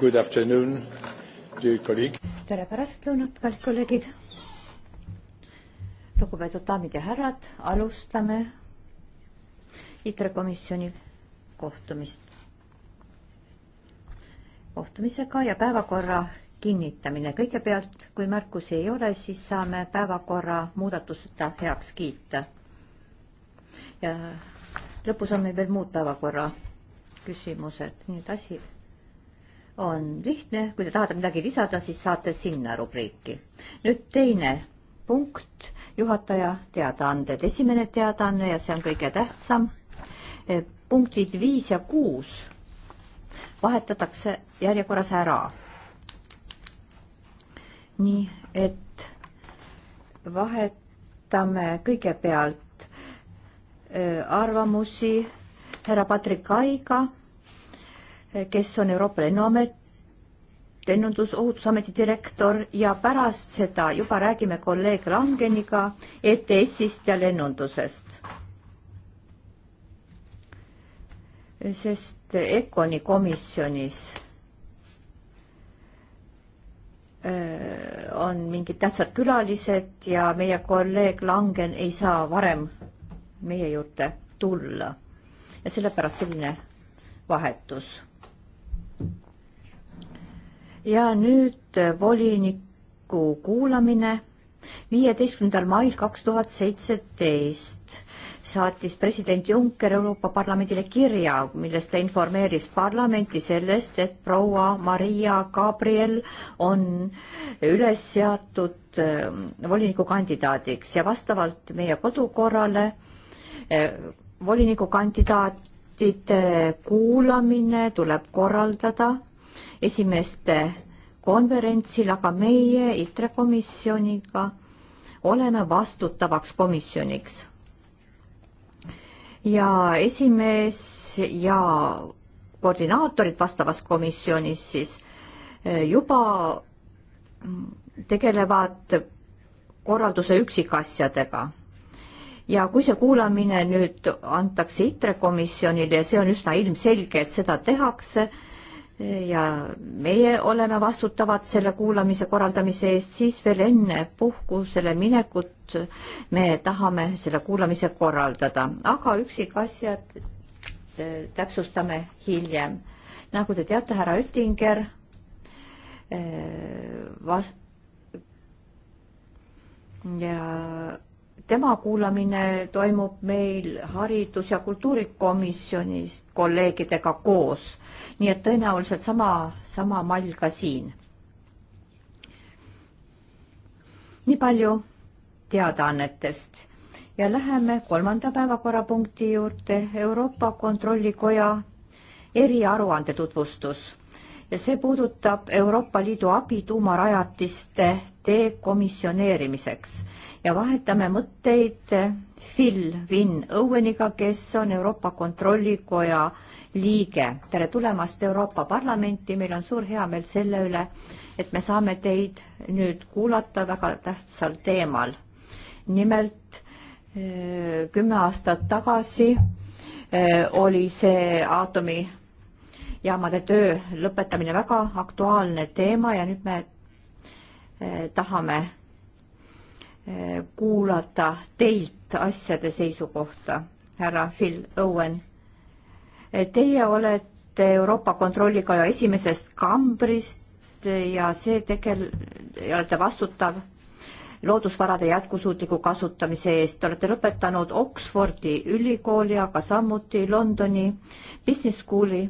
Good afternoon, dear colleague. tere pärastlõunat, kallid kolleegid. lugupeetud daamid ja härrad, alustame ITRE komisjoni kohtumist, kohtumisega ja päevakorra kinnitamine. kõigepealt, kui märkusi ei ole, siis saame päevakorra muudatusteta heaks kiita. ja lõpus on meil veel muud päevakorra küsimused, nii et asi on lihtne, kui te tahate midagi lisada, siis saate sinna rubriiki. nüüd teine punkt, juhataja teadaanded. esimene teadaanne ja see on kõige tähtsam. E, punktid viis ja kuus vahetatakse järjekorras ära. nii et vahetame kõigepealt e, arvamusi härra Patrik Aiga kes on Euroopa Lennuamet, lennundusohutusameti direktor ja pärast seda juba räägime kolleeg Langeniga ETS-ist ja lennundusest. sest EKONi komisjonis äh, on mingid tähtsad külalised ja meie kolleeg Langen ei saa varem meie juurde tulla. ja sellepärast selline vahetus ja nüüd äh, voliniku kuulamine viieteistkümnendal mail kaks tuhat seitseteist saatis president Juncker Euroopa Parlamendile kirja, milles ta informeeris parlamenti sellest, et proua Maria Gabriel on üles seatud äh, volinikukandidaadiks ja vastavalt meie kodukorrale äh, volinikukandidaatide kuulamine tuleb korraldada esimeeste konverentsil, aga meie ITRE komisjoniga oleme vastutavaks komisjoniks. ja esimees ja koordinaatorid vastavas komisjonis siis eh, juba tegelevad korralduse üksikasjadega. ja kui see kuulamine nüüd antakse ITRE komisjonile ja see on üsna ilmselge, et seda tehakse ja meie oleme vastutavad selle kuulamise korraldamise eest, siis veel enne puhkusele minekut me tahame selle kuulamise korraldada, aga üksikasjad äh, täpsustame hiljem. nagu te teate, härra Oettinger äh, vas-, ja tema kuulamine toimub meil haridus- ja kultuurikomisjonis kolleegidega koos. nii et tõenäoliselt sama, sama mall ka siin. nii palju teadaannetest ja läheme kolmanda päevakorrapunkti juurde, Euroopa Kontrollikoja eriaruande tutvustus ja see puudutab Euroopa Liidu abi tuumarajatiste dekomisjoneerimiseks ja vahetame mõtteid Phil Wynn Oweniga, kes on Euroopa Kontrollikoja liige. tere tulemast Euroopa Parlamenti, meil on suur heameel selle üle, et me saame teid nüüd kuulata väga tähtsal teemal. nimelt eh, kümme aastat tagasi eh, oli see aatomijaamade töö lõpetamine väga aktuaalne teema ja nüüd me eh, tahame kuulata teilt asjade seisukohta, härra Phil Owen. Teie olete Euroopa Kontrollikoja esimesest kambrist ja see tegel-, olete vastutav loodusvarade jätkusuutliku kasutamise eest. Te olete lõpetanud Oxfordi ülikooli, aga samuti Londoni Business School'i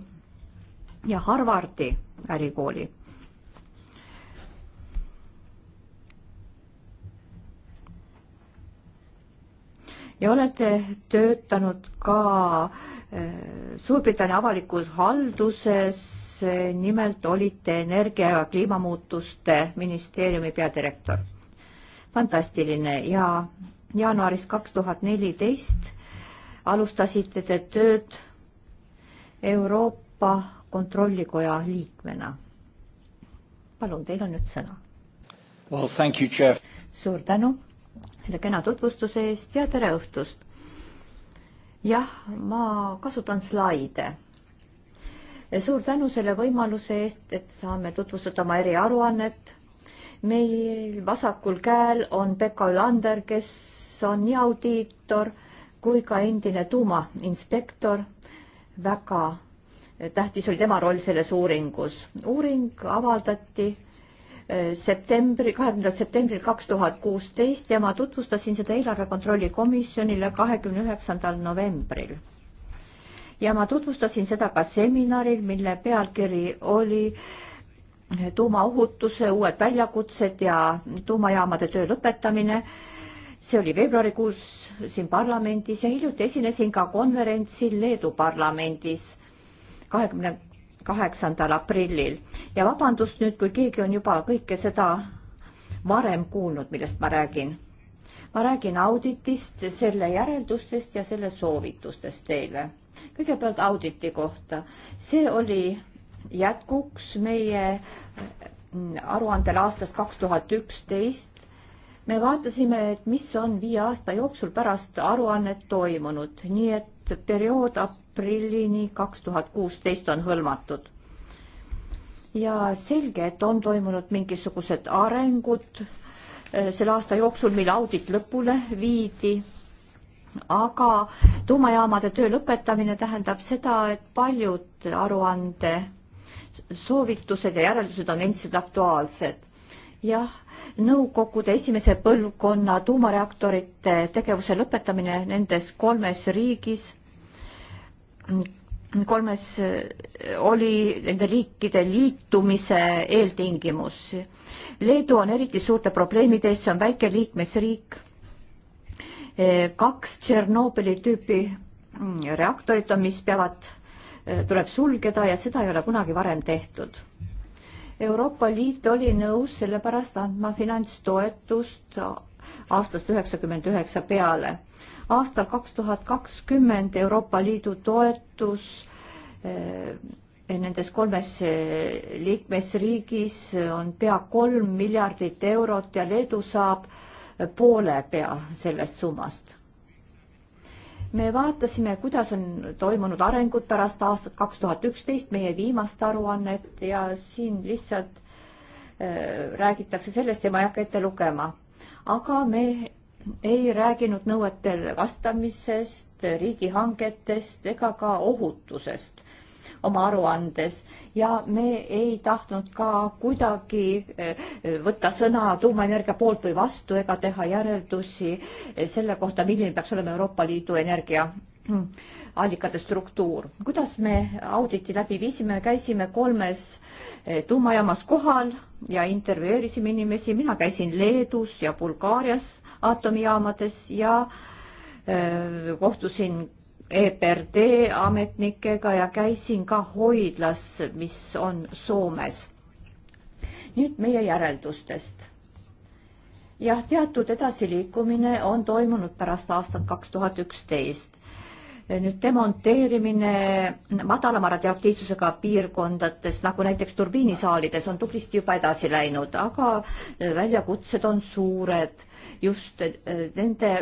ja Harvardi ärikooli ja olete töötanud ka äh, Suurbritannia avalikus halduses, nimelt olite energia ja kliimamuutuste ministeeriumi peadirektor. fantastiline ja jaanuarist kaks tuhat neliteist alustasite te tööd Euroopa Kontrollikoja liikmena. palun, teil on nüüd sõna. Well, thank you, Jeff. suur tänu selle kena tutvustuse eest ja tere õhtust! jah, ma kasutan slaide. suur tänu selle võimaluse eest, et saame tutvustada oma eriaruannet. meil vasakul käel on Beka Ülander, kes on nii audiitor kui ka endine tuumainspektor. väga tähtis oli tema roll selles uuringus. uuring avaldati septembri, kahekümnendal septembril kaks tuhat kuusteist ja ma tutvustasin seda eelarve kontrolli komisjonile kahekümne üheksandal novembril. ja ma tutvustasin seda ka seminaril, mille pealkiri oli tuumaohutuse uued väljakutsed ja tuumajaamade töö lõpetamine. see oli veebruarikuus siin parlamendis ja hiljuti esinesin ka konverentsil Leedu parlamendis kahekümne 20 kaheksandal aprillil ja vabandust nüüd, kui keegi on juba kõike seda varem kuulnud, millest ma räägin. ma räägin auditist, selle järeldustest ja selle soovitustest teile. kõigepealt auditi kohta. see oli jätkuks meie mm, aruandele aastast kaks tuhat üksteist. me vaatasime, et mis on viie aasta jooksul pärast aruannet toimunud, nii et periood aprillini kaks tuhat kuusteist on hõlmatud. ja selge, et on toimunud mingisugused arengud eh, selle aasta jooksul, mil audit lõpule viidi aga tuumajaamade töö lõpetamine tähendab seda, et paljud aruande soovitused ja järeldused on endiselt aktuaalsed. jah, nõukogude esimese põlvkonna tuumareaktorite tegevuse lõpetamine nendes kolmes riigis kolmes oli nende riikide liitumise eeltingimus. Leedu on eriti suurte probleemide ees, see on väike liikmesriik. kaks Tšernobõli tüüpi reaktorit on, mis peavad, tuleb sulgeda ja seda ei ole kunagi varem tehtud. Euroopa Liit oli nõus sellepärast andma finantstoetust aastast üheksakümmend üheksa peale aastal kaks tuhat kakskümmend Euroopa Liidu toetus eh, nendes kolmes eh, liikmesriigis on pea kolm miljardit eurot ja Leedu saab eh, poole pea sellest summast. me vaatasime, kuidas on toimunud arengud pärast aastat kaks tuhat üksteist, meie viimast aruannet ja siin lihtsalt räägitakse sellest ja ma ei hakka ette lugema. aga me ei rääkinud nõuetele vastamisest, riigihangetest ega ka ohutusest oma aruandes ja me ei tahtnud ka kuidagi eh, võtta sõna tuumaenergia poolt või vastu ega teha järeldusi eh, selle kohta, milline peaks olema Euroopa Liidu energia hmm, allikate struktuur. kuidas me auditi läbi viisime, käisime kolmes eh, tuumajaamas kohal ja intervjueerisime inimesi, mina käisin Leedus ja Bulgaarias aatomijaamades ja öö, äh, kohtusin EPRD ametnikega ja käisin ka hoidlas, mis on Soomes. nüüd meie järeldustest. jah, teatud edasiliikumine on toimunud pärast aastat kaks tuhat üksteist nüüd demonteerimine madalama radioaktiivsusega piirkondades, nagu näiteks turbiinisaalides, on tublisti juba edasi läinud, aga e, väljakutsed on suured just e, nende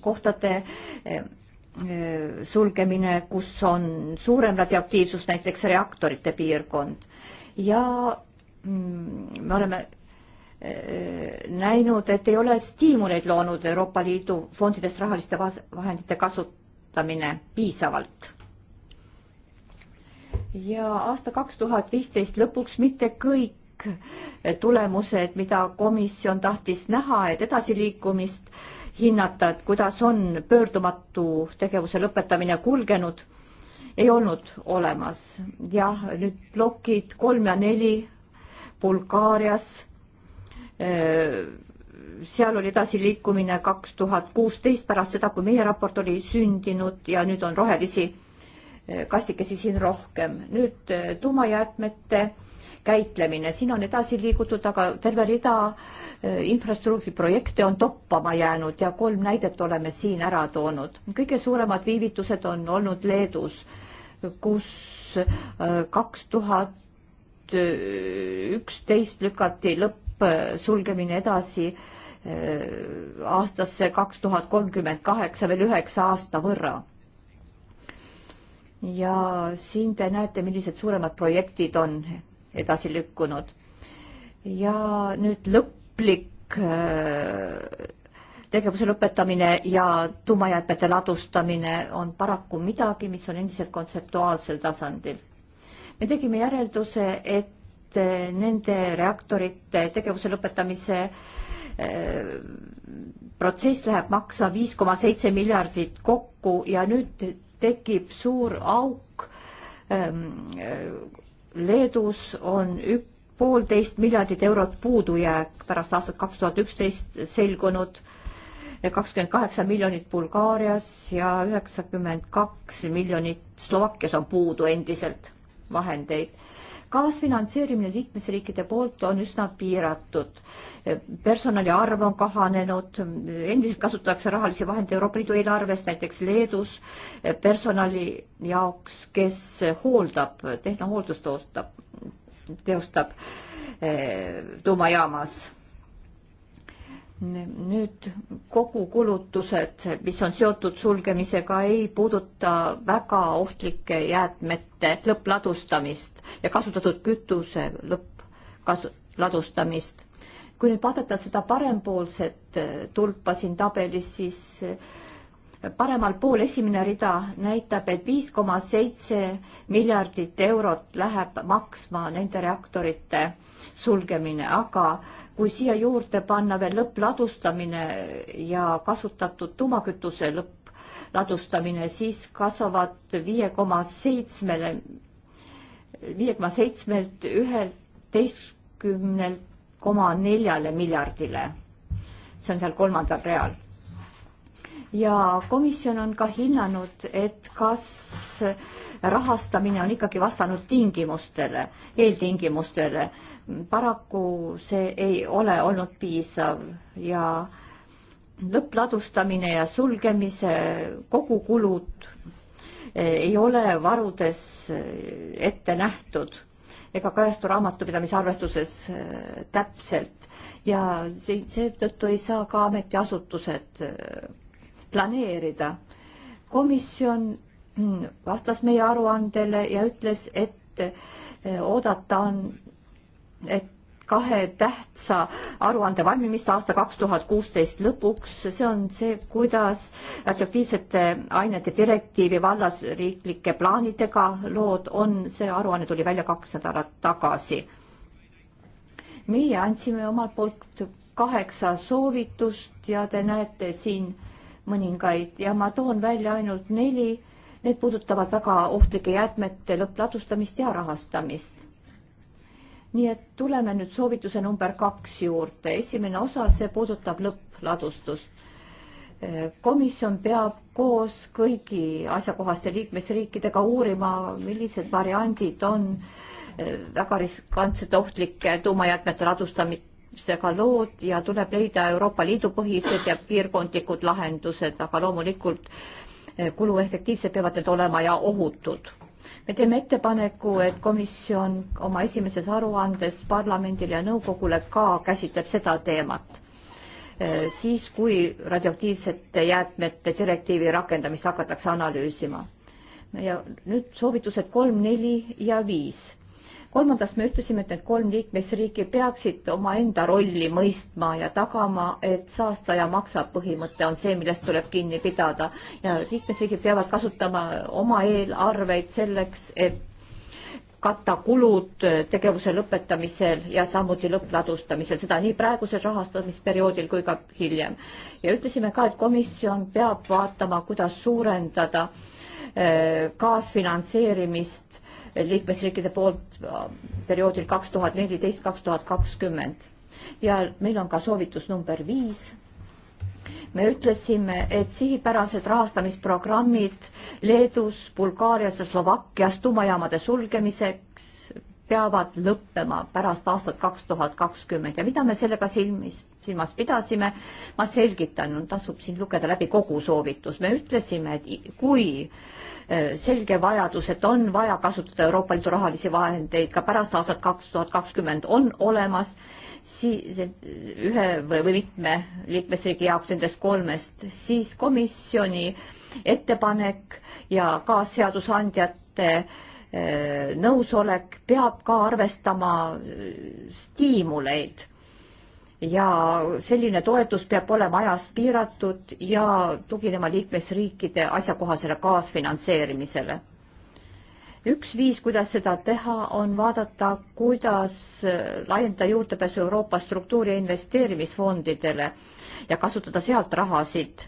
kohtade e, sulgemine, kus on suurem radioaktiivsus, näiteks reaktorite piirkond ja mm, me oleme näinud, et ei ole stiimuleid loonud Euroopa Liidu fondidest rahaliste vahendite kasutamiseks kasutamine piisavalt. ja aasta kaks tuhat viisteist lõpuks mitte kõik tulemused, mida komisjon tahtis näha, et edasiliikumist hinnata, et kuidas on pöördumatu tegevuse lõpetamine kulgenud, ei olnud olemas. jah, nüüd plokid kolm ja neli Bulgaarias öö, äh, seal oli edasiliikumine kaks tuhat kuusteist pärast seda, kui meie raport oli sündinud ja nüüd on rohelisi eh, kastikesi siin rohkem. nüüd eh, tuumajäätmete käitlemine, siin on edasi liigutud, aga terve rida eh, infrastruktuuriprojekte on toppama jäänud ja kolm näidet oleme siin ära toonud. kõige suuremad viivitused on olnud Leedus, kus kaks tuhat üksteist lükati lõpp sulgemine edasi Äh, aastasse kaks tuhat kolmkümmend kaheksa veel üheksa aasta võrra. ja siin te näete, millised suuremad projektid on edasi lükkunud. ja nüüd lõplik äh, tegevuse lõpetamine ja tuumajäätmete ladustamine on paraku midagi, mis on endiselt kontseptuaalsel tasandil. me tegime järelduse, et äh, nende reaktorite tegevuse lõpetamise äh, protsess läheb maksma viis koma seitse miljardit kokku ja nüüd tekib suur auk. Ehm, ehm, Leedus on ük-, poolteist miljardit eurot puudujääk pärast aastat kaks tuhat üksteist selgunud, kakskümmend kaheksa miljonit Bulgaarias ja üheksakümmend kaks miljonit Slovakkias on puudu endiselt vahendeid kaasfinantseerimine liikmesriikide poolt on üsna piiratud. personali arv on kahanenud, endiselt kasutatakse rahalisi vahendeid Euroopa Liidu eelarvest, näiteks Leedus personali jaoks, kes hooldab, tehnohooldust toostab, teostab eh, tuumajaamas nüüd kogukulutused, mis on seotud sulgemisega, ei puuduta väga ohtlike jäätmete lõppladustamist ja kasutatud kütuse lõppkas-, ladustamist. kui nüüd vaadata seda parempoolset äh, tulpa siin tabelis, siis äh, paremal pool esimene rida näitab, et viis koma seitse miljardit eurot läheb maksma nende reaktorite sulgemine, aga kui siia juurde panna veel lõppladustamine ja kasutatud tuumakütuse lõppladustamine, siis kasvavad viie koma seitsmele, viie koma seitsmelt üheteistkümnelt koma neljale miljardile. see on seal kolmandal real. ja komisjon on ka hinnanud, et kas rahastamine on ikkagi vastanud tingimustele, eeltingimustele paraku see ei ole olnud piisav ja lõppladustamine ja sulgemise kogukulud eh, ei ole varudes eh, ette nähtud ega kajastu raamatupidamise arvestuses eh, täpselt ja seetõttu ei saa ka ametiasutused planeerida. komisjon mm, vastas meie aruandele ja ütles, et oodata on et kahe tähtsa aruande valmimist aasta kaks tuhat kuusteist lõpuks, see on see, kuidas radioaktiivsete ainete direktiivi vallas riiklike plaanidega lood on, see aruanne tuli välja kaks nädalat tagasi. meie andsime omalt poolt kaheksa soovitust ja te näete siin mõningaid ja ma toon välja ainult neli. Need puudutavad väga ohtlike jäätmete lõppladustamist ja rahastamist nii et tuleme nüüd soovituse number kaks juurde. esimene osa, see puudutab lõppladustust. komisjon peab koos kõigi asjakohaste liikmesriikidega uurima, millised variandid on eh, väga riskantsete ohtlike tuumajäätmete ladustamisega lood ja tuleb leida Euroopa Liidu põhised ja piirkondlikud lahendused, aga loomulikult eh, kuluefektiivsed peavad need olema ja ohutud me teeme ettepaneku, et komisjon oma esimeses aruandes parlamendile ja nõukogule ka käsitleb seda teemat. siis, kui radioaktiivsete jäätmete direktiivi rakendamist hakatakse analüüsima. ja nüüd soovitused kolm, neli ja viis kolmandast me ütlesime, et need kolm liikmesriiki peaksid omaenda rolli mõistma ja tagama, et saastaja maksab põhimõte on see, millest tuleb kinni pidada ja liikmesriigid peavad kasutama oma eelarveid selleks, et katta kulud tegevuse lõpetamisel ja samuti lõppladustamisel, seda nii praegusel rahastamisperioodil kui ka hiljem. ja ütlesime ka, et komisjon peab vaatama, kuidas suurendada eh, kaasfinantseerimist liikmesriikide poolt äh, perioodil kaks tuhat neliteist, kaks tuhat kakskümmend. ja meil on ka soovitus number viis. me ütlesime, et sihipärased rahastamisprogrammid Leedus, Bulgaarias ja Slovakkias tuumajaamade sulgemiseks peavad lõppema pärast aastat kaks tuhat kakskümmend ja mida me sellega silmis, silmas pidasime, ma selgitan, tasub siin lugeda läbi kogu soovitus, me ütlesime, et kui äh, selge vajadus, et on vaja kasutada Euroopa Liidu rahalisi vahendeid ka pärast aastat kaks tuhat kakskümmend on olemas, siis ühe või, või mitme liikmesriigi jaoks nendest kolmest, siis komisjoni ettepanek ja ka seadusandjate eh, nõusolek peab ka arvestama eh, stiimuleid ja selline toetus peab olema ajas piiratud ja tuginema liikmesriikide asjakohasele kaasfinantseerimisele. üks viis, kuidas seda teha, on vaadata, kuidas laiendada juurdepääsu Euroopa struktuuri investeerimisfondidele ja kasutada sealt rahasid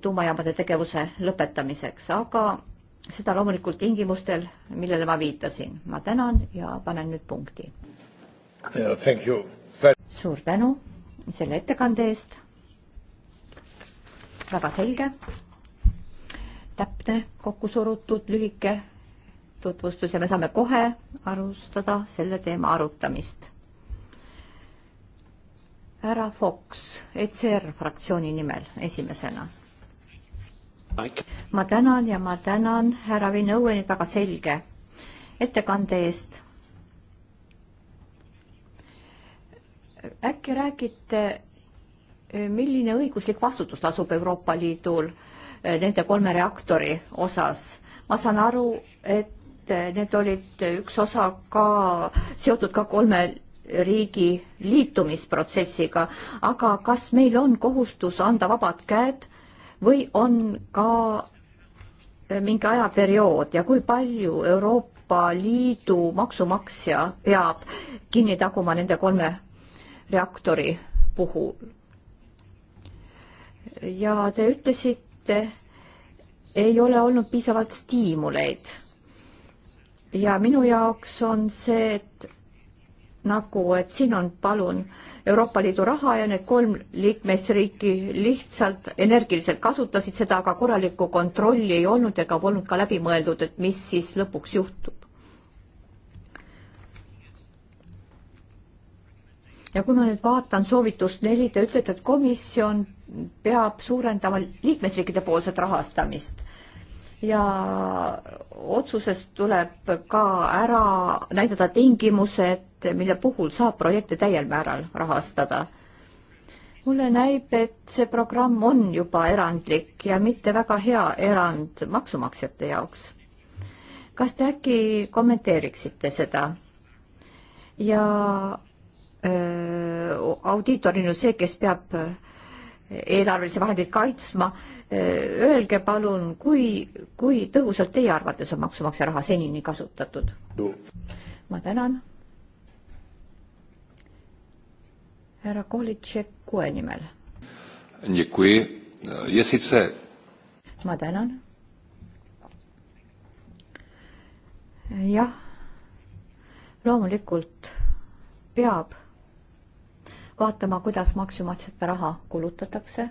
tuumajaamade tegevuse lõpetamiseks, aga seda loomulikult tingimustel, millele ma viitasin. ma tänan ja panen nüüd punkti. suur tänu selle ettekande eest. väga selge, täpne, kokku surutud, lühike tutvustus ja me saame kohe alustada selle teema arutamist. härra Fox, ECR fraktsiooni nimel esimesena. ma tänan ja ma tänan härra Vinnõuenit väga selge ettekande eest äkki räägite, milline õiguslik vastutus lasub Euroopa Liidul eh, nende kolme reaktori osas? ma saan aru, et eh, need olid üks osa ka seotud ka kolme riigi liitumisprotsessiga, aga kas meil on kohustus anda vabad käed või on ka eh, mingi ajaperiood ja kui palju Euroopa Liidu maksumaksja peab kinni taguma nende kolme reaktori puhul. ja te ütlesite, ei ole olnud piisavalt stiimuleid. ja minu jaoks on see, et nagu, et siin on, palun, Euroopa Liidu raha ja need kolm liikmesriiki lihtsalt energiliselt kasutasid seda, aga korralikku kontrolli ei olnud ega polnud ka läbimõeldud, et mis siis lõpuks juhtub. ja kui ma nüüd vaatan soovitust neli, te ütlete, et komisjon peab suurendama liikmesriikide poolset rahastamist ja otsusest tuleb ka ära näidata tingimused, mille puhul saab projekte täiel määral rahastada. mulle näib, et see programm on juba erandlik ja mitte väga hea erand maksumaksjate jaoks. kas te äkki kommenteeriksite seda? ja audiitor on ju see, kes peab eelarvelisi vahendeid kaitsma. Öelge palun, kui, kui tõhusalt teie arvates on maksumaksja raha senini kasutatud? ma tänan. härra Kolitšek kuue nimel. ma tänan. jah, loomulikult peab vaatama, kuidas maksumaksjate raha kulutatakse.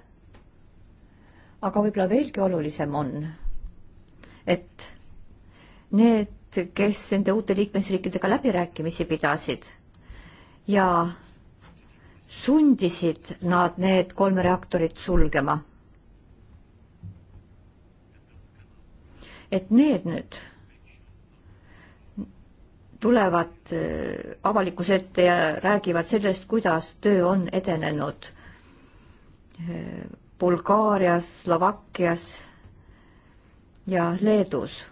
aga võib-olla veelgi olulisem on, et need, kes nende uute liikmesriikidega läbirääkimisi pidasid ja sundisid nad need kolm reaktorit sulgema. et need nüüd tulevad äh, avalikkuse ette ja räägivad sellest, kuidas töö on edenenud äh, Bulgaarias, Slovakkias ja Leedus.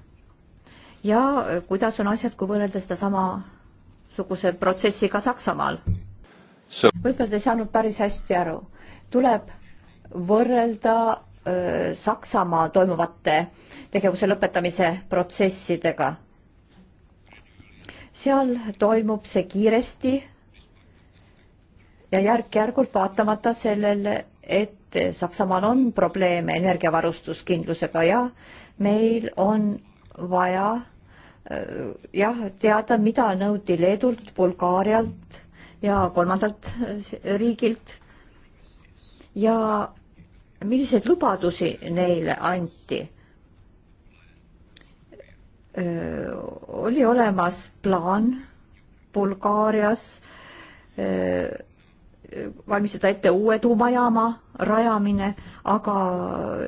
ja äh, kuidas on asjad, kui võrrelda sedasama suguse protsessiga Saksamaal so.? võib-olla te ei saanud päris hästi aru. tuleb võrrelda öö, Saksamaa toimuvate tegevuse lõpetamise protsessidega seal toimub see kiiresti ja järk-järgult vaatamata sellele, et Saksamaal on probleeme energiavarustuskindlusega ja meil on vaja äh, jah, teada, mida nõuti Leedult, Bulgaarialt ja kolmandalt äh, riigilt ja milliseid lubadusi neile anti oli olemas plaan Bulgaarias valmistada ette uue tuumajaama rajamine, aga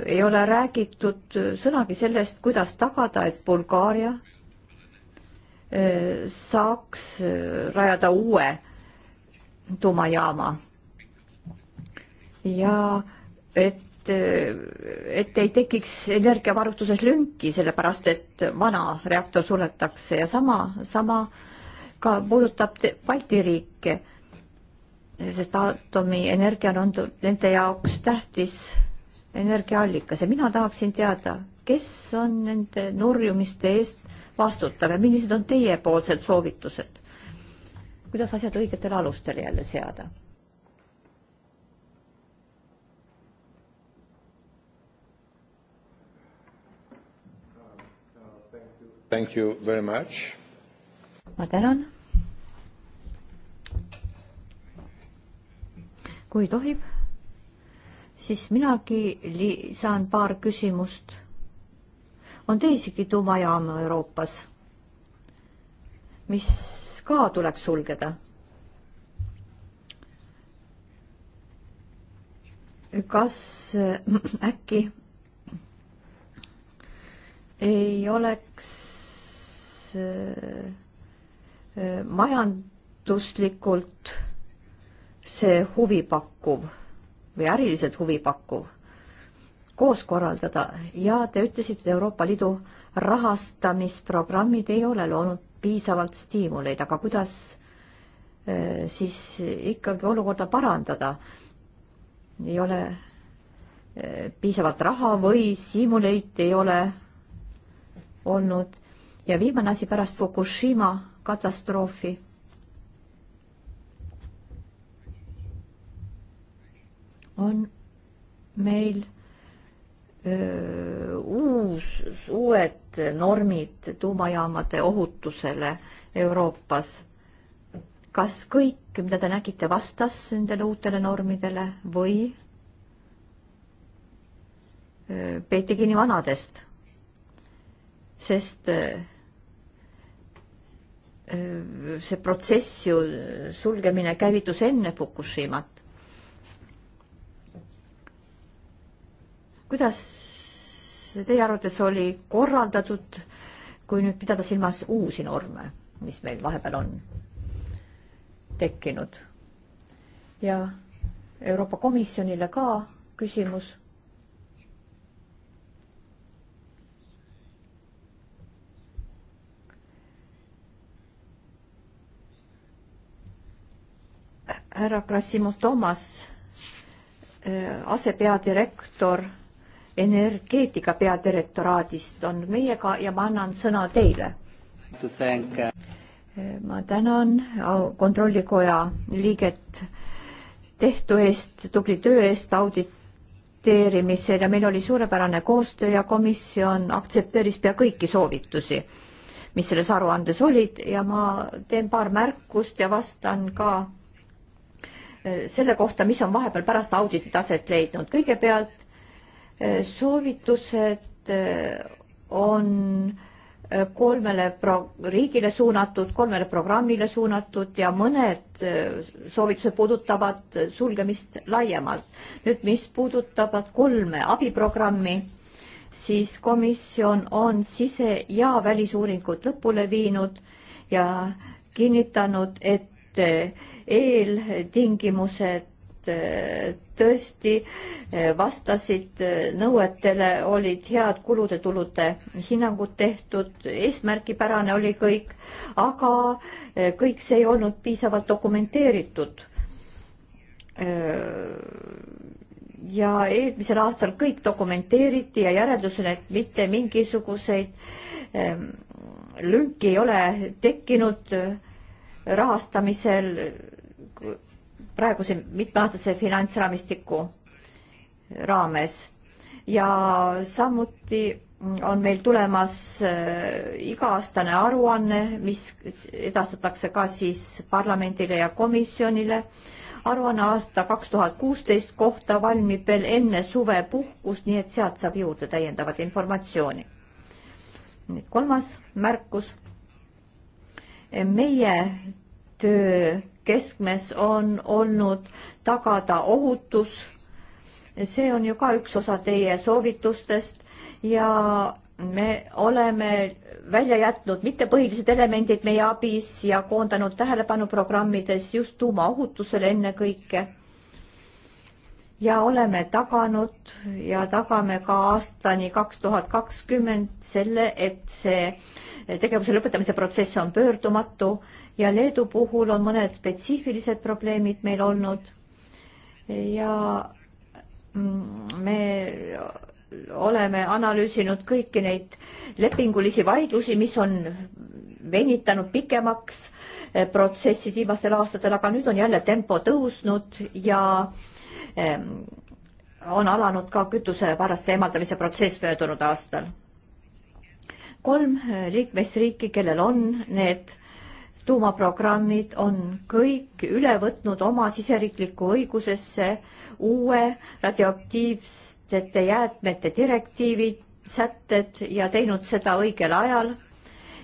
ei ole räägitud sõnagi sellest, kuidas tagada, et Bulgaaria saaks rajada uue tuumajaama. ja et et ei tekiks energiavarustuses lünki, sellepärast et vana reaktor suletakse ja sama, sama ka puudutab Balti riike, sest aatomienergia on nende jaoks tähtis energiaallikas ja mina tahaksin teada, kes on nende nurjumiste eest vastutav ja millised on teiepoolsed soovitused? kuidas asjad õigetele alustele jälle seada? Thank you very much. ma tänan. kui tohib, siis minagi lisan paar küsimust. on teisigi tuumajaamu Euroopas, mis ka tuleks sulgeda. kas äh, äkki ei oleks Äh, äh, majanduslikult see huvipakkuv või äriliselt huvipakkuv koos korraldada ja te ütlesite, et Euroopa Liidu rahastamisprogrammid ei ole loonud piisavalt stiimuleid, aga kuidas äh, siis ikkagi olukorda parandada? ei ole piisavalt raha või stiimuleid ei ole olnud ja viimane asi pärast Fukushima katastroofi. on meil öö, uus, uued normid tuumajaamade ohutusele Euroopas. kas kõik, mida te nägite, vastas nendele uutele normidele või peeti kinni vanadest? sest öö, see protsess ju sulgemine käivitus enne Fukushimat. kuidas teie arvates oli korraldatud, kui nüüd pidada silmas uusi norme, mis meil vahepeal on tekkinud? ja Euroopa Komisjonile ka küsimus härra Krasimov Toomas, äh, asepeadirektor energeetika peadirektoraadist on meiega ja ma annan sõna teile. ma tänan kontrollikoja liiget tehtu eest, tubli töö eest auditeerimisel ja meil oli suurepärane koostöö ja komisjon aktsepteeris pea kõiki soovitusi, mis selles aruandes olid ja ma teen paar märkust ja vastan ka Äh, selle kohta, mis on vahepeal pärast auditi taset leidnud. kõigepealt äh, soovitused äh, on kolmele pro-, riigile suunatud, kolmele programmile suunatud ja mõned soovitused puudutavad sulgemist laiemalt. nüüd, mis puudutavad kolme abiprogrammi, siis komisjon on sise- ja välisuuringud lõpule viinud ja kinnitanud, et Eh, eeltingimused eh, tõesti eh, vastasid nõuetele, olid head kulude-tulude hinnangud tehtud, eesmärgipärane oli kõik, aga kõik see ei olnud piisavalt dokumenteeritud. ja eelmisel aastal kõik dokumenteeriti ja järeldusel, et mitte mingisuguseid lünki ei ole tekkinud rahastamisel praeguse mitmeaastase finantsraamistiku raames ja samuti on meil tulemas äh, iga-aastane aruanne, mis edastatakse ka siis parlamendile ja komisjonile. aruanne aasta kaks tuhat kuusteist kohta valmib veel enne suvepuhkust, nii et sealt saab juurde täiendavat informatsiooni. nüüd kolmas märkus. meie töö keskmes on olnud tagada ohutus. see on ju ka üks osa teie soovitustest ja me oleme välja jätnud mittepõhilised elemendid meie abis ja koondanud tähelepanu programmides just tuumaohutusele ennekõike ja oleme taganud ja tagame ka aastani kaks tuhat kakskümmend selle, et see tegevuse lõpetamise protsess on pöördumatu ja Leedu puhul on mõned spetsiifilised probleemid meil olnud. ja me oleme analüüsinud kõiki neid lepingulisi vaidlusi, mis on venitanud pikemaks protsessid viimastel aastatel, aga nüüd on jälle tempo tõusnud ja äh, on alanud ka kütuseparaste eemaldamise protsess möödunud aastal. kolm eh, liikmesriiki, kellel on need tuumaprogrammid, on kõik üle võtnud oma siseriiklikku õigusesse uue radioaktiivsete jäätmete direktiivi sätted ja teinud seda õigel ajal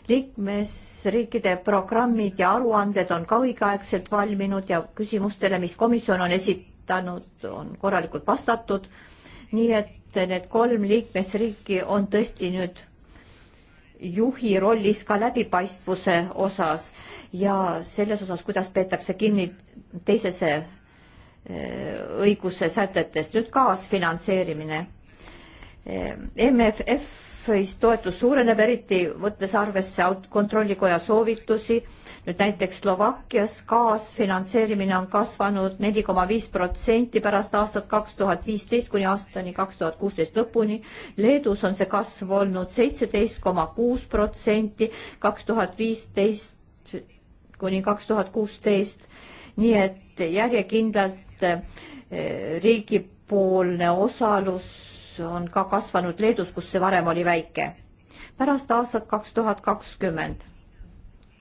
liikmesriikide programmid ja aruanded on ka õigeaegselt valminud ja küsimustele, mis komisjon on esit-, esitanud, on korralikult vastatud. nii et need kolm liikmesriiki on tõesti nüüd juhi rollis ka läbipaistvuse osas ja selles osas, kuidas peetakse kinni teisese eh, õiguse sätetest. nüüd kaasfinantseerimine. Eh, MFF siis toetus suureneb, eriti võttes arvesse kontrollikoja soovitusi. nüüd näiteks Slovakkias kaasfinantseerimine on kasvanud neli koma viis protsenti pärast aastat kaks tuhat viisteist kuni aastani kaks tuhat kuusteist lõpuni. Leedus on see kasv olnud seitseteist koma kuus protsenti kaks tuhat viisteist kuni kaks tuhat kuusteist. nii et järjekindlalt eh, riigipoolne osalus on ka kasvanud Leedus, kus see varem oli väike. pärast aastat kaks tuhat kakskümmend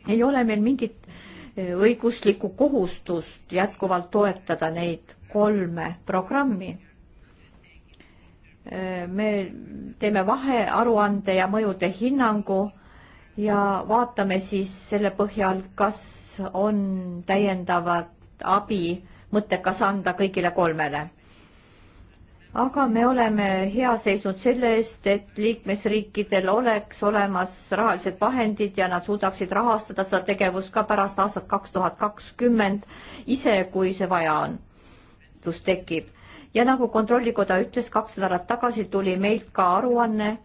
ei ole meil mingit eh, õiguslikku kohustust jätkuvalt toetada neid kolme programmi. Eh, me teeme vahearuande ja mõjude hinnangu ja vaatame siis selle põhjal, kas on täiendavat abi mõttekas anda kõigile kolmele aga me oleme hea seisnud selle eest, et liikmesriikidel oleks olemas rahalised vahendid ja nad suudaksid rahastada seda tegevust ka pärast aastat kaks tuhat kakskümmend ise, kui see vaja on, tekib. ja nagu Kontrollikoda ütles, kaks nädalat tagasi tuli meilt ka aruanne,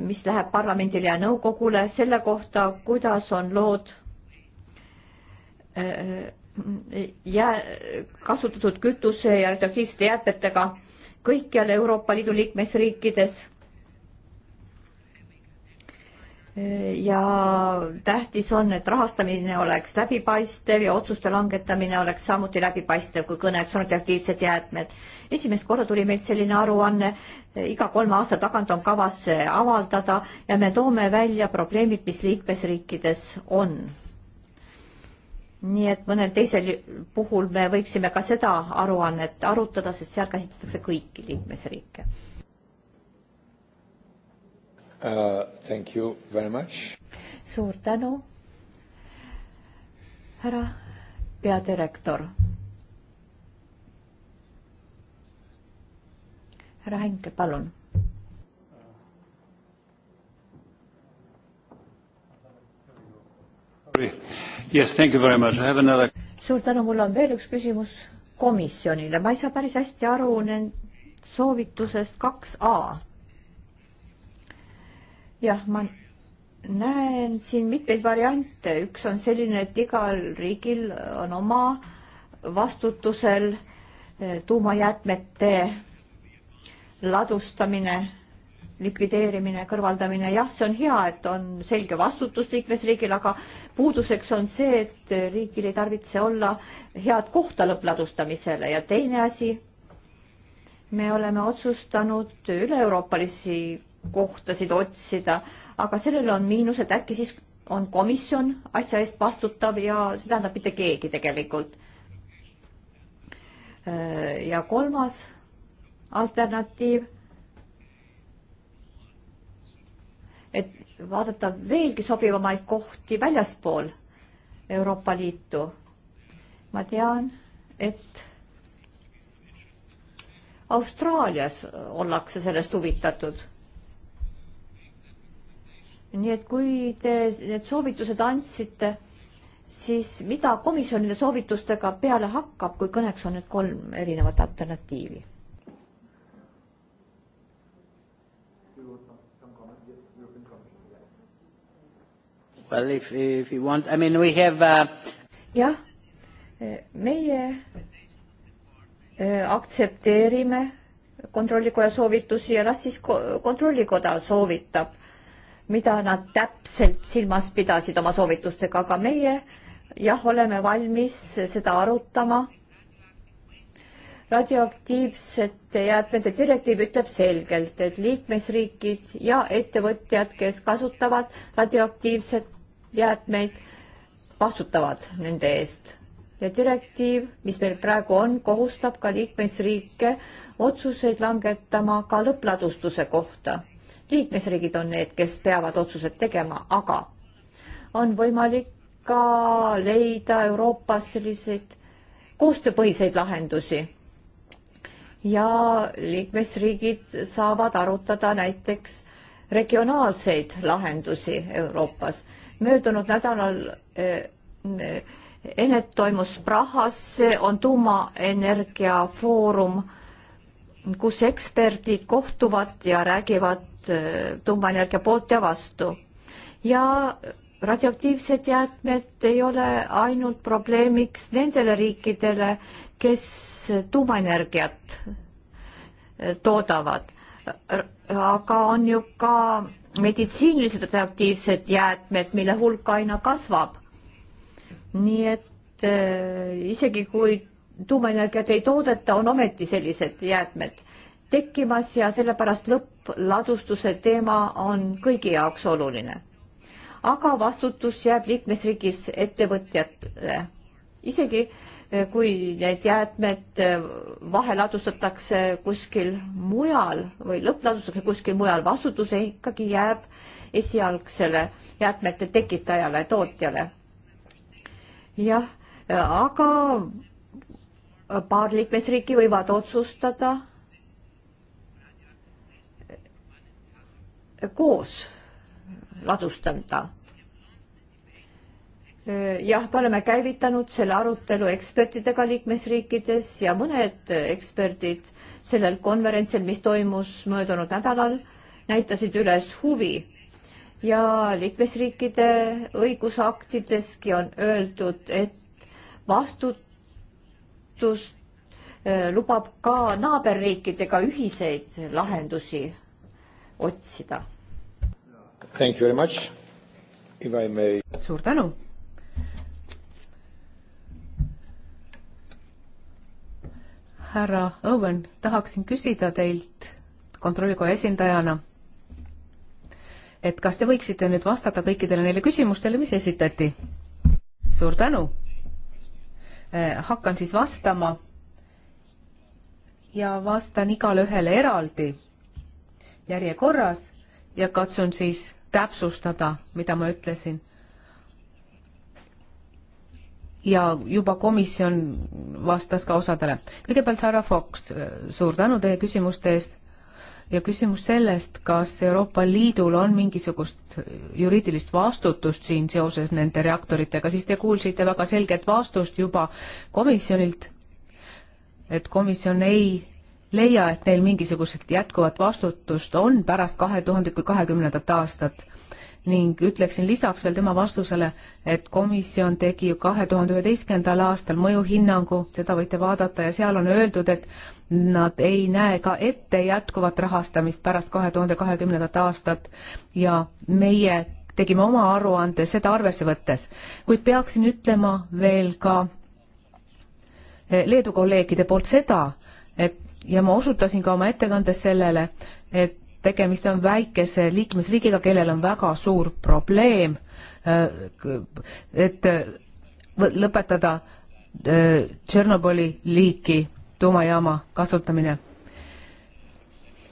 mis läheb parlamendile ja nõukogule selle kohta, kuidas on lood äh, ja kasutatud kütuse ja radioaktiivsete jäätmetega kõikjal Euroopa Liidu liikmesriikides. ja tähtis on, et rahastamine oleks läbipaistev ja otsuste langetamine oleks samuti läbipaistev, kui kõneks on radioaktiivsed jäätmed. esimest korda tuli meilt selline aruanne, iga kolme aasta tagant on kavas see avaldada ja me toome välja probleemid, mis liikmesriikides on nii et mõnel teisel puhul me võiksime ka seda aruannet arutada, sest seal käsitletakse kõiki liikmesriike uh,. Thank you very much. suur tänu, härra peadirektor. härra Henkel, palun Yes, thank you very much. I have another. suur tänu, mul on veel üks küsimus komisjonile, ma ei saa päris hästi aru nend- soovitusest kaks A. jah, ma näen siin mitmeid variante, üks on selline, et igal riigil on oma vastutusel eh, tuumajäätmete ladustamine likvideerimine, kõrvaldamine, jah, see on hea, et on selge vastutus liikmesriigil, aga puuduseks on see, et riigil ei tarvitse olla head kohta lõppladustamisele ja teine asi, me oleme otsustanud üle-euroopalisi kohtasid otsida, aga sellel on miinus, et äkki siis on komisjon asja eest vastutav ja see tähendab mitte keegi tegelikult. Äh, ja kolmas alternatiiv vaadata veelgi sobivamaid kohti väljaspool Euroopa Liitu. ma tean, et Austraalias ollakse sellest huvitatud. nii et kui te need soovitused andsite, siis mida komisjonide soovitustega peale hakkab, kui kõneks on need kolm erinevat alternatiivi? Well, if, if you want, I mean, we have uh... jah, meie äh, aktsepteerime kontrollikoja soovitusi ja las siis kontrollikoda soovitab, mida nad täpselt silmas pidasid oma soovitustega, aga meie jah, oleme valmis seda arutama. radioaktiivsete jäätmete direktiiv ütleb selgelt, et liikmesriigid ja ettevõtjad, kes kasutavad radioaktiivset jäätmeid, vastutavad nende eest. ja direktiiv, mis meil praegu on, kohustab ka liikmesriike otsuseid langetama ka lõppladustuse kohta. liikmesriigid on need, kes peavad otsused tegema, aga on võimalik ka leida Euroopas selliseid koostööpõhiseid lahendusi. ja liikmesriigid saavad arutada näiteks regionaalseid lahendusi Euroopas möödunud nädalal eh, Enet toimus Prahas, see on tuumaenergia foorum, kus eksperdid kohtuvad ja räägivad eh, tuumaenergia poolt ja vastu. ja radioaktiivsed jäätmed ei ole ainult probleemiks nendele riikidele, kes tuumaenergiat eh, toodavad, aga on ju ka meditsiiniliselt radioaktiivsed jäätmed, mille hulk aina kasvab. nii et äh, isegi kui tuumaenergiat ei toodeta, on ometi sellised jäätmed tekkimas ja sellepärast lõppladustuse teema on kõigi jaoks oluline. aga vastutus jääb liikmesriigis ettevõtjatele. isegi äh, kui need jäätmed äh, vaheladustatakse kuskil mujal või lõppladustatakse kuskil mujal, vastutus ikkagi jääb esialgsele jäätmete tekitajale, tootjale. jah, aga paar liikmesriiki võivad otsustada koos ladustada jah, me oleme käivitanud selle arutelu ekspertidega liikmesriikides ja mõned eksperdid sellel konverentsil, mis toimus möödunud nädalal, näitasid üles huvi ja liikmesriikide õigusaktideski on öeldud, et vastutus eh, lubab ka naaberriikidega ühiseid lahendusi otsida. Thank you very much. If I may. suur tänu härra Owen, tahaksin küsida teilt kontrollikoja esindajana, et kas te võiksite nüüd vastata kõikidele neile küsimustele, mis esitati? suur tänu! Äh, hakkan siis vastama ja vastan igale ühele eraldi järjekorras ja katsun siis täpsustada, mida ma ütlesin ja juba komisjon vastas ka osadele. kõigepealt härra Fox, suur tänu teie küsimuste eest ja küsimus sellest, kas Euroopa Liidul on mingisugust juriidilist vastutust siin seoses nende reaktoritega, siis te kuulsite väga selget vastust juba komisjonilt, et komisjon ei leia, et neil mingisugust jätkuvat vastutust on pärast kahe tuhande kahekümnendat aastat ning ütleksin lisaks veel tema vastusele, et komisjon tegi ju kahe tuhande üheteistkümnendal aastal mõjuhinnangu, seda võite vaadata ja seal on öeldud, et nad ei näe ka ette jätkuvat rahastamist pärast kahe tuhande kahekümnendat aastat ja meie tegime oma aruande seda arvesse võttes, kuid peaksin ütlema veel ka eh, Leedu kolleegide poolt seda, et ja ma osutasin ka oma ettekandes sellele, et tegemist on väikese liikmesriigiga, kellel on väga suur probleem, äh, et äh, lõpetada äh, Tšernobõli liiki tuumajaama kasutamine.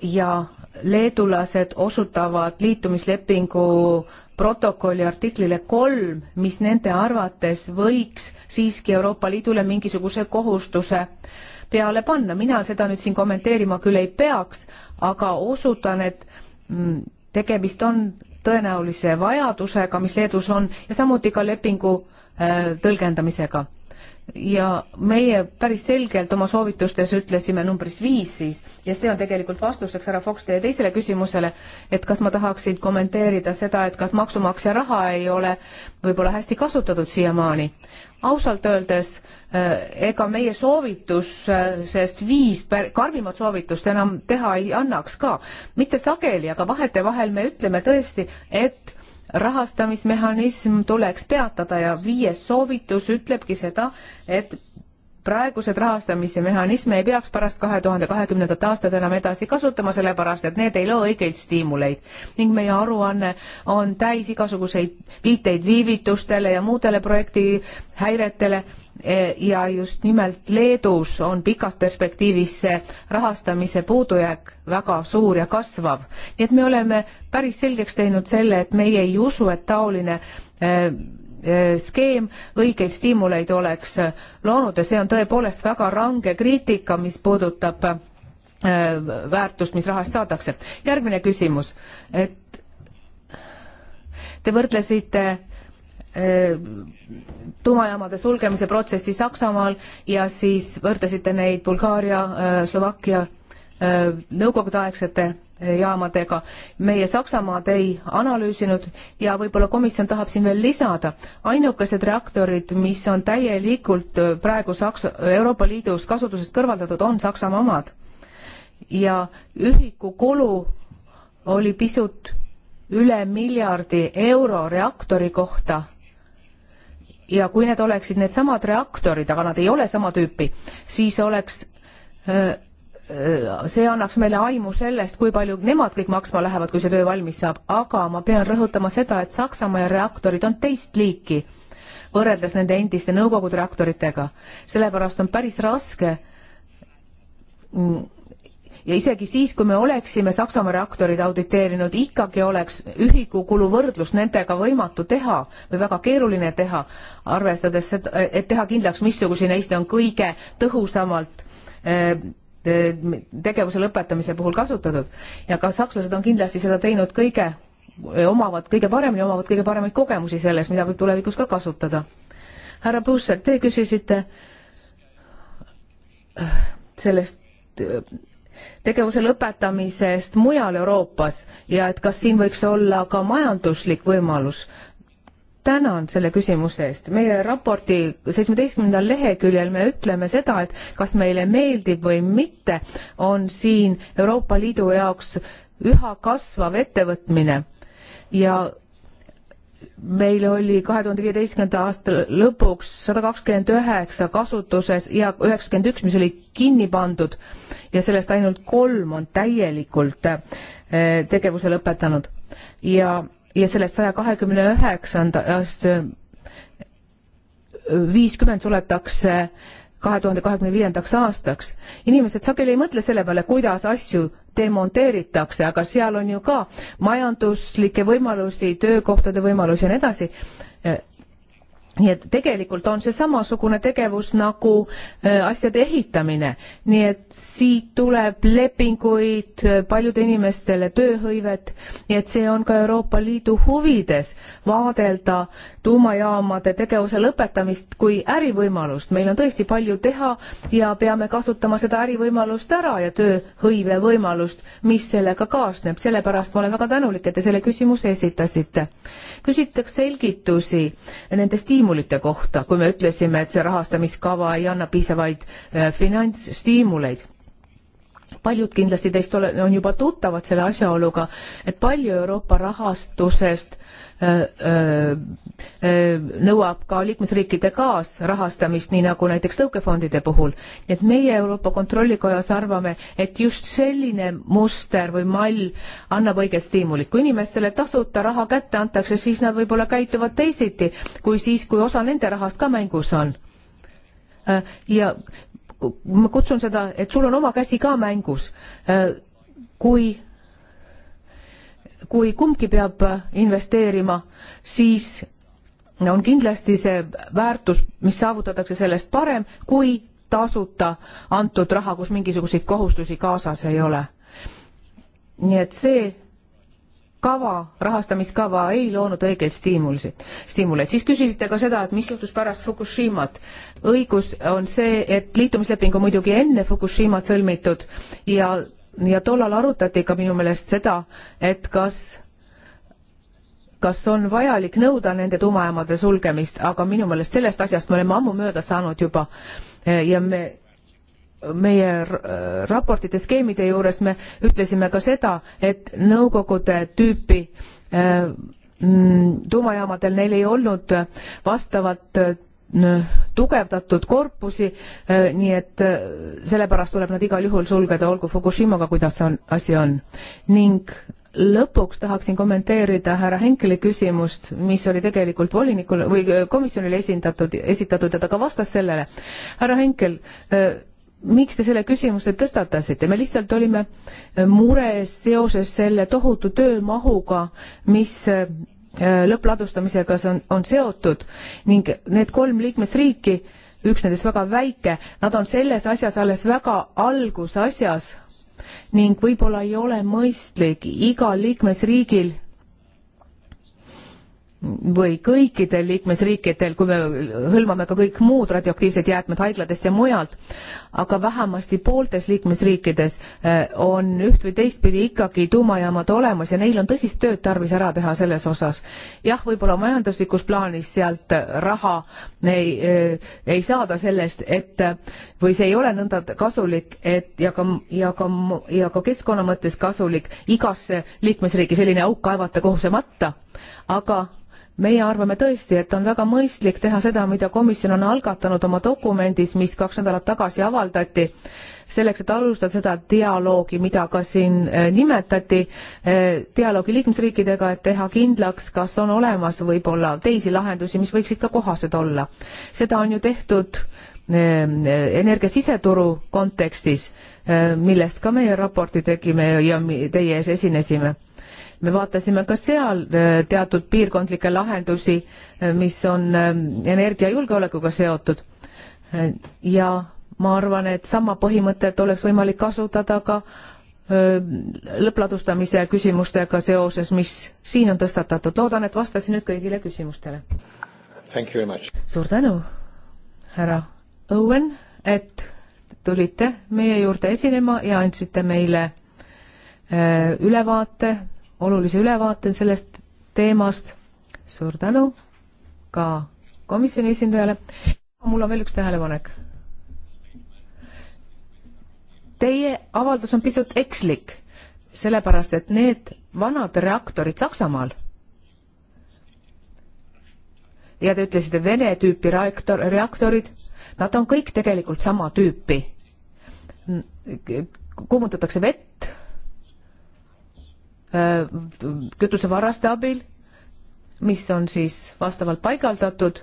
ja leedulased osutavad liitumislepingu protokolli artiklile kolm, mis nende arvates võiks siiski Euroopa Liidule mingisuguse kohustuse äh, peale panna. mina seda nüüd siin kommenteerima küll ei peaks, aga osutan, et mm, tegemist on tõenäolise vajadusega, mis Leedus on ja samuti ka lepingu äh, tõlgendamisega ja meie päris selgelt oma soovitustes ütlesime numbrist viis siis ja see on tegelikult vastuseks härra Fox teie teisele küsimusele, et kas ma tahaksin kommenteerida seda, et kas maksumaksja raha ei ole võib-olla hästi kasutatud siiamaani. ausalt öeldes äh, ega meie soovitus, äh, sest viis karmimat soovitust enam teha ei annaks ka, mitte sageli, aga vahetevahel me ütleme tõesti, et rahastamismehhanism tuleks peatada ja viies soovitus ütlebki seda, et praegused rahastamise mehhanisme ei peaks pärast kahe tuhande kahekümnendat aastat enam edasi kasutama, sellepärast et need ei loo õigeid stiimuleid ning meie aruanne on täis igasuguseid viiteid viivitustele ja muudele projekti häiretele E, ja just nimelt Leedus on pikas perspektiivis see rahastamise puudujääk väga suur ja kasvav. nii et me oleme päris selgeks teinud selle, et meie ei usu, et taoline e, e, skeem õigeid stiimuleid oleks loonud ja see on tõepoolest väga range kriitika, mis puudutab väärtust, mis rahast saadakse. järgmine küsimus, et te võrdlesite Äh, tuumajaamade sulgemise protsessi Saksamaal ja siis võrdlesite neid Bulgaaria, äh, Slovakkia äh, nõukogudeaegsete jaamadega. meie Saksamaad ei analüüsinud ja võib-olla komisjon tahab siin veel lisada, ainukesed reaktorid, mis on täielikult praegu Saksa, Euroopa Liidus kasutusest kõrvaldatud, on Saksamaa omad. ja ühiku kulu oli pisut üle miljardi euro reaktori kohta ja kui need oleksid needsamad reaktorid, aga nad ei ole sama tüüpi, siis oleks see annaks meile aimu sellest, kui palju nemad kõik maksma lähevad, kui see töö valmis saab, aga ma pean rõhutama seda, et Saksamaa reaktorid on teist liiki võrreldes nende endiste Nõukogude reaktoritega. sellepärast on päris raske mm, ja isegi siis, kui me oleksime Saksamaa reaktorid auditeerinud, ikkagi oleks ühikukulu võrdlus nendega võimatu teha või väga keeruline teha, arvestades seda, et teha kindlaks, missuguse neist on kõige tõhusamalt äh, tegevuse lõpetamise puhul kasutatud ja ka sakslased on kindlasti seda teinud kõige, äh, omavad kõige paremini, omavad kõige paremaid kogemusi selles, mida võib tulevikus ka kasutada. härra Puusser, te küsisite äh, sellest tegevuse lõpetamisest mujal Euroopas ja et kas siin võiks olla ka majanduslik võimalus tänan selle küsimuse eest. meie raporti seitsmeteistkümnendal leheküljel me ütleme seda, et kas meile meeldib või mitte, on siin Euroopa Liidu jaoks üha kasvav ettevõtmine ja meil oli kahe tuhande viieteistkümnenda aasta lõpuks sada kakskümmend üheksa kasutuses ja üheksakümmend üks, mis oli kinni pandud ja sellest ainult kolm on täielikult eh, tegevuse lõpetanud. ja, ja sellest saja kahekümne üheksandast eh, viiskümmend suletakse kahe tuhande kahekümne viiendaks aastaks. inimesed sageli ei mõtle selle peale, kuidas asju demonteeritakse, aga seal on ju ka majanduslikke võimalusi, töökohtade võimalusi ja nii edasi nii et tegelikult on see samasugune tegevus nagu äh, asjade ehitamine, nii et siit tuleb lepinguid äh, paljude inimestele, tööhõivet, nii et see on ka Euroopa Liidu huvides vaadelda tuumajaamade tegevuse lõpetamist kui ärivõimalust. meil on tõesti palju teha ja peame kasutama seda ärivõimalust ära ja tööhõive võimalust, mis sellega kaasneb, sellepärast ma olen väga tänulik, et te selle küsimuse esitasite. küsitakse selgitusi nende stiimulite stiimulite kohta, kui me ütlesime, et see rahastamiskava ei anna piisavaid äh, finantsstiimuleid paljud kindlasti teist ole, on juba tuttavad selle asjaoluga, et palju Euroopa rahastusest öö, öö, nõuab ka liikmesriikide kaasrahastamist, nii nagu näiteks tõukefondide puhul. nii et meie Euroopa Kontrollikojas arvame, et just selline muster või mall annab õiget stiimulit. kui inimestele tasuta raha kätte antakse, siis nad võib-olla käituvad teisiti kui siis, kui osa nende rahast ka mängus on ja ma kutsun seda, et sul on oma käsi ka mängus. Äh, kui, kui kumbki peab investeerima, siis on kindlasti see väärtus, mis saavutatakse sellest parem, kui tasuta antud raha, kus mingisuguseid kohustusi kaasas ei ole. nii et see kava, rahastamiskava ei loonud õigeid stiimulsid, stiimuleid. siis küsisite ka seda, et mis juhtus pärast Fukushimat. õigus on see, et liitumisleping on muidugi enne Fukushimat sõlmitud ja, ja tollal arutati ka minu meelest seda, et kas kas on vajalik nõuda nende tuumajaamade sulgemist, aga minu meelest sellest asjast me oleme ammu mööda saanud juba ja me meie raportite skeemide juures me ütlesime ka seda, et nõukogude tüüpi äh, mm, tuumajaamadel neil ei olnud vastavat äh, tugevdatud korpusi, äh, nii et sellepärast tuleb nad igal juhul sulgeda, olgu Fukushimaga, kuidas on, asi on. ning lõpuks tahaksin kommenteerida härra Henkeli küsimust, mis oli tegelikult volinikule või komisjonile esindatud, esitatud ja ta ka vastas sellele. härra Henkel, miks te selle küsimuse tõstatasite, me lihtsalt olime äh, mures seoses selle tohutu töömahuga, mis äh, lõppladustamisega on, on seotud ning need kolm liikmesriiki, üks nendest väga väike, nad on selles asjas alles väga algusasjas ning võib-olla ei ole mõistlik igal liikmesriigil või kõikidel liikmesriikidel, kui me hõlmame ka kõik muud radioaktiivsed jäätmed haiglatest ja mujalt, aga vähemasti pooltes liikmesriikides eh, on üht või teistpidi ikkagi tuumajaamad olemas ja neil on tõsist tööd tarvis ära teha selles osas. jah, võib-olla majanduslikus plaanis sealt eh, raha ei, eh, ei saada sellest, et või see ei ole nõnda kasulik, et ja ka, ja ka, ja ka keskkonna mõttes kasulik igasse liikmesriigi selline auk kaevata kohusemata, aga meie arvame tõesti, et on väga mõistlik teha seda, mida komisjon on algatanud oma dokumendis, mis kaks nädalat tagasi avaldati, selleks, et alustada seda dialoogi, mida ka siin eh, nimetati, eh, dialoogi liikmesriikidega, et teha kindlaks, kas on olemas võib-olla teisi lahendusi, mis võiksid ka kohased olla. seda on ju tehtud ehm, energia siseturu kontekstis, eh, millest ka meie raporti tegime ja teie ees esinesime me vaatasime ka seal äh, teatud piirkondlikke lahendusi, äh, mis on ähm, energiajulgeolekuga seotud. Äh, ja ma arvan, et sama põhimõtet oleks võimalik kasutada ka lõppladustamise küsimustega seoses, mis siin on tõstatatud. loodan, et vastasin nüüd kõigile küsimustele. suur tänu, härra Owen, et tulite meie juurde esinema ja andsite meile ülevaate olulise ülevaate sellest teemast. suur tänu ka komisjoni esindajale. mul on veel üks tähelepanek. Teie avaldus on pisut ekslik, sellepärast et need vanad reaktorid Saksamaal ja te ütlesite Vene tüüpi reaktor, reaktorid, nad on kõik tegelikult sama tüüpi. kuumutatakse vett Äh, kütusevaraste abil, mis on siis vastavalt paigaldatud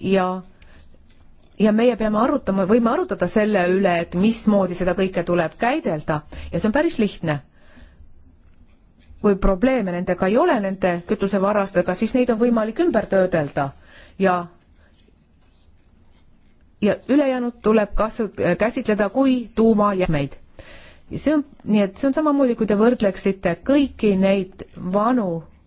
ja, ja meie peame arutama, võime arutada selle üle, et mismoodi seda kõike tuleb käidelda ja see on päris lihtne. kui probleeme nendega ei ole, nende kütusevarastega, siis neid on võimalik ümber töödelda ja ja ülejäänud tuleb kas-, käsitleda kui tuumajäämeid see on, nii et see on samamoodi, kui te võrdleksite kõiki neid vanu,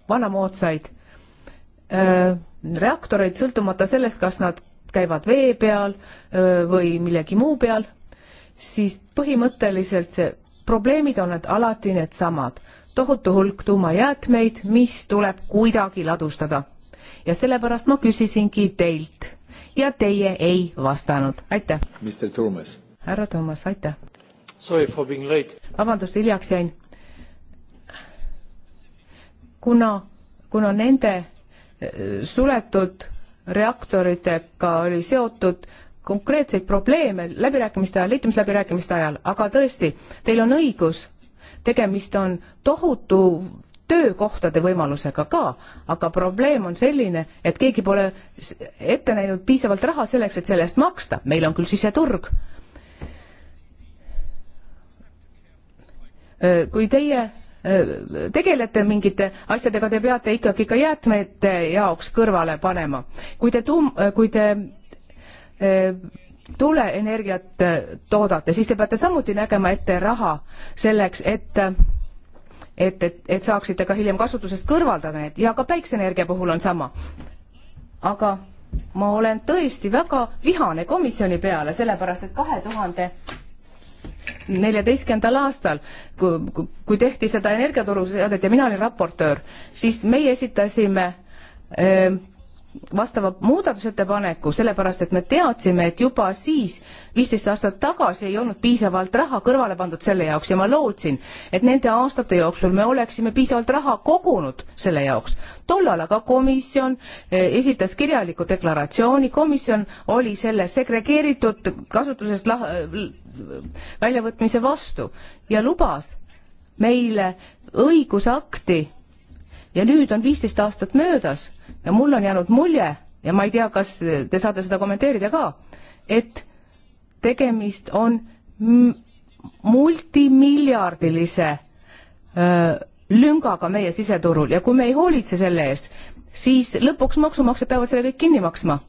vanamoodsaid öö, äh, reaktoreid, sõltumata sellest, kas nad käivad vee peal öö, äh, või millegi muu peal, siis põhimõtteliselt see, probleemid on need alati needsamad. tohutu hulk tuumajäätmeid, mis tuleb kuidagi ladustada. ja sellepärast ma küsisingi teilt ja teie ei vastanud, aitäh. härra Toomas, aitäh vabandust, hiljaks jäin. kuna, kuna nende eh, suletud reaktoritega oli seotud konkreetseid probleeme läbirääkimiste ajal, liitumisläbirääkimiste ajal, aga tõesti, teil on õigus, tegemist on tohutu töökohtade võimalusega ka, aga probleem on selline, et keegi pole ette näinud piisavalt raha selleks, et selle eest maksta. meil on küll siseturg Äh, kui teie äh, tegelete mingite asjadega, te peate ikkagi ka jäätmete jaoks kõrvale panema. kui te tuum-, äh, kui te tuuleenergiat toodate, siis te peate samuti nägema ette raha selleks, et et, et, et saaksite ka hiljem kasutusest kõrvaldada need ja ka päikseenergia puhul on sama. aga ma olen tõesti väga vihane komisjoni peale, sellepärast et kahe tuhande 2000 neljateistkümnendal aastal, kui, kui tehti seda energiaturu seadet ja mina olin raportöör, siis meie esitasime eh, vastava muudatusettepaneku, sellepärast et me teadsime, et juba siis, viisteist aastat tagasi, ei olnud piisavalt raha kõrvale pandud selle jaoks ja ma lootsin, et nende aastate jooksul me oleksime piisavalt raha kogunud selle jaoks. tollal aga komisjon eh, esitas kirjaliku deklaratsiooni, komisjon oli selle segregeeritud kasutusest lah-, väljavõtmise vastu ja lubas meile õigusakti ja nüüd on viisteist aastat möödas ja mul on jäänud mulje ja ma ei tea, kas te saate seda kommenteerida ka, et tegemist on multimiljardilise öö, lüngaga meie siseturul ja kui me ei hoolitse selle eest, siis lõpuks maksumaksjad peavad selle kõik kinni maksma.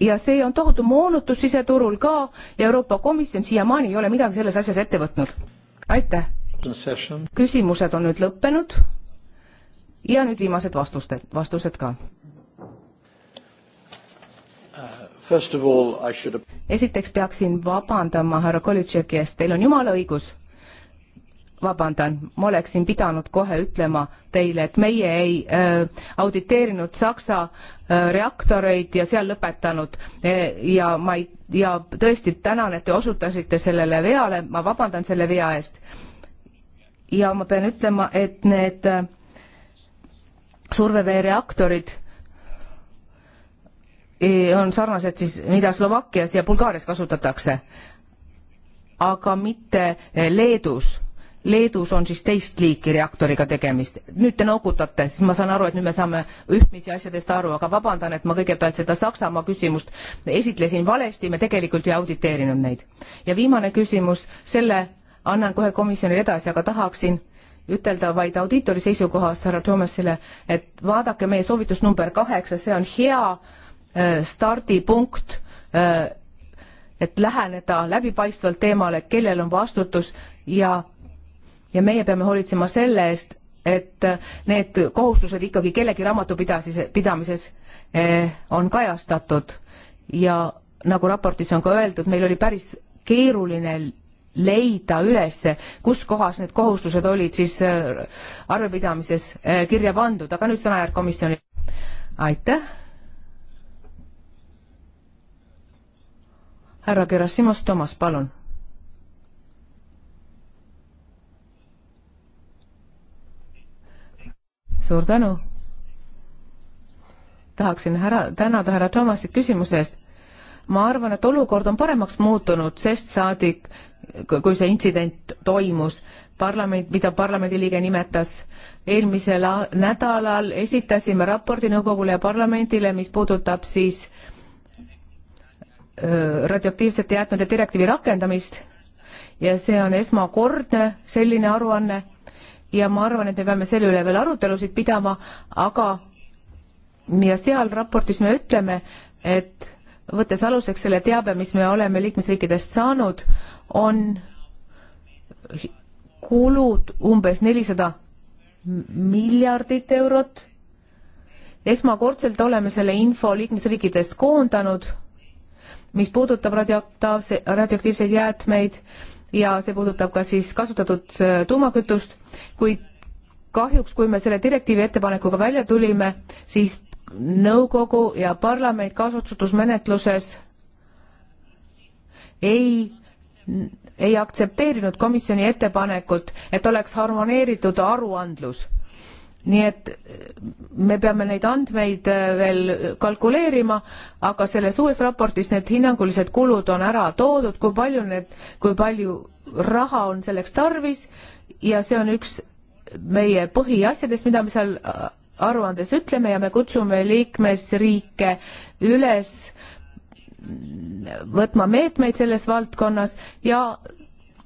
ja see on tohutu moonutus siseturul ka ja Euroopa Komisjon siiamaani ei ole midagi selles asjas ette võtnud. aitäh! küsimused on nüüd lõppenud ja nüüd viimased vastused, vastused ka. All, should... esiteks peaksin vabandama härra Kolitšeki eest, teil on jumala õigus. vabandan, ma oleksin pidanud kohe ütlema teile, et meie ei äh, auditeerinud Saksa äh, reaktoreid ja seal lõpetanud äh, ja ma ei, ja tõesti tänan, et te osutasite sellele veale, ma vabandan selle vea eest. ja ma pean ütlema, et need äh, surveveereaktorid e, on sarnased siis, mida Slovakkias ja Bulgaarias kasutatakse, aga mitte e, Leedus. Leedus on siis teist liiki reaktoriga tegemist. nüüd te noogutate, siis ma saan aru, et nüüd me saame ühtmisi asjadest aru, aga vabandan, et ma kõigepealt seda Saksamaa küsimust esitlesin valesti, me tegelikult ju auditeerinud neid. ja viimane küsimus, selle annan kohe komisjonile edasi, aga tahaksin äh, ütelda vaid audiitori seisukohast härra Thomasile, et vaadake meie soovitus number kaheksa, see on hea äh, stardipunkt äh,, et läheneda läbipaistvalt teemale, kellel on vastutus ja, ja meie peame hoolitsema selle eest, et äh, need kohustused ikkagi kellegi raamatupidamises, pidamises eh, on kajastatud ja nagu raportis on ka öeldud, meil oli päris keeruline leida üles, kus kohas need kohustused olid siis äh, arvepidamises äh, kirja pandud, aga nüüd sõna jääb komisjonile. aitäh. härra Gerassimos Tomas, palun. suur tänu. tahaksin härra, tänada härra Tomasit küsimuse eest ma arvan, et olukord on paremaks muutunud, sest saadik, kui see intsident toimus, parlament, mida parlamendiliige nimetas eelmisel nädalal, esitasime raporti nõukogule ja parlamendile, mis puudutab siis radioaktiivsete jäätmete direktiivi rakendamist ja see on esmakordne selline aruanne ja ma arvan, et me peame selle üle veel arutelusid pidama, aga ja seal raportis me ütleme, et võttes aluseks selle teabe, mis me oleme liikmesriikidest saanud, on kulud umbes nelisada miljardit eurot. esmakordselt oleme selle info liikmesriikidest koondanud, mis puudutab radioaktiivse, radioaktiivseid jäätmeid ja see puudutab ka siis kasutatud äh, tuumakütust, kuid kahjuks, kui me selle direktiivi ettepanekuga välja tulime, siis nõukogu ja parlament kasutusmenetluses ei ei aktsepteerinud komisjoni ettepanekut, et oleks harmoneeritud aruandlus. nii et me peame neid andmeid äh, veel kalkuleerima, aga selles uues raportis need hinnangulised kulud on ära toodud, kui palju need, kui palju raha on selleks tarvis ja see on üks meie põhiasjadest, mida me seal äh, aruandes ütleme ja me kutsume liikmesriike üles äh, võtma meetmeid selles valdkonnas ja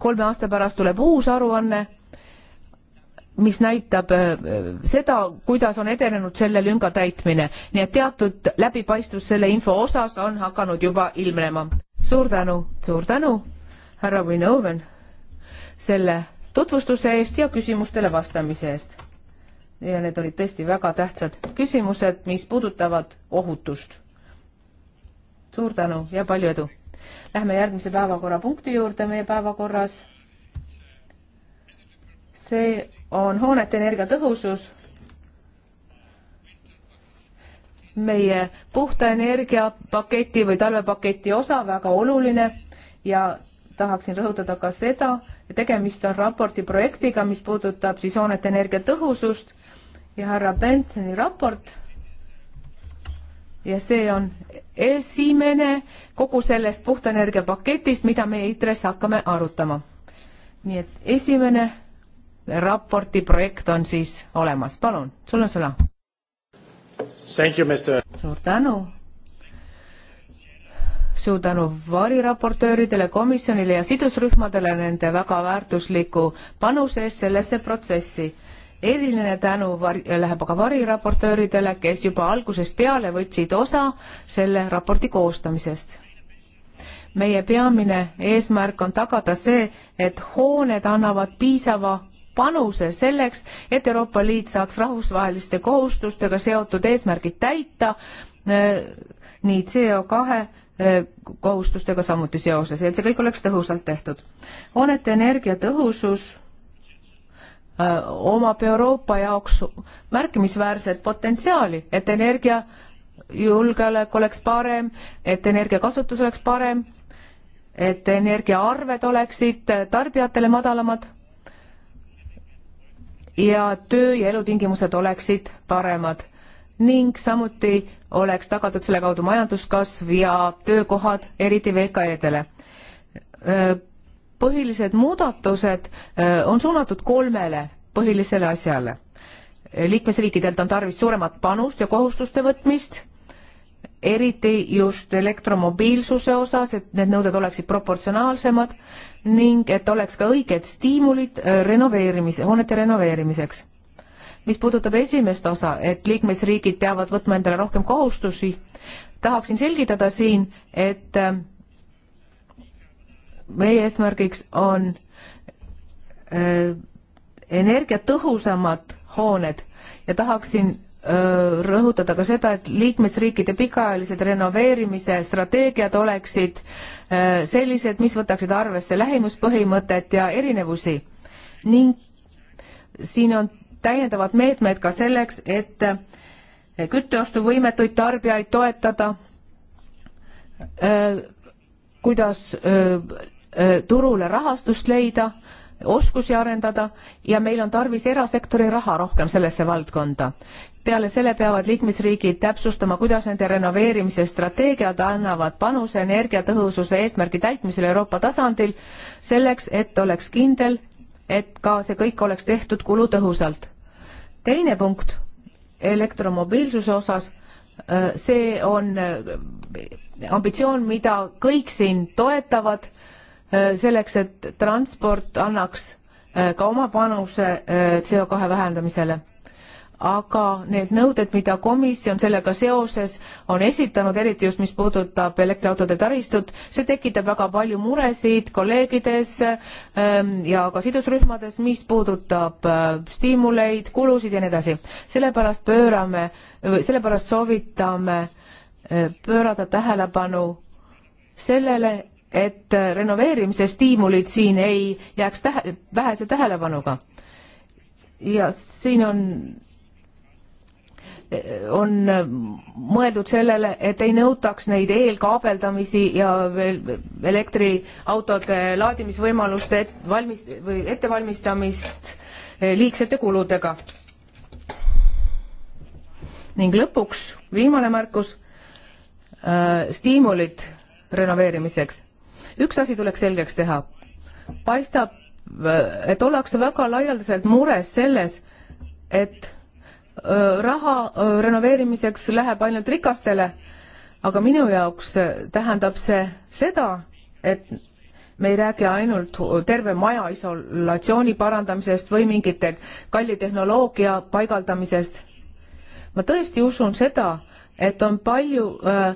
kolme aasta pärast tuleb uus aruanne, mis näitab äh, seda, kuidas on edenenud selle lünga täitmine. nii et teatud läbipaistvus selle info osas on hakanud juba ilmnema. suur tänu, suur tänu, härra Winoven, selle tutvustuse eest ja küsimustele vastamise eest ja need olid tõesti väga tähtsad küsimused, mis puudutavad ohutust suur tänu ja palju edu! Lähme järgmise päevakorrapunkti juurde meie päevakorras. see on hoonete energiatõhusus. meie puhta energiapaketi või talvepaketi osa, väga oluline ja tahaksin rõhutada ka seda, et tegemist on raporti projektiga, mis puudutab siis hoonete energiatõhusust ja härra Bensoni raport ja see on esimene kogu sellest puhta energia paketist, mida me ITRES hakkame arutama. nii et esimene raporti projekt on siis olemas, palun, sul on sõna. suur tänu. suur tänu variraportööridele, komisjonile ja sidusrühmadele nende väga väärtusliku panuse eest sellesse protsessi eriline tänu var-, läheb aga variraportööridele, kes juba algusest peale võtsid osa selle raporti koostamisest. meie peamine eesmärk on tagada see, et hooned annavad piisava panuse selleks, et Euroopa Liit saaks rahvusvaheliste kohustustega seotud eesmärgid täita, äh, nii CO kahe äh, kohustustega samuti seoses, et see kõik oleks tõhusalt tehtud. hoonete energiatõhusus omab Euroopa jaoks märkimisväärset potentsiaali, et energiajulgeolek oleks parem, et energiakasutus oleks parem, et energiaarved oleksid tarbijatele madalamad ja töö ja elutingimused oleksid paremad ning samuti oleks tagatud selle kaudu majanduskasv ja töökohad, eriti VKE-dele põhilised muudatused äh, on suunatud kolmele põhilisele asjale. liikmesriikidelt on tarvis suuremat panust ja kohustuste võtmist, eriti just elektromobiilsuse osas, et need nõuded oleksid proportsionaalsemad ning et oleks ka õiged stiimulid äh, renoveerimise, hoonete renoveerimiseks. mis puudutab esimest osa, et liikmesriigid peavad võtma endale rohkem kohustusi, tahaksin selgitada siin, et äh, meie eesmärgiks on äh, energiatõhusamad hooned ja tahaksin äh, rõhutada ka seda, et liikmesriikide pikaajalised renoveerimise strateegiad oleksid äh, sellised, mis võtaksid arvesse lähimuspõhimõtet ja erinevusi ning siin on täiendavad meetmed ka selleks, et äh, kütteostuvõimetuid tarbijaid toetada äh, kuidas äh, turule rahastust leida, oskusi arendada ja meil on tarvis erasektori raha rohkem sellesse valdkonda. peale selle peavad liikmesriigid täpsustama, kuidas nende renoveerimise strateegiad annavad panuse energiatõhususe eesmärgi täitmisele Euroopa tasandil, selleks et oleks kindel, et ka see kõik oleks tehtud kulutõhusalt. teine punkt elektromobiilsuse osas, see on ambitsioon, mida kõik siin toetavad Äh, selleks, et transport annaks äh, ka oma panuse äh, CO2 vähendamisele. aga need nõuded, mida komisjon sellega seoses on esitanud, eriti just mis puudutab elektriautode taristut, see tekitab väga palju muresid kolleegides ähm, ja ka sidusrühmades, mis puudutab stiimuleid, kulusid ja nii edasi. sellepärast pöörame, sellepärast soovitame pöörada tähelepanu sellele, et renoveerimise stiimulid siin ei jääks tähe, vähese tähelepanuga. ja siin on, on mõeldud sellele, et ei nõutaks neid eelkaabeldamisi ja veel elektriautode laadimisvõimaluste et, valmis- või ettevalmistamist liigsete kuludega. ning lõpuks viimane märkus, äh, stiimulid renoveerimiseks üks asi tuleks selgeks teha. paistab, äh, et ollakse väga laialdaselt mures selles, et äh, raha äh, renoveerimiseks läheb ainult rikastele, aga minu jaoks tähendab see seda, et me ei räägi ainult terve maja isolatsiooni parandamisest või mingite kalli tehnoloogia paigaldamisest. ma tõesti usun seda, et on palju äh,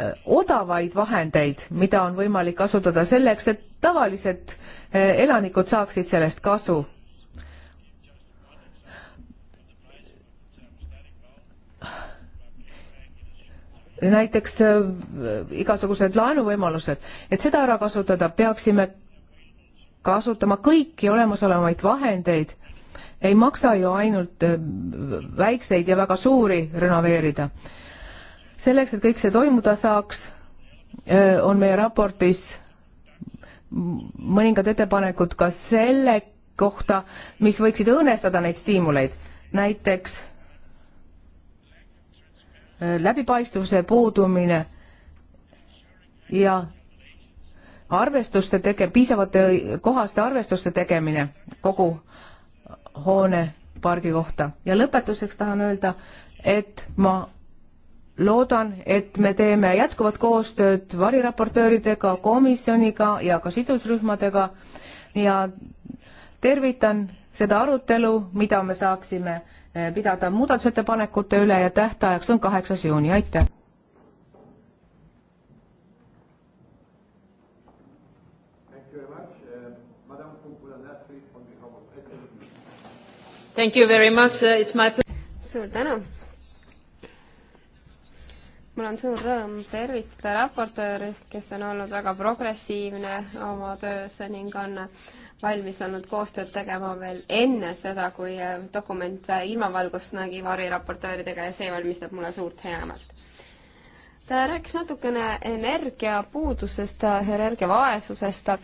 Äh, odavaid vahendeid, mida on võimalik kasutada selleks, et tavalised äh, elanikud saaksid sellest kasu. näiteks äh, igasugused laenuvõimalused, et seda ära kasutada, peaksime kasutama kõiki olemasolevaid vahendeid. ei maksa ju ainult väikseid ja väga suuri renoveerida selleks, et kõik see toimuda saaks, äh, on meie raportis mõningad ettepanekud ka selle kohta, mis võiksid õõnestada neid stiimuleid, näiteks äh, läbipaistvuse puudumine ja arvestuste tege-, piisavate kohaste arvestuste tegemine kogu hoonepargi kohta. ja lõpetuseks tahan öelda, et ma loodan, et me teeme jätkuvat koostööd variraportööridega, komisjoniga ja ka sidusrühmadega ja tervitan seda arutelu, mida me saaksime eh, pidada muudatusettepanekute üle ja tähtajaks on kaheksas juuni, aitäh! suur tänu! mul on suur rõõm tervitada raportööri, kes on olnud väga progressiivne oma töös ning on valmis olnud koostööd tegema veel enne seda, kui äh, dokument äh, ilmavalgust nägi variraportööridega ja see valmistab mulle suurt heameelt. ta rääkis natukene energiapuudusest, äh, energiavaesusest.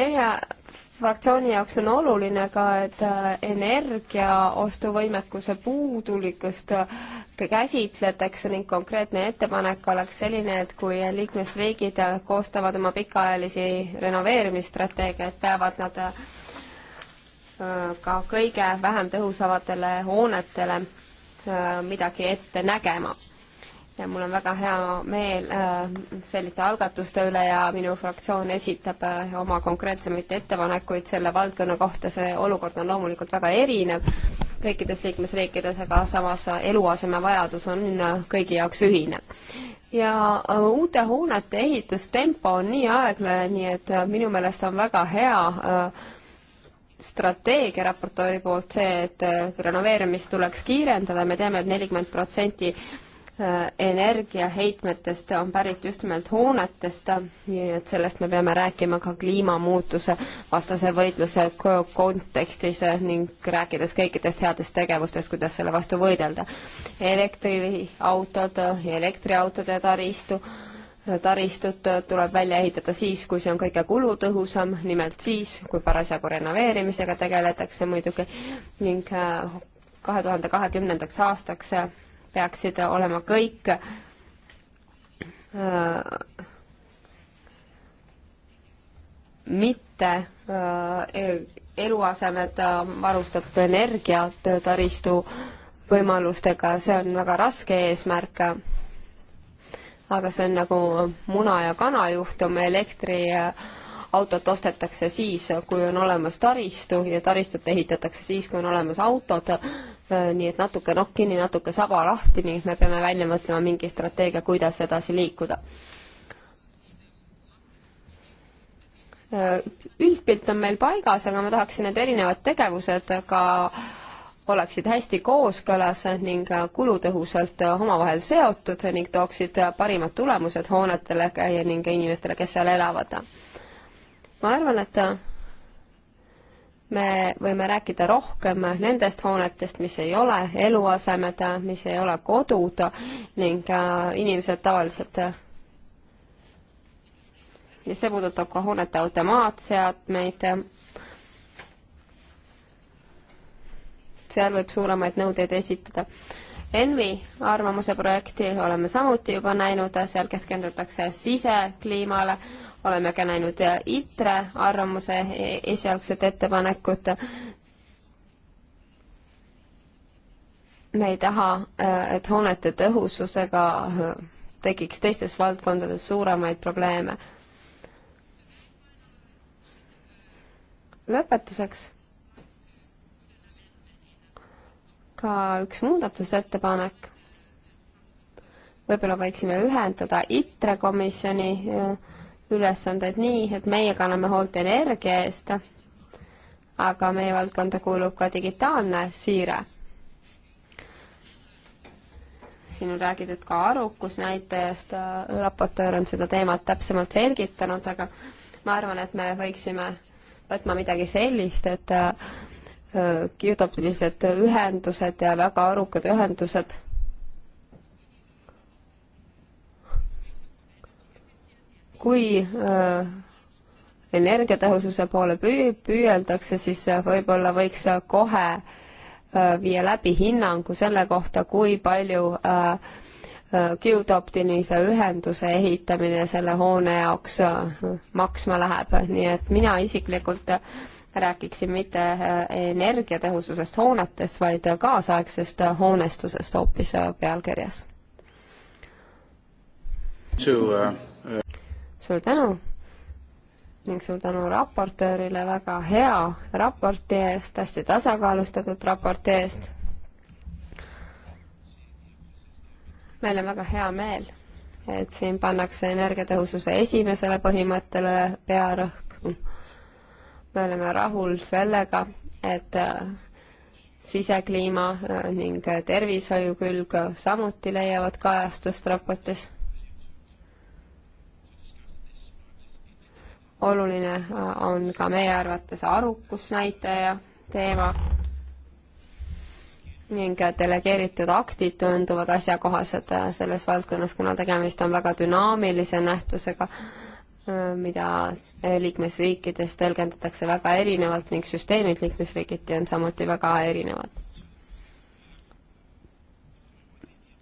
meie fraktsiooni jaoks on oluline ka, et äh, energiaostuvõimekuse puudulikkust äh, käsitletakse ning konkreetne ettepanek oleks selline, et kui liikmesriigid äh, koostavad oma pikaajalisi renoveerimisstrateegiaid, peavad nad ka kõige vähem tõhusavatele hoonetele midagi ette nägema ja mul on väga hea meel äh, selliste algatuste üle ja minu fraktsioon esitab äh, oma konkreetsemaid ettepanekuid selle valdkonna kohta, see olukord on loomulikult väga erinev kõikides liikmesriikides, aga samas äh, eluasemevajadus on kõigi jaoks ühine. ja uute hoonete ehitustempo on nii aeglane, nii et minu meelest on väga hea strateegia raportööri poolt see, et renoveerimist tuleks kiirendada, me teame et, et nelikümmend protsenti energiaheitmetest on pärit just nimelt hoonetest, nii et sellest me peame rääkima ka kliimamuutuse vastase võitluse kontekstis ning rääkides kõikidest headest tegevustest, kuidas selle vastu võidelda. elektriautod, elektriautode taristu, taristut tuleb välja ehitada siis, kui see on kõige kulutõhusam, nimelt siis, kui parasjagu renoveerimisega tegeletakse muidugi ning äh, kahe tuhande kahekümnendaks aastaks peaksid olema kõik äh, mitte äh, eluasemed äh, varustatud energiat taristu võimalustega, see on väga raske eesmärk. aga see on nagu muna ja kana juhtum, elektriautot ostetakse siis, kui on olemas taristu ja taristut ehitatakse siis, kui on olemas autod Äh, nii et natuke nokk kinni, natuke saba lahti, nii et me peame välja mõtlema mingi strateegia, kuidas edasi liikuda. Äh, üldpilt on meil paigas, aga ma tahaksin, et erinevad tegevused ka oleksid hästi kooskõlas ning kulutõhusalt omavahel seotud ning tooksid parimad tulemused hoonetele ja ning inimestele, kes seal elavad. ma arvan, et me võime rääkida rohkem nendest hoonetest, mis ei ole eluasemed, mis ei ole kodud ning äh, inimesed tavaliselt ja see puudutab ka hoonete automaatseadmeid. seal võib suuremaid nõudeid esitada. Envi arvamuse projekti oleme samuti juba näinud, seal keskendutakse sisekliimale oleme ka näinud ITRE arvamuse e-, esialgset ettepanekut. me ei taha, äh, et hoonete tõhususega äh, tekiks teistes valdkondades suuremaid probleeme. lõpetuseks ka üks muudatusettepanek. võib-olla võiksime ühendada ITRE komisjoni äh, ülesandeid nii, et meie kanname hoolt energia eest, aga meie valdkonda kuulub ka digitaalne siire. siin on räägitud ka arukusnäitajast, raportöör on seda teemat täpsemalt selgitanud, aga ma arvan, et me võiksime võtma midagi sellist, et geotoptilised äh, ühendused ja väga arukad ühendused kui äh, energiatõhususe poole püü-, püüeldakse, siis äh, võib-olla võiks äh, kohe viia läbi hinnangu selle kohta, kui palju kiudoptilise ühenduse ehitamine selle hoone jaoks maksma läheb, nii et mina isiklikult rääkiksin mitte energiatõhususest hoonetes, vaid kaasaegsest hoonestusest hoopis pealkirjas. to uh, suur tänu ning suur tänu raportöörile väga hea raporti eest, hästi tasakaalustatud raporti eest. meil on väga hea meel, et siin pannakse energiatõhususe esimesele põhimõttele pearõhku. me oleme rahul sellega, et äh, sisekliima äh, ning tervishoiu külg samuti leiavad kajastust raportis oluline äh, on ka meie arvates arukusnäitaja teema ning äh, delegeeritud aktid tunduvad asjakohased äh, selles valdkonnas, kuna tegemist on väga dünaamilise nähtusega, mida liikmesriikides tõlgendatakse väga erinevalt ning süsteemid liikmesriigiti on samuti väga erinevad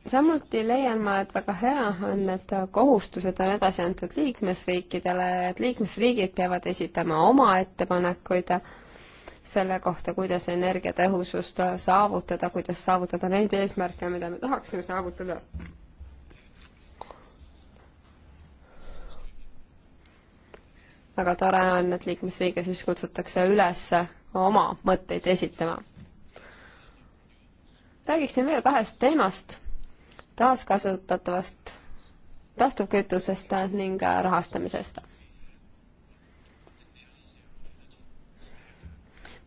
samuti leian ma, et väga hea on, et kohustused on edasi antud liikmesriikidele, et liikmesriigid peavad esitama oma ettepanekuid selle kohta, kuidas energiatõhusust saavutada, kuidas saavutada neid eesmärke, mida me tahaksime saavutada. väga tore on, et liikmesriige siis kutsutakse üles oma mõtteid esitama. räägiksin veel kahest teemast taaskasutatavast taastuvkütusest ning rahastamisest.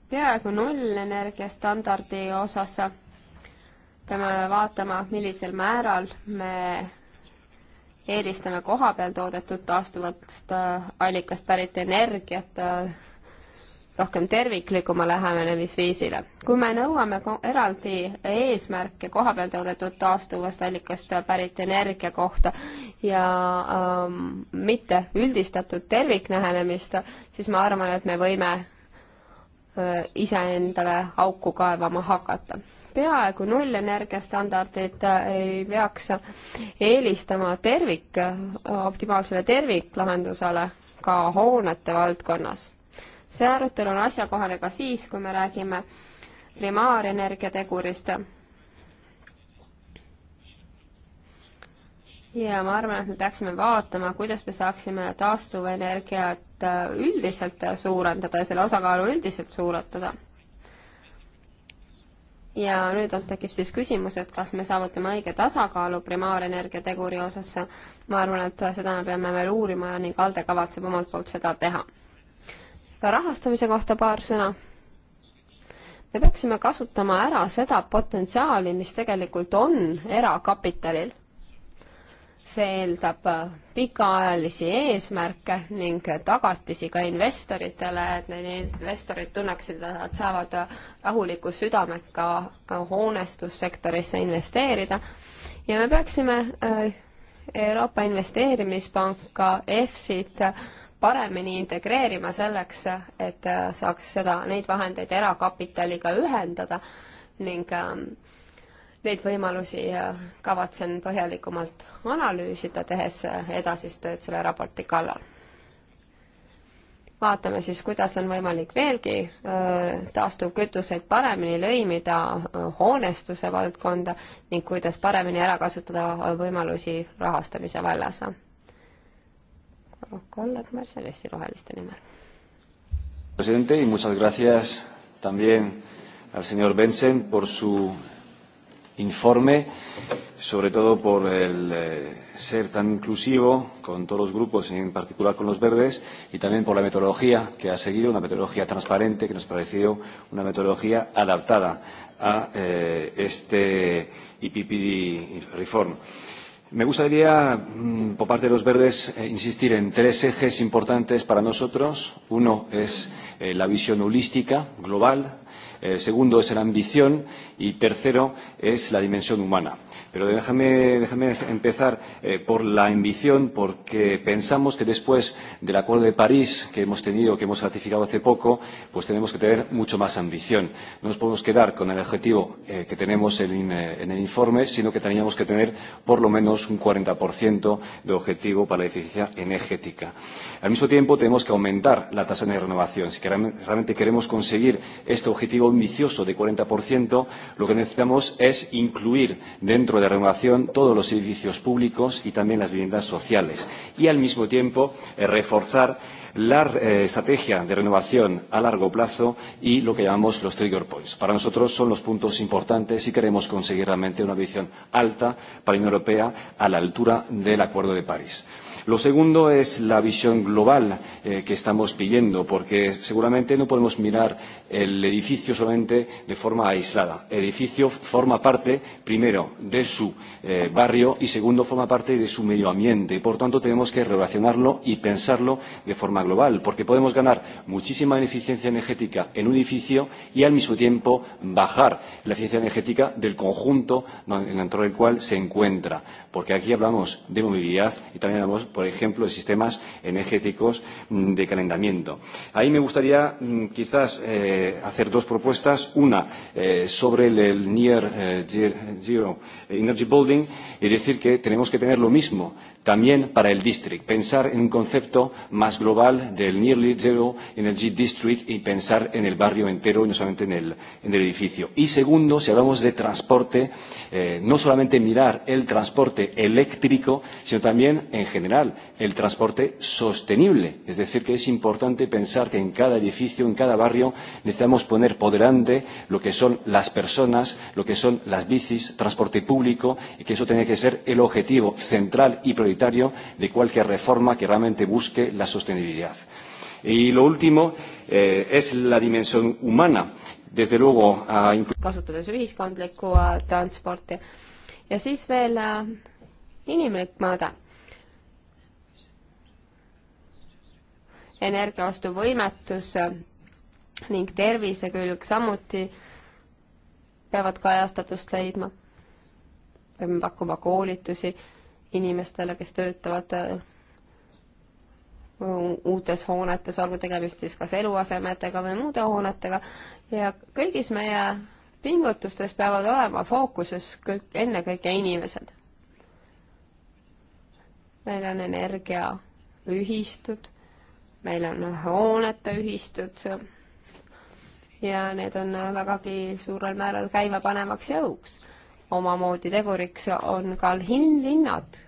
peaaegu nullenergia standardi osas peame vaatama, millisel määral me eelistame kohapeal toodetud taastuvatest allikast pärit energiat rohkem terviklikuma lähenemisviisile. kui me nõuame eraldi eesmärke kohapeal toodetud taastuvast allikast pärit energia kohta ja ähm, mitte üldistatud terviknähenemist, siis ma arvan, et me võime äh, iseendale auku kaevama hakata. peaaegu nullenergiastandardid äh, ei peaks eelistama tervik äh,, optimaalsele terviklahendusele ka hoonete valdkonnas see arutelu on asjakohane ka siis, kui me räägime primaarenergia tegurist. ja ma arvan, et me peaksime vaatama, kuidas me saaksime taastuvenergiat äh, üldiselt suurendada ja selle osakaalu üldiselt suurendada. ja nüüd on, tekib siis küsimus, et kas me saavutame õige tasakaalu primaarenergia teguri osas. ma arvan, et seda me peame veel uurima ja ning ALDE kavatseb omalt poolt seda teha ka rahastamise kohta paar sõna. me peaksime kasutama ära seda potentsiaali, mis tegelikult on erakapitalil. see eeldab äh, pikaajalisi eesmärke ning tagatisi ka investoritele, et need investorid tunneksid, et nad saavad äh, rahuliku südamega äh, hoonestussektorisse investeerida ja me peaksime Euroopa Investeerimispanka EFSit paremini integreerima selleks, et äh, saaks seda, neid vahendeid erakapitaliga ühendada ning ähm, neid võimalusi äh, kavatsen põhjalikumalt analüüsida, tehes äh, edasist tööd selle raporti kallal. vaatame siis, kuidas on võimalik veelgi taastuvkütuseid paremini lõimida hoonestuse valdkonda ning kuidas paremini ära kasutada võimalusi rahastamise vallas Kalle Kõmersen Eesti Roheliste nimel. presidente y muchas gracias también al señor Benson por su informe, sobre todo por el eh, ser tan inclusivo con todos los grupos, en particular con los verdes, y también por la metodología que ha seguido, una metodología transparente que nos pareció una metodología adaptada a eh, este IPPD Reform. Eh, Me gustaría, mmm, por parte de los verdes, eh, insistir en tres ejes importantes para nosotros. Uno es eh, la visión holística, global. Eh, segundo es la ambición y tercero es la dimensión humana Pero déjame, déjame empezar eh, por la ambición, porque pensamos que después del Acuerdo de París que hemos tenido, que hemos ratificado hace poco, pues tenemos que tener mucho más ambición. No nos podemos quedar con el objetivo eh, que tenemos en, eh, en el informe, sino que teníamos que tener por lo menos un 40% de objetivo para la eficiencia energética. Al mismo tiempo, tenemos que aumentar la tasa de renovación. Si realmente queremos conseguir este objetivo ambicioso de 40%, lo que necesitamos es incluir dentro de renovación todos los edificios públicos y también las viviendas sociales y, al mismo tiempo, eh, reforzar la eh, estrategia de renovación a largo plazo y lo que llamamos los trigger points. Para nosotros son los puntos importantes si queremos conseguir realmente una visión alta para la Unión Europea a la altura del Acuerdo de París. Lo segundo es la visión global eh, que estamos pidiendo, porque seguramente no podemos mirar el edificio solamente de forma aislada. El edificio forma parte, primero, de su eh, barrio y, segundo, forma parte de su medio ambiente. Y, por tanto, tenemos que relacionarlo y pensarlo de forma global, porque podemos ganar muchísima eficiencia energética en un edificio y, al mismo tiempo, bajar la eficiencia energética del conjunto dentro del cual se encuentra. Porque aquí hablamos de movilidad y también hablamos, por por ejemplo, de sistemas energéticos mm, de calentamiento. Ahí me gustaría mm, quizás eh, hacer dos propuestas. Una eh, sobre el, el Near eh, Zero Energy Building y decir que tenemos que tener lo mismo También para el district, pensar en un concepto más global del Nearly Zero Energy District y pensar en el barrio entero y no solamente en el, en el edificio. Y segundo, si hablamos de transporte, eh, no solamente mirar el transporte eléctrico, sino también en general el transporte sostenible. Es decir, que es importante pensar que en cada edificio, en cada barrio, necesitamos poner por delante lo que son las personas, lo que son las bicis, transporte público, y que eso tiene que ser el objetivo central y prioritario prioritario de cualquier reforma que realmente busque la sostenibilidad. Y lo último eh, es la dimensión humana. Desde luego, a... kasutades ühiskondlikku transporti ja siis veel äh, inimlik mõõde energiaostuvõimetus äh, ning tervise külg samuti peavad kajastatust leidma. peame pakkuma koolitusi inimestele, kes töötavad äh, uutes hoonetes, olgu tegemist siis kas eluasemetega või muude hoonetega ja kõigis meie pingutustes peavad olema fookuses kõik, ennekõike inimesed. meil on energiaühistud, meil on hoonete ühistud ja need on vägagi suurel määral käimapanevaks jõuks omamoodi teguriks on ka linnad.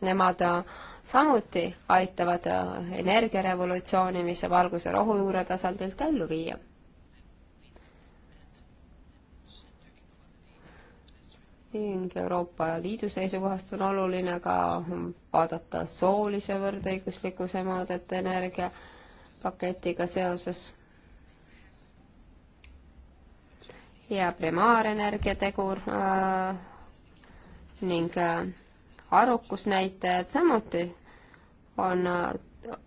Nemad äh, samuti aitavad äh, energiarevolutsiooni, mis saab alguse rohujuure tasandilt ellu viia. ning Euroopa Liidu seisukohast on oluline ka vaadata soolise võrdõiguslikkuse mõõdet energiapaketiga seoses ja primaarenergia tegur äh, ning äh, arukusnäitajad samuti on äh,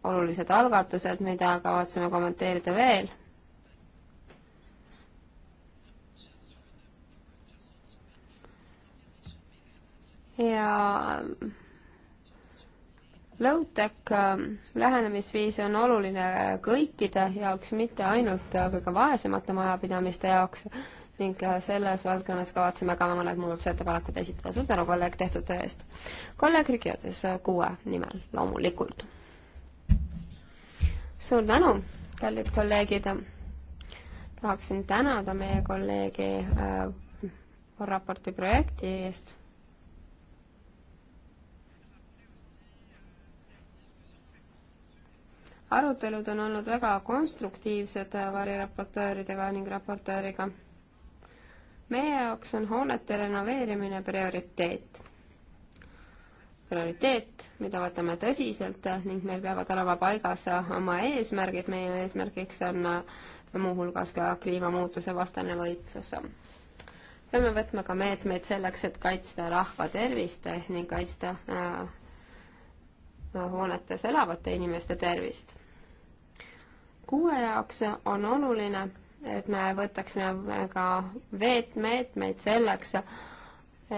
olulised algatused, mida kavatseme kommenteerida veel. ja Low-tech äh, lähenemisviis on oluline kõikide jaoks, mitte ainult äh, kõige vaesemate majapidamiste jaoks ning äh, selles valdkonnas kavatseme ka mõned muudatusettepanekud esitada. suur tänu, kolleeg, tehtud töö eest. kolleeg Riki Otis äh, kuue nimel loomulikult. suur tänu, kallid kolleegid. tahaksin tänada meie kolleegi äh, raporti projekti eest arutelud on olnud väga konstruktiivsed äh, variraportööridega ning raportööriga meie jaoks on hoonete renoveerimine prioriteet. prioriteet, mida võtame tõsiselt ning meil peavad olema paigas oma eesmärgid, meie eesmärgiks on muuhulgas ka kliimamuutuse vastane võitlus. peame võtma ka meetmeid selleks, et kaitsta rahva tervist ning kaitsta äh, hoonetes elavate inimeste tervist. kuue jaoks on oluline et me võtaksime ka veetmeetmeid selleks,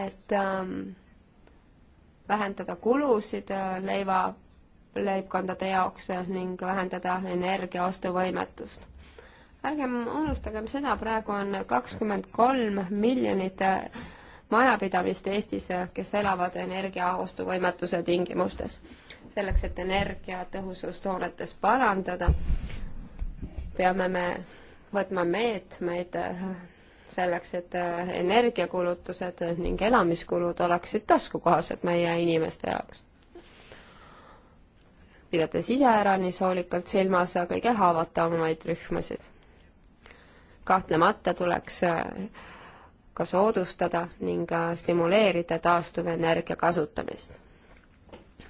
et ähm, vähendada kulusid äh, leiva, leibkondade jaoks ning vähendada energia ostuvõimetust. ärgem unustagem seda, praegu on kakskümmend kolm miljonit äh, majapidamist Eestis, äh, kes elavad energia ostuvõimetuse tingimustes. selleks, et energiatõhusust hoonetes parandada, peame me võtma meetmeid äh, selleks, et äh, energiakulutused ning elamiskulud oleksid taskukohased meie inimeste jaoks. pidades iseäranis hoolikalt silmas kõige haavatavamaid rühmasid. kahtlemata tuleks äh, ka soodustada ning stimuleerida taastuvenergia kasutamist.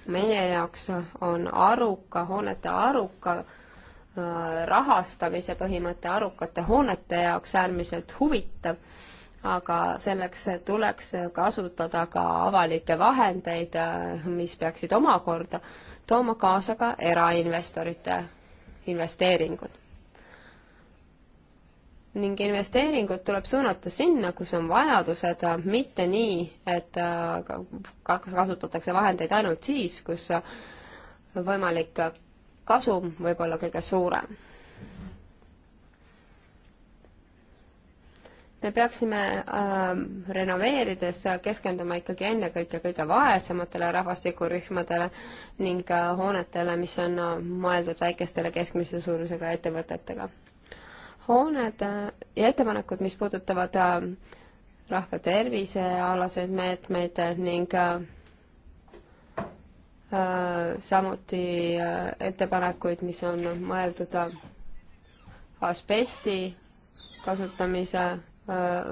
meie jaoks on aruka, hoonete aruka rahastamise põhimõte arukate hoonete jaoks äärmiselt huvitav, aga selleks tuleks kasutada ka avalikke vahendeid, mis peaksid omakorda tooma kaasa ka erainvestorite investeeringud. ning investeeringud tuleb suunata sinna, kus on vajadused, mitte nii, et kasutatakse vahendeid ainult siis, kus võimalik kasum võib olla kõige suurem. me peaksime äh, renoveerides keskenduma ikkagi ennekõike kõige vaesematele rahvastikurühmadele ning äh, hoonetele, mis on äh, mõeldud väikestele keskmise suurusega ettevõtetega. hooned äh, ja ettepanekud, mis puudutavad äh, rahva tervisealaseid meetmeid ning äh, Äh, samuti äh, ettepanekuid, mis on mõeldud äh, asbesti kasutamise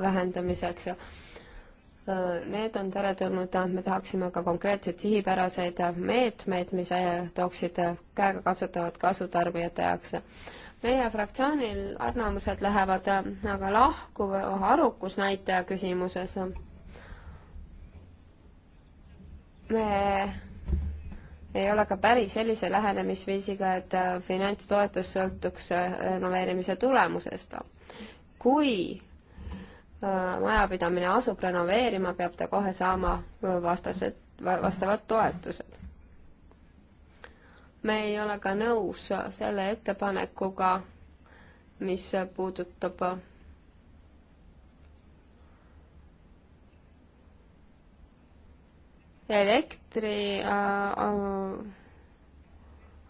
vähendamiseks. Need on teretulnud, me tahaksime ka konkreetseid sihipäraseid meetmeid, mis tooksid käegakatsutavat kasu tarbijate jaoks. meie fraktsioonil arvamused lähevad aga lahku harukusnäitaja küsimuses. me ei ole ka päris sellise lähenemisviisiga, et äh, finantstoetus sõltuks äh, renoveerimise tulemusest. kui äh, majapidamine asub renoveerima, peab ta kohe saama vastased, vastavad toetused. me ei ole ka nõus selle ettepanekuga, mis puudutab elektri äh, äh,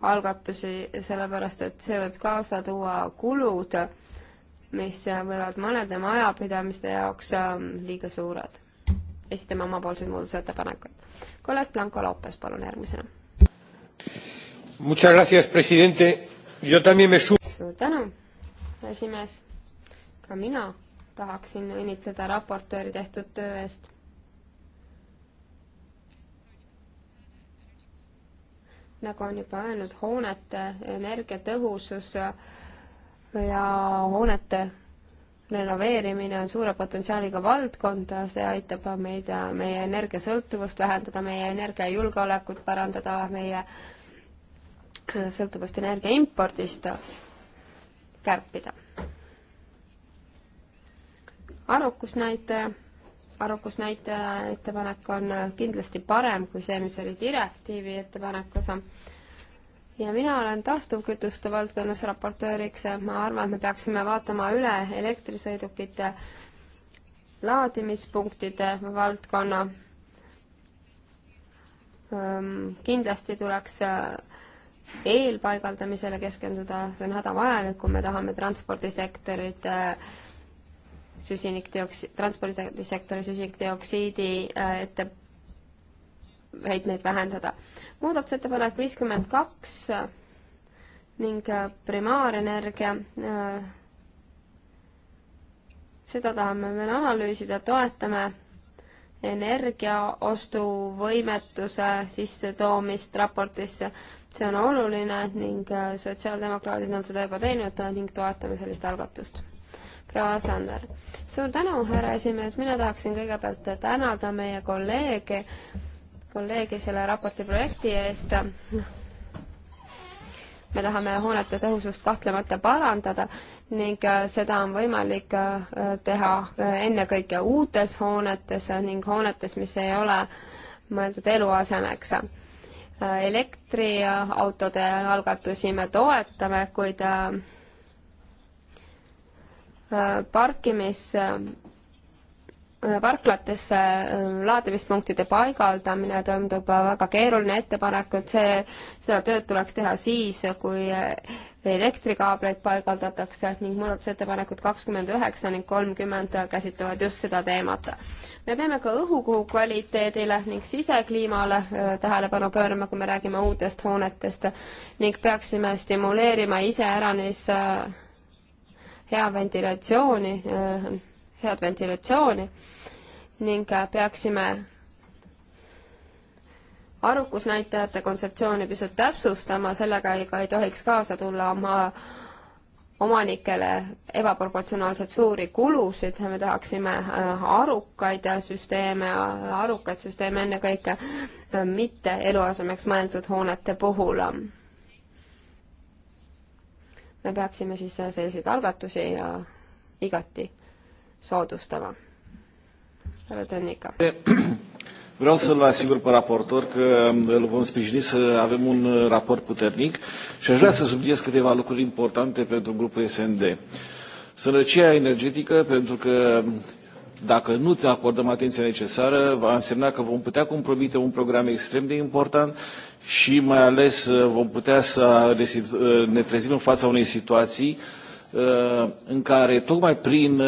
algatusi, sellepärast et see võib kaasa tuua kulud, mis võivad mõnede majapidamiste jaoks äh, liiga suured. esitame omapoolseid muudatusettepanekuid. kolleeg Blanco Lopes, palun järgmisena. suur tänu, esimees. ka mina tahaksin õnnitleda raportööri tehtud töö eest nagu on juba öelnud, hoonete energiatõhusus ja hoonete renoveerimine on suure potentsiaaliga valdkond, see aitab meid, meie energiasõltuvust vähendada, meie energiajulgeolekut parandada, meie sõltuvust energia impordist kärpida. arukusnäitaja arvukusnäitaja ettepanek on kindlasti parem kui see, mis oli direktiivi ettepanekus. ja mina olen taastuvkütuste valdkonnas raportööriks, ma arvan, et me peaksime vaatama üle elektrisõidukite laadimispunktide valdkonna. Ehm, kindlasti tuleks eelpaigaldamisele keskenduda, see on hädavajalik, kui me tahame transpordisektorit eh, süsinikdioksi-, transpordisektori süsinikdioksiidi äh, ette heitmeid vähendada. muudatusettepanek viiskümmend kaks äh, ning äh, primaarenergia, seda tahame veel analüüsida, toetame energiaostuvõimetuse sissetoomist raportisse, see on oluline ning sotsiaaldemokraadid on seda juba teinud ning toetame sellist algatust proua Sander. suur tänu, härra esimees, mina tahaksin kõigepealt tänada meie kolleege, kolleegi selle raporti projekti eest. me tahame hoonete tõhusust kahtlemata parandada ning seda on võimalik äh, teha äh, ennekõike uutes hoonetes ning hoonetes, mis ei ole mõeldud eluasemeks äh, elektriautode algatusi me toetame, kuid parkimis, parklatesse äh, laadimispunktide paigaldamine tundub väga keeruline ettepanek, et see, seda tööd tuleks teha siis, kui elektrikaableid paigaldatakse ning muudatusettepanekud kakskümmend üheksa ning kolmkümmend käsitlevad just seda teemat. me peame ka õhukuu kvaliteedile ning sisekliimale äh, tähelepanu pöörama, kui me räägime uutest hoonetest ning peaksime stimuleerima iseäranis äh, hea ventilatsiooni, head ventilatsiooni ning äh, peaksime arukusnäitajate kontseptsiooni pisut täpsustama, sellega ei, ka ei tohiks kaasa tulla oma omanikele ebaproportsionaalselt suuri kulusid, me tahaksime äh, arukaid süsteeme, arukaid süsteeme ennekõike äh, mitte eluasemeks mõeldud hoonete puhul me peaksime siis selliseid algatusi ja igati soodustama. härra Tõnnika. Vreau să-l asigur pe raportor că um, îl vom sprijini să avem un uh, raport puternic și aș vrea să subliniez câteva lucruri importante pentru grupul SND. Sărăcia energetică, pentru că um, dacă nu te acordăm atenția necesară, va însemna că vom putea compromite un program extrem de important și mai ales uh, vom putea să uh, ne trezim în fața unei situații uh, în care tocmai prin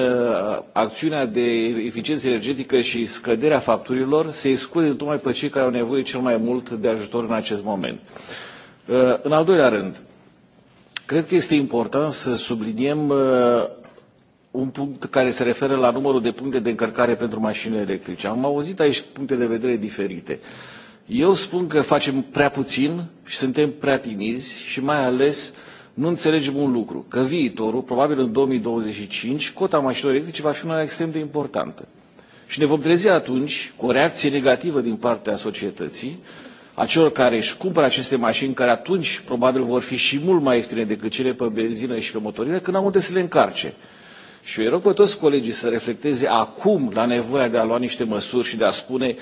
acțiunea de eficiență energetică și scăderea facturilor se exclude tocmai pe cei care au nevoie cel mai mult de ajutor în acest moment. În al doilea rând, cred că este important să subliniem un punct care se referă la numărul de puncte de încărcare pentru mașinile electrice. Am auzit aici puncte de vedere diferite. Uh, Eu spun că facem prea puțin și suntem prea timizi și mai ales nu înțelegem un lucru, că viitorul, probabil în 2025, cota mașinilor electrice va fi una extrem de importantă. Și ne vom trezi atunci cu o reacție negativă din partea societății, a celor care își cumpără aceste mașini, care atunci probabil vor fi și mult mai ieftine decât cele pe benzină și pe motorină, când au unde să le încarce. Și eu rog pe toți colegii să reflecteze acum la nevoia de a lua niște măsuri și de a spune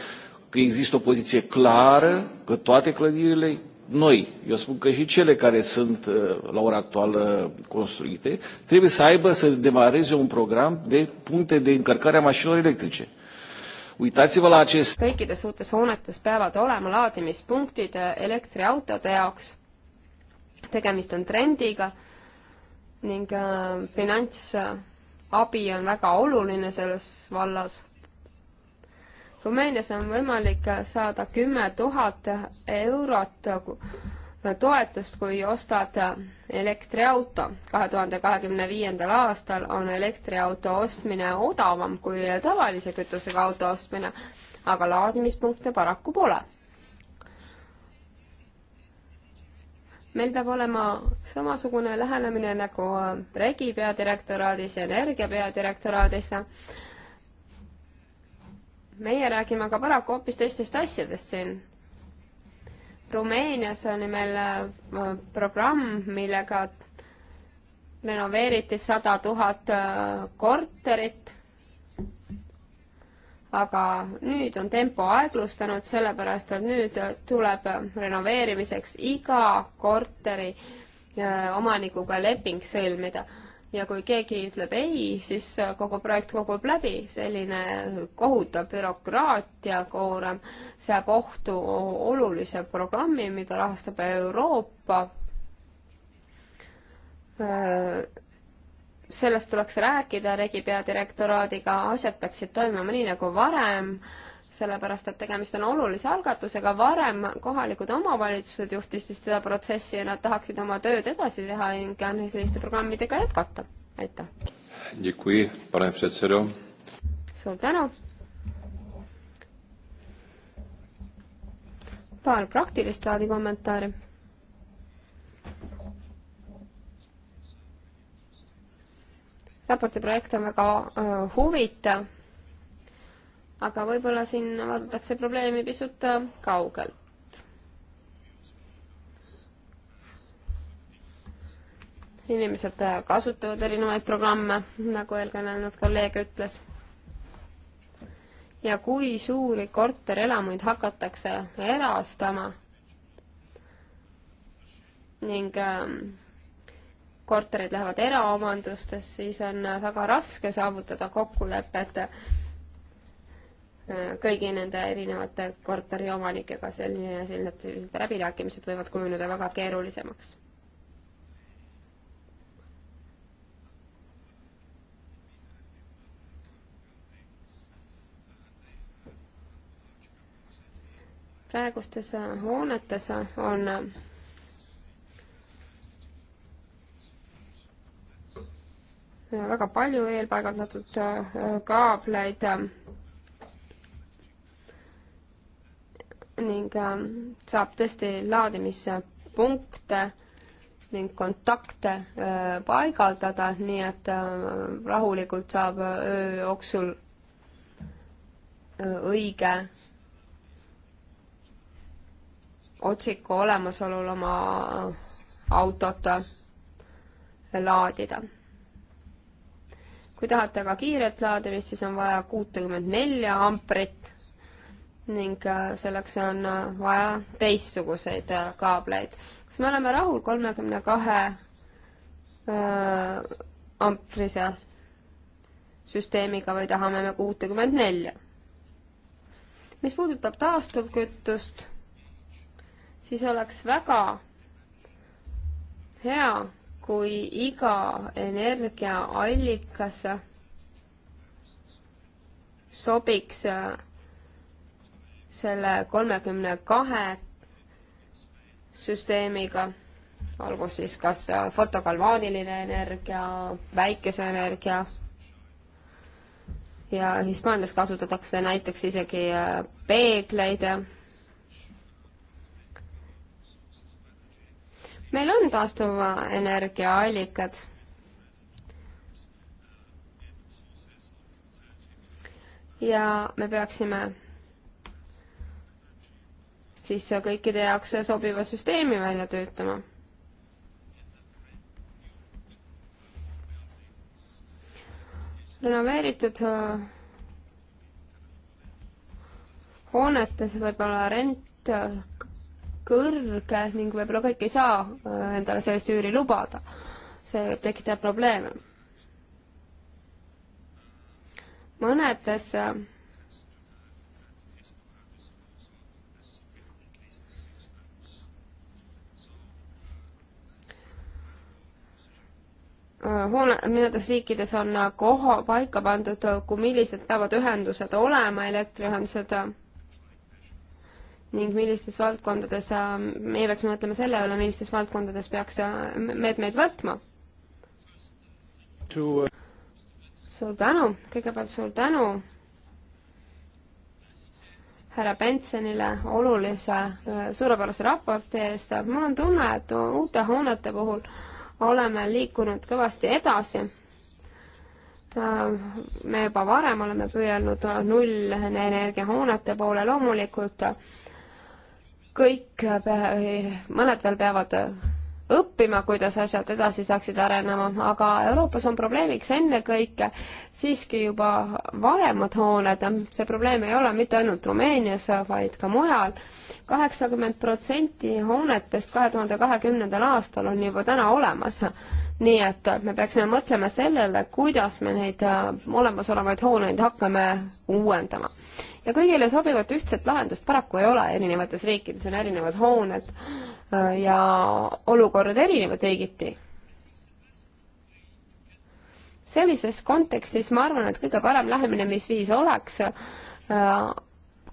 că există o poziție clară, că toate clădirile noi, eu spun că și cele care sunt uh, la ora actuală construite, trebuie să aibă, să demareze un program de puncte de încărcare a mașinilor electrice uitați-vă la acest kõikides uutes hoonetes peavad olema laadimispunktid eh, elektriautode jaoks. tegemist on trendiga ning eh, finantsabi on väga oluline selles vallas. Rumeenias on võimalik saada kümme tuhat eurot toetust, kui ostad elektriauto. kahe tuhande kahekümne viiendal aastal on elektriauto ostmine odavam kui tavalise kütusega auto ostmine, aga laadimispunkte paraku pole. meil peab olema samasugune lähenemine nagu regi peadirektoraadis ja energia peadirektoraadis meie räägime aga paraku hoopis teistest asjadest siin. Rumeenias oli meil äh, programm, millega renoveeriti sada tuhat äh, korterit. aga nüüd on tempo aeglustanud, sellepärast et nüüd tuleb renoveerimiseks iga korteri äh, omanikuga leping sõlmida ja kui keegi ütleb ei, siis kogu projekt kogub läbi. selline kohutav bürokraatiakoorem seab ohtu olulise programmi, mida rahastab Euroopa. sellest tuleks rääkida riigi peadirektoraadiga, asjad peaksid toimuma nii nagu varem sellepärast et tegemist on olulise algatusega, varem kohalikud omavalitsused juhtisid seda protsessi ja nad tahaksid oma tööd edasi teha ning selliste programmidega jätkata. aitäh! suur tänu! paar praktilist laadi kommentaari. raporti projekt on väga öö, äh, huvitav aga võib-olla siin vaadatakse probleemi pisut äh, kaugelt. inimesed äh, kasutavad erinevaid programme, nagu eelkõnelenud kolleeg ütles. ja kui suuri korterelamuid hakatakse erastama ning ähm, korterid lähevad eraomandustesse, siis on äh, väga raske saavutada kokkulepet kõigi nende erinevate korteriomanikega, selline, sellised, sellised läbirääkimised võivad kujuneda väga keerulisemaks. praegustes äh, hoonetes äh, on äh, väga palju eelpaigaldatud kaableid ning ähm, saab tõesti laadimispunkte ning kontakte äh, paigaldada, nii et äh, rahulikult saab äh, öö jooksul õige otsiku olemasolul oma autot laadida. kui tahate ka kiiret laadimist, siis on vaja kuutekümmet nelja amprit ning äh, selleks on äh, vaja teistsuguseid äh, kaableid. kas me oleme rahul kolmekümne kahe amprise süsteemiga või tahame me kuutekümmend nelja? mis puudutab taastuvkütust, siis oleks väga hea, kui iga energiaallikas sobiks selle kolmekümne kahe süsteemiga, olgu siis kas fotokalvaaniline energia, päikeseenergia ja Hispaanias kasutatakse näiteks isegi äh, peegleid. meil on taastuvenergia allikad ja me peaksime siis kõikide jaoks sobiva süsteemi välja töötama. renoveeritud äh, hoonetes võib-olla rent äh, kõrge ning võib-olla kõik ei saa äh, endale sellist üüri lubada. see võib tekitada probleeme. mõnedes hoone, nendes riikides on koha, paika pandud, kui millised peavad ühendused olema, elektriühendused, ning millistes valdkondades, meie peaks mõtlema selle üle, millistes valdkondades peaks meetmeid võtma. Uh, suur tänu, kõigepealt suur tänu härra Bensonile olulise äh, suurepärase raporti eest, mul on tunne, et uute hoonete puhul oleme liikunud kõvasti edasi. Äh, me juba varem oleme püüelnud nullenergiahoonete poole, loomulikult kõik, mõned veel peavad õppima, kuidas asjad edasi saaksid arenema, aga Euroopas on probleemiks ennekõike siiski juba vanemad hooned, see probleem ei ole mitte ainult Rumeenias, vaid ka mujal. kaheksakümmend protsenti hoonetest kahe tuhande kahekümnendal aastal on juba täna olemas. nii et me peaksime mõtlema sellele, kuidas me neid äh, olemasolevaid hooneid hakkame uuendama ja kõigile sobivat ühtset lahendust paraku ei ole, erinevates riikides on erinevad hooned äh, ja olukorrad erinevad riigiti. sellises kontekstis ma arvan, et kõige parem lähenemisviis oleks äh,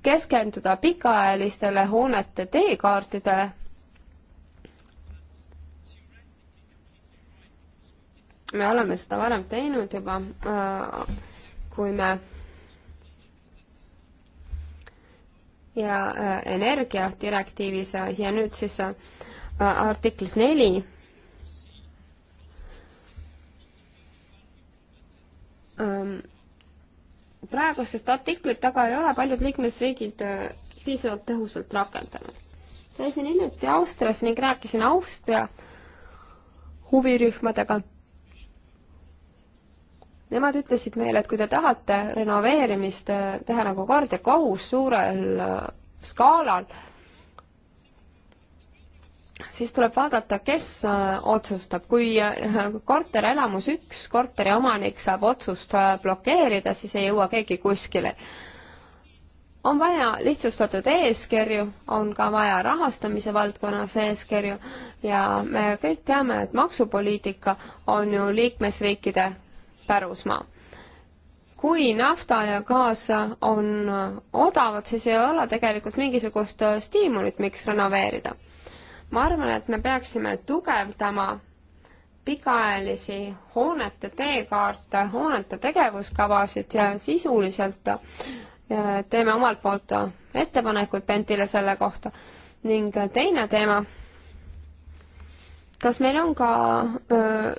keskenduda pikaajalistele hoonete teekaartidele me oleme seda varem teinud juba, äh, kui me ja äh, energiadirektiivis äh, ja nüüd siis äh, artiklis neli ähm, praegustest artiklit taga ei ole paljud liikmesriigid piisavalt tõhusalt rakendanud. käisin hiljuti Austrias ning rääkisin Austria huvirühmadega Nemad ütlesid meile, et kui te tahate renoveerimist äh, teha nagu kord ja kohus suurel äh, skaalal, siis tuleb vaadata, kes äh, otsustab. kui korterelamus üks korteriomanik saab otsust blokeerida, siis ei jõua keegi kuskile. on vaja lihtsustatud eeskirju, on ka vaja rahastamise valdkonnas eeskirju ja me kõik teame, et maksupoliitika on ju liikmesriikide pärusmaa. kui nafta ja gaas on odavad, siis ei ole tegelikult mingisugust stiimulit, miks renoveerida. ma arvan, et me peaksime tugevdama pikaajalisi hoonete teekaarte, hoonete tegevuskavasid ja sisuliselt ja teeme omalt poolt ettepanekuid Pentile selle kohta. ning teine teema, kas meil on ka öö,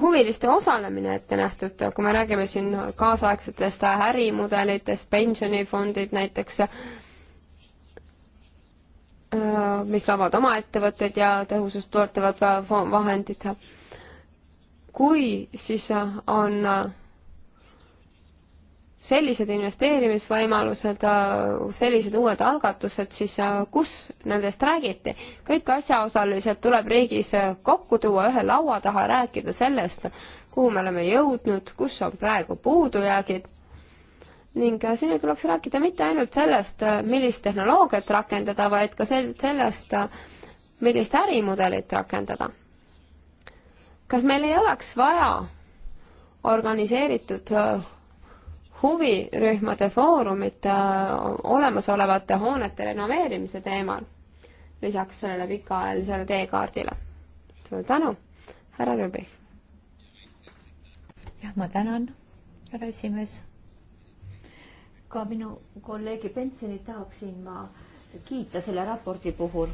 huviliste osalemine ette nähtud, kui me räägime siin kaasaegsetest ärimudelitest, pensionifondid näiteks, äh, mis loovad oma ettevõtted ja tõhusust toetavad vahendid. kui, siis on sellised investeerimisvõimalused, äh, sellised uued algatused, siis äh, kus nendest räägiti? kõik asjaosalised tuleb riigis äh, kokku tuua ühe laua taha, rääkida sellest, kuhu me oleme jõudnud, kus on praegu puudujäägid ning siin ei tuleks rääkida mitte ainult sellest, millist tehnoloogiat rakendada, vaid ka sel-, sellest, millist ärimudelit rakendada. kas meil ei oleks vaja organiseeritud huvirühmade foorumit äh, olemasolevate hoonete renoveerimise teemal, lisaks sellele pikaajalisele teekaardile. suur tänu, härra Rüübi. jah, ma tänan, härra esimees. ka minu kolleegi Bensonit tahaksin ma kiita selle raporti puhul,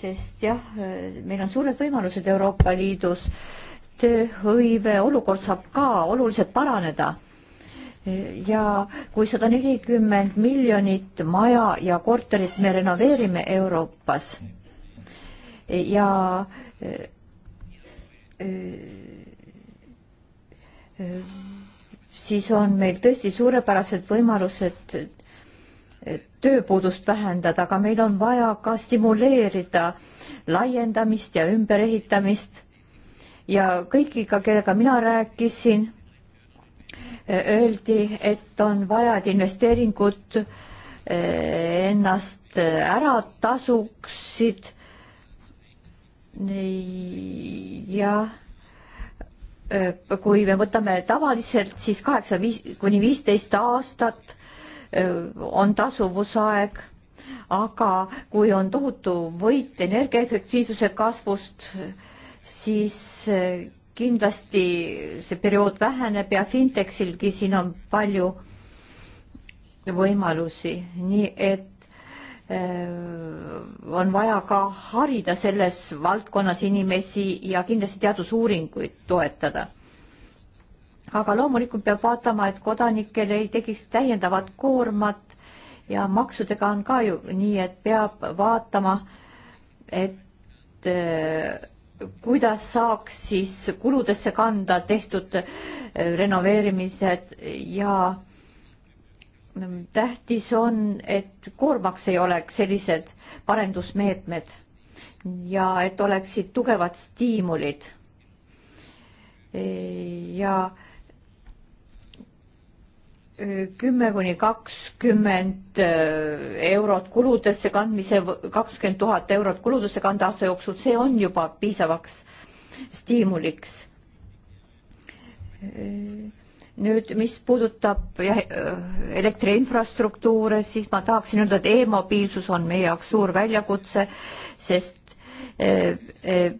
sest jah, meil on suured võimalused Euroopa Liidus, tööhõive olukord saab ka oluliselt paraneda ja kui sada nelikümmend miljonit maja ja korterit me renoveerime Euroopas ja äh, äh, siis on meil tõesti suurepärased võimalused äh, tööpuudust vähendada, aga meil on vaja ka stimuleerida laiendamist ja ümberehitamist ja kõigiga, kellega mina rääkisin öeldi, et on vaja, et investeeringud eh, ennast eh, ära tasuksid. ja eh, kui me võtame tavaliselt, siis kaheksa viis kuni viisteist aastat on tasuvusaeg, aga kui on tohutu võit energiaefektiivsuse kasvust, siis kindlasti see periood väheneb ja Fintechilgi siin on palju võimalusi, nii et öö, äh, on vaja ka harida selles valdkonnas inimesi ja kindlasti teadusuuringuid toetada. aga loomulikult peab vaatama, et kodanikel ei tekiks täiendavat koormat ja maksudega on ka ju nii, et peab vaatama, et öö, äh, kuidas saaks siis kuludesse kanda tehtud äh, renoveerimised ja mm, tähtis on, et koormaks ei oleks sellised parendusmeetmed ja et oleksid tugevad stiimulid. Äh, ja kümme kuni kakskümmend äh, eurot kuludesse kandmise, kakskümmend tuhat eurot kuludesse kanda aasta jooksul, see on juba piisavaks stiimuliks. nüüd, mis puudutab jah, elektriinfrastruktuure, siis ma tahaksin öelda, et e-mobiilsus on meie jaoks suur väljakutse, sest äh, äh,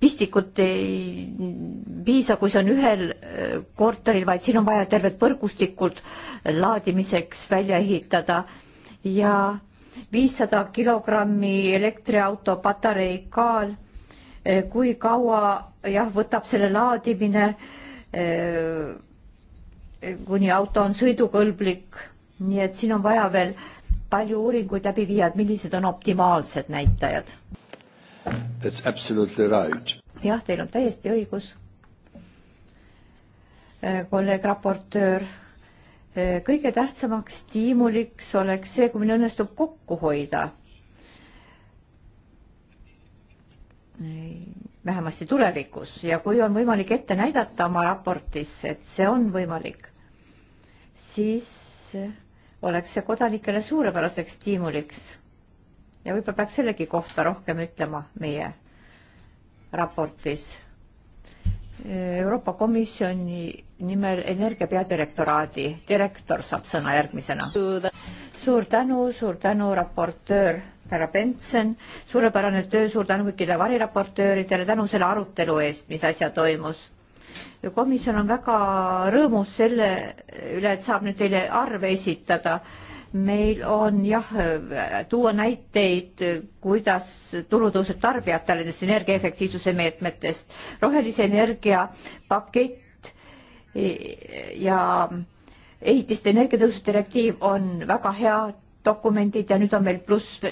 pistikut ei piisa, kui see on ühel äh, korteril, vaid siin on vaja terved võrgustikud laadimiseks välja ehitada ja viissada kilogrammi elektriauto patarei kaal. Äh, kui kaua jah, võtab selle laadimine, äh, kuni auto on sõidukõlblik, nii et siin on vaja veel palju uuringuid läbi viia, et millised on optimaalsed näitajad That's absolutely right. jah, teil on täiesti õigus, äh, kolleeg raportöör. Äh, kõige tähtsamaks stiimuliks oleks see, kui meil õnnestub kokku hoida. vähemasti tulevikus ja kui on võimalik ette näidata oma raportis, et see on võimalik, siis oleks see kodanikele suurepäraseks stiimuliks ja võib-olla peaks sellegi kohta rohkem ütlema meie raportis. Euroopa Komisjoni nimel Energia peadirektoraadi direktor saab sõna järgmisena. suur tänu, suur tänu, raportöör härra Bentsen, suurepärane töö, suur tänu kõikidele variraportööridele, tänu selle arutelu eest, mis äsja toimus komisjon on väga rõõmus selle üle, et saab nüüd teile arve esitada meil on jah, tuua näiteid, kuidas tulu tõuseb tarbijatele nendest energiaefektiivsuse meetmetest. rohelise energia pakett ja ehitiste energiatõusu direktiiv on väga hea dokumendid ja nüüd on meil pluss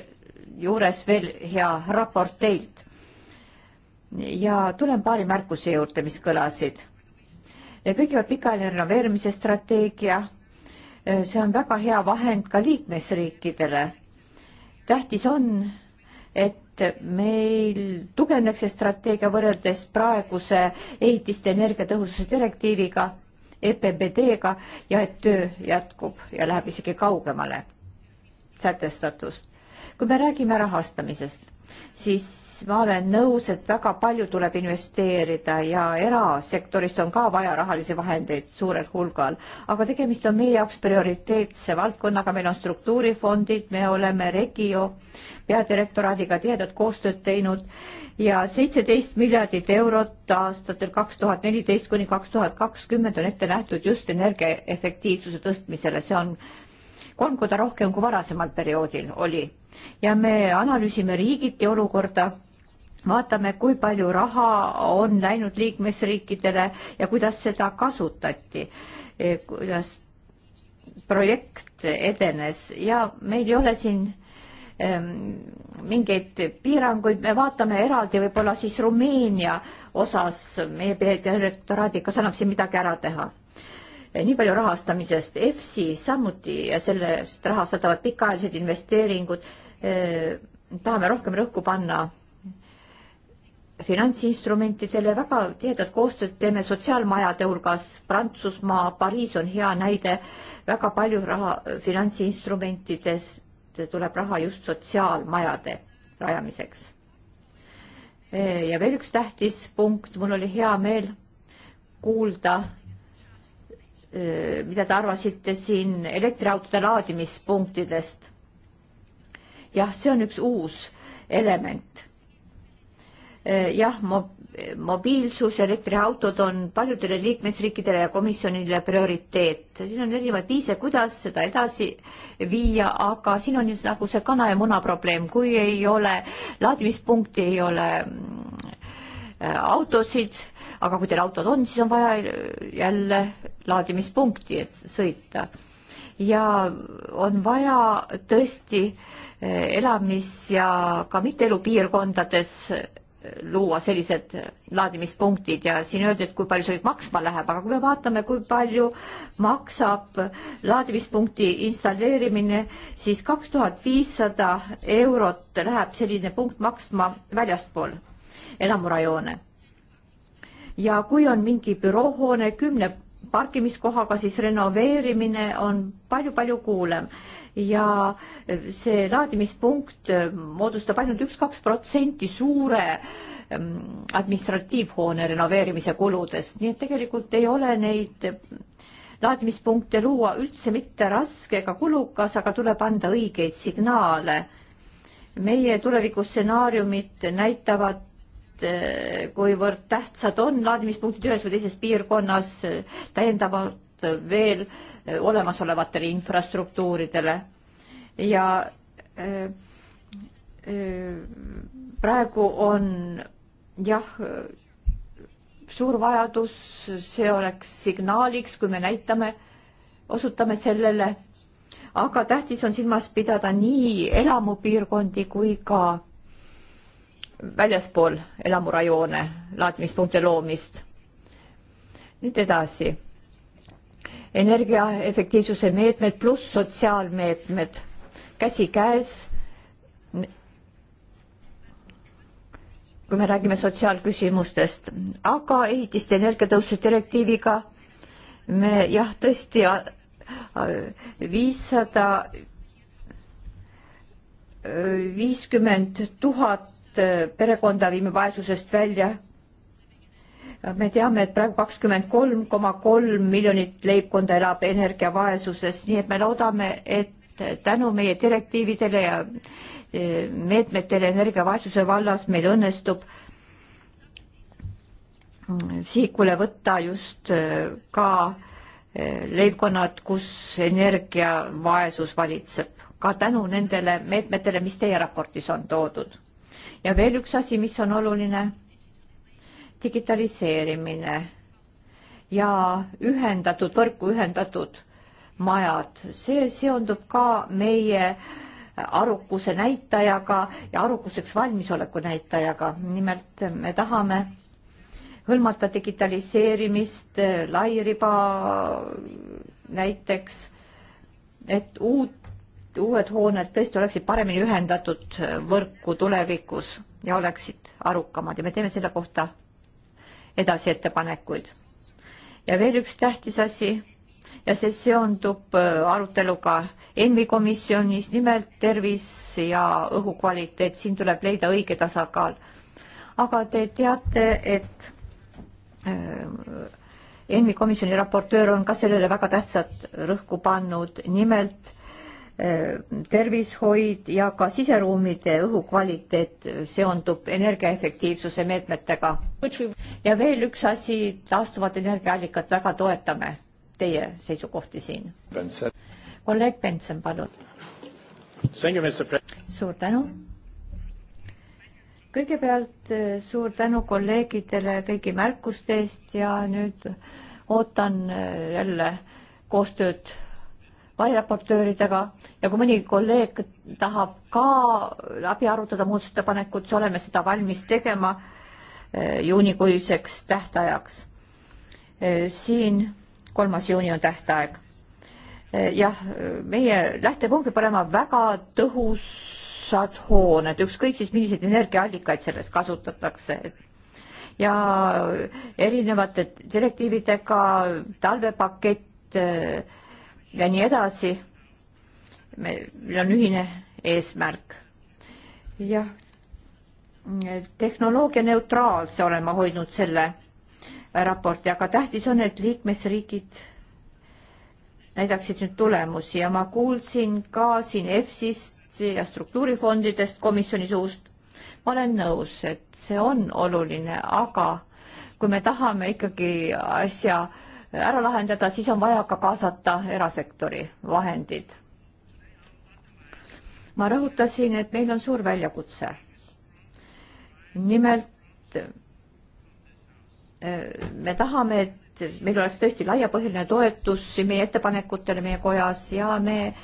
juures veel hea raport teilt. ja tulen paari märkuse juurde, mis kõlasid. kõigepealt pikaajaline renoveerimise strateegia Äh, see on väga hea vahend ka liikmesriikidele. tähtis on, et meil tugevneks see strateegia võrreldes praeguse ehitiste energiatõhususe direktiiviga, EPBD-ga ja et töö jätkub ja läheb isegi kaugemale sätestatust. kui me räägime rahastamisest, siis siis ma olen nõus, et väga palju tuleb investeerida ja erasektorist on ka vaja rahalisi vahendeid suurel hulgal, aga tegemist on meie jaoks prioriteetse valdkonnaga, meil on struktuurifondid, me oleme Regio peadirektoraadiga tihedat koostööd teinud ja seitseteist miljardit eurot aastatel kaks tuhat neliteist kuni kaks tuhat kakskümmend on ette nähtud just energiaefektiivsuse tõstmisele, see on kolm korda rohkem kui varasemal perioodil oli. ja me analüüsime riigiti olukorda, vaatame, kui palju raha on läinud liikmesriikidele ja kuidas seda kasutati, e, kuidas projekt edenes ja meil ei ole siin mingeid piiranguid, me vaatame eraldi võib-olla siis Rumeenia osas meie peadirektoraadiga, kas annab siin midagi ära teha nii palju rahastamisest, EFSI samuti ja sellest rahastatavad pikaajalised investeeringud. Eh, tahame rohkem rõhku panna finantsinstrumentidele, väga tihedat koostööd teeme sotsiaalmajade hulgas, Prantsusmaa, Pariis on hea näide, väga palju raha finantsinstrumentidest tuleb raha just sotsiaalmajade rajamiseks. Eh, ja veel üks tähtis punkt, mul oli hea meel kuulda, mida te arvasite siin elektriautode laadimispunktidest. jah, see on üks uus element. jah, mobiilsus, elektriautod on paljudele liikmesriikidele ja komisjonile prioriteet. siin on erinevaid viise, kuidas seda edasi viia, aga siin on nagu see kana ja muna probleem, kui ei ole laadimispunkti, ei ole mm, autosid aga kui teil autod on, siis on vaja äh, jälle laadimispunkti, et sõita. ja on vaja tõesti äh, elamis- ja ka mitteelupiirkondades äh, luua sellised laadimispunktid ja siin öeldi, et kui palju see kõik maksma läheb, aga kui me vaatame, kui palju maksab laadimispunkti installeerimine, siis kaks tuhat viissada eurot läheb selline punkt maksma väljaspool elamurajoone ja kui on mingi büroohoone kümne parkimiskohaga, siis renoveerimine on palju-palju kuulem ja see laadimispunkt äh, moodustab ainult üks-kaks protsenti suure ähm, administratiivhoone renoveerimise kuludest, nii et tegelikult ei ole neid äh, laadimispunkte luua üldse mitte raske ega kulukas, aga tuleb anda õigeid signaale. meie tulevikustsenaariumid näitavad Eh, kuivõrd tähtsad on laadimispunktid ühes või teises piirkonnas täiendavalt veel eh, olemasolevatele infrastruktuuridele ja äh, äh, praegu on jah, suur vajadus, see oleks signaaliks, kui me näitame, osutame sellele, aga tähtis on silmas pidada nii elamupiirkondi kui ka väljaspool elamurajoone laadimispunkti loomist. nüüd edasi. energiaefektiivsuse meetmed pluss sotsiaalmeetmed käsikäes. kui me räägime sotsiaalküsimustest, aga ehitiste energiatõususe direktiiviga me jah, tõesti viissada viiskümmend tuhat Äh, perekonda viime vaesusest välja. me teame, et praegu kakskümmend kolm koma kolm miljonit leibkonda elab energiavaesuses, nii et me loodame, et tänu meie direktiividele ja äh, meetmetele energiavaesuse vallas meil õnnestub mm, sihikule võtta just äh, ka leibkonnad, kus energiavaesus valitseb, ka tänu nendele meetmetele, mis teie raportis on toodud ja veel üks asi, mis on oluline, digitaliseerimine ja ühendatud, võrku ühendatud majad, see seondub ka meie arukuse näitajaga ja arukuseks valmisoleku näitajaga. nimelt me tahame hõlmata digitaliseerimist, lairiba näiteks, et uut uued hooned tõesti oleksid paremini ühendatud võrku tulevikus ja oleksid arukamad ja me teeme selle kohta edasi ettepanekuid. ja veel üks tähtis asi ja see seondub äh, aruteluga ENVI komisjonis, nimelt tervis ja õhukvaliteet, siin tuleb leida õige tasakaal. aga te teate, et äh, ENVI komisjoni raportöör on ka sellele väga tähtsat rõhku pannud, nimelt Äh, tervishoid ja ka siseruumide õhukvaliteet seondub energiaefektiivsuse meetmetega. ja veel üks asi, taastuvat energiaallikat väga toetame, teie seisukohti siin. kolleeg Benson, palun. suur tänu. kõigepealt äh, suur tänu kolleegidele kõigi märkuste eest ja nüüd ootan äh, jälle koostööd variraportööridega ja kui mõni kolleeg tahab ka läbi arutada muudatusettepanekut, siis oleme seda valmis tegema eh, juunikuiseks tähtajaks. Eh, siin kolmas juuni on tähtaeg. Eh, jah, meie lähtepunkt peab olema väga tõhusad hooned, ükskõik siis milliseid energiaallikaid selles kasutatakse ja erinevate direktiividega talvepakett ja nii edasi. meil on ühine eesmärk. jah, tehnoloogianeutraalse olen ma hoidnud selle raporti, aga tähtis on, et liikmesriigid näidaksid nüüd tulemusi ja ma kuulsin ka siin EFSist ja struktuurifondidest komisjoni suust. ma olen nõus, et see on oluline, aga kui me tahame ikkagi asja äh, ära lahendada, siis on vaja ka kaasata erasektori vahendid. ma rõhutasin, et meil on suur väljakutse. nimelt me tahame, et meil oleks tõesti laiapõhjaline toetus meie ettepanekutele meie kojas ja me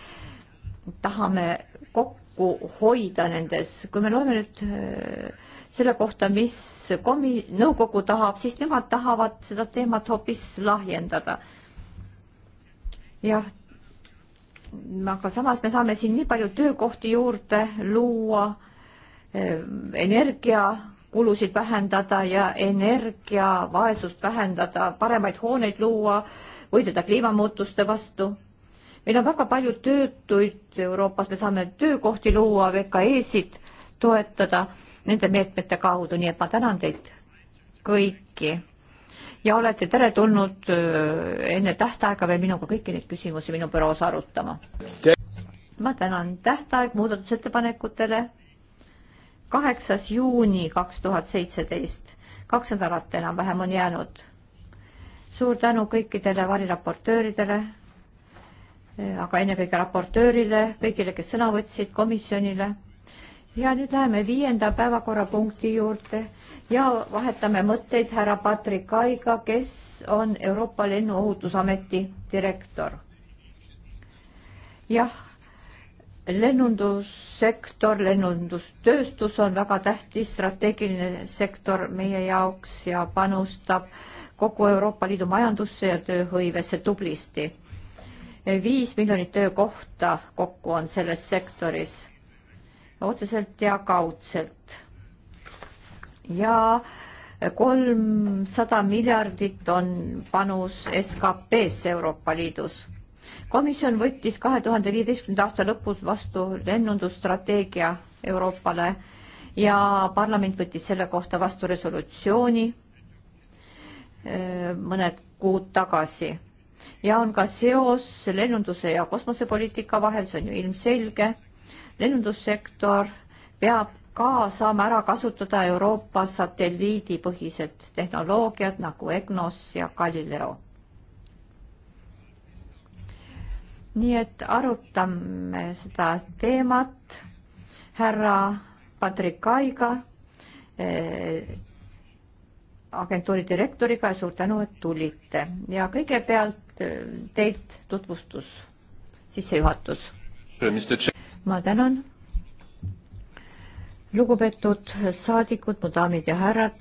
tahame kokku hoida nendes, kui me loeme nüüd selle kohta, mis komi-, nõukogu tahab, siis nemad tahavad seda teemat hoopis lahjendada. jah, aga samas me saame siin nii palju töökohti juurde luua, ehm, energiakulusid vähendada ja energiavaesust vähendada, paremaid hooneid luua, võidelda kliimamuutuste vastu meil on väga palju töötuid Euroopas, me saame töökohti luua, VKE-sid toetada nende meetmete kaudu, nii et ma tänan teid kõiki ja olete teretulnud äh, enne tähtaega veel minuga kõiki neid küsimusi minu büroos arutama. ma tänan, tähtaeg muudatusettepanekutele kaheksas juuni kaks tuhat seitseteist, kaks nädalat enam-vähem on jäänud. suur tänu kõikidele variraportööridele, äh, aga ennekõike raportöörile, kõigile, kes sõna võtsid, komisjonile ja nüüd läheme viienda päevakorrapunkti juurde ja vahetame mõtteid härra Patrick Aiga, kes on Euroopa Lennuohutusameti direktor. jah, lennundussektor, lennundustööstus on väga tähtis strateegiline sektor meie jaoks ja panustab kogu Euroopa Liidu majandusse ja tööhõivesse tublisti. viis miljonit töökohta kokku on selles sektoris otseselt ja kaudselt. ja kolmsada miljardit on panus SKP-sse Euroopa Liidus komisjon võttis kahe tuhande viieteistkümnenda aasta lõpus vastu lennundusstrateegia Euroopale ja parlament võttis selle kohta vastu resolutsiooni äh, mõned kuud tagasi ja on ka seos lennunduse ja kosmosepoliitika vahel, see on ju ilmselge lennundussektor peab ka saama ära kasutada Euroopa satelliidipõhised tehnoloogiad nagu EGNOS ja Galileo. nii et arutame seda teemat härra Patrick Aiga äh,, eh, agentuuri direktoriga ja suur tänu, et tulite ja kõigepealt eh, teilt tutvustus, sissejuhatus ma tänan. lugupeetud saadikud, mu daamid ja härrad,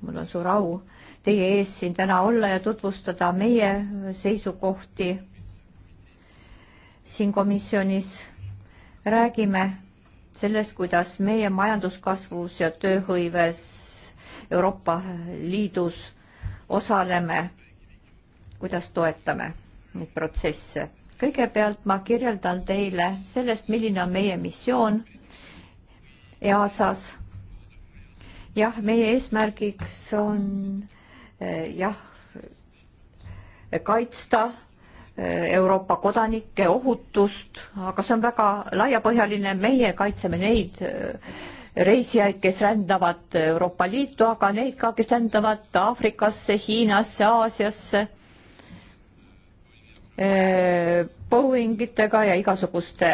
mul on suur au teie ees siin täna olla ja tutvustada meie seisukohti siin komisjonis. räägime sellest, kuidas meie majanduskasvus ja tööhõives Euroopa Liidus osaleme, kuidas toetame neid protsesse kõigepealt ma kirjeldan teile sellest, milline on meie missioon EASA-s. jah, meie eesmärgiks on eh, jah, kaitsta eh, Euroopa kodanike ohutust, aga see on väga laiapõhjaline, meie kaitseme neid eh, reisijaid, kes rändavad Euroopa Liitu, aga neid ka, kes rändavad Aafrikasse, Hiinasse, Aasiasse Boeingitega äh, ja igasuguste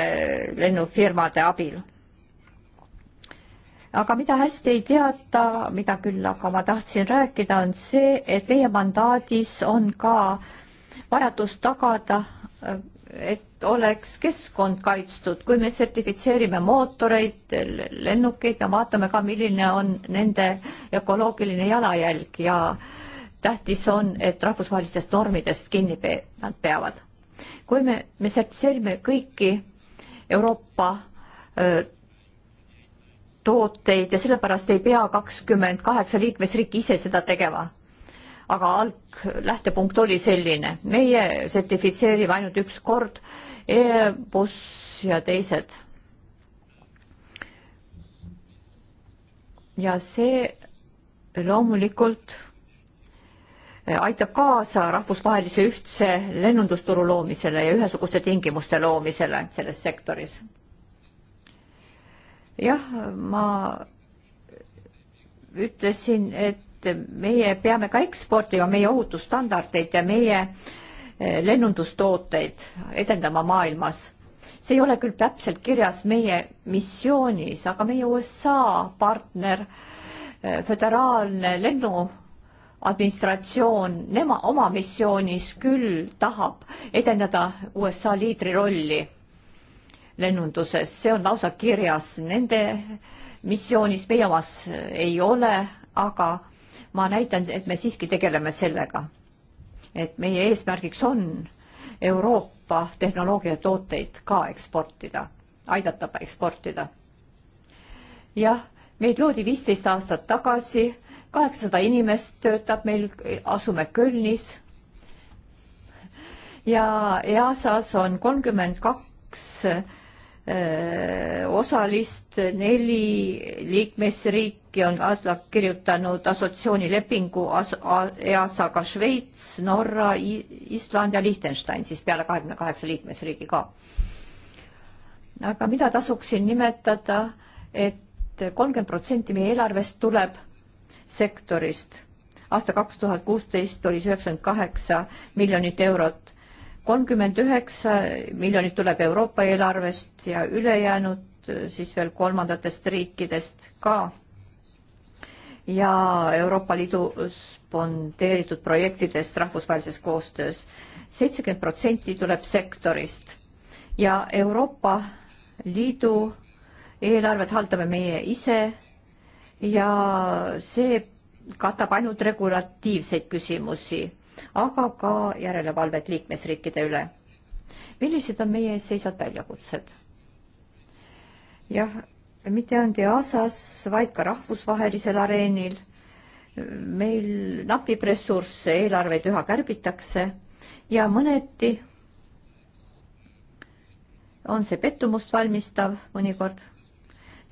lennufirmade abil. aga mida hästi ei teata, mida küll aga ma tahtsin rääkida, on see, et meie mandaadis on ka vajadus tagada, et oleks keskkond kaitstud, kui me sertifitseerime mootoreid, lennukeid ja vaatame ka, milline on nende ökoloogiline jalajälg ja äh, tähtis on, et rahvusvahelistest normidest kinni pe nad peavad. kui me, me sertifitseerime kõiki Euroopa öö, tooteid ja sellepärast ei pea kakskümmend kaheksa liikmesriiki ise seda tegema. aga alg, lähtepunkt oli selline, meie sertifitseerime ainult üks kord e, buss ja teised. ja see loomulikult Eh, aitab kaasa rahvusvahelise ühtse lennundusturu loomisele ja ühesuguste tingimuste loomisele selles sektoris. jah, ma ütlesin, et meie peame ka eksportima meie ohutusstandardeid ja meie eh, lennundustooteid edendama maailmas see ei ole küll täpselt kirjas meie missioonis, aga meie USA partner, eh, föderaalne lennu administratsioon, nema oma missioonis küll tahab edendada USA liidri rolli lennunduses, see on lausa kirjas nende missioonis, meie omas ei ole, aga ma näitan, et me siiski tegeleme sellega. et meie eesmärgiks on Euroopa tehnoloogiatooteid ka eksportida, aidata eksportida. jah, meid loodi viisteist aastat tagasi kaheksasada inimest töötab meil, asume Kölnis. ja EASA-s on kolmkümmend kaks äh, osalist, neli liikmesriiki on alla kirjutanud assotsiatsioonilepingu EASA-ga Šveits, Norra, Island ja Liechtenstein, siis peale kahekümne kaheksa liikmesriigi ka. aga mida tasuks siin nimetada et, et kolmkümmend protsenti meie eelarvest tuleb sektorist. aasta kaks tuhat kuusteist oli see üheksakümmend kaheksa miljonit eurot. kolmkümmend üheksa miljonit tuleb Euroopa eelarvest ja ülejäänud eh, siis veel kolmandatest riikidest ka. ja Euroopa Liidu spondeeritud projektidest rahvusvahelises koostöös. seitsekümmend protsenti tuleb sektorist ja Euroopa Liidu eelarvet haldame meie ise ja see katab ainult regulatiivseid küsimusi, aga ka järelevalvet liikmesriikide üle. millised on meie ees seisvad väljakutsed? jah, mitte ainult EASA-s, vaid ka rahvusvahelisel areenil. meil napib ressursse, eelarveid üha kärbitakse ja mõneti on see pettumust valmistav mõnikord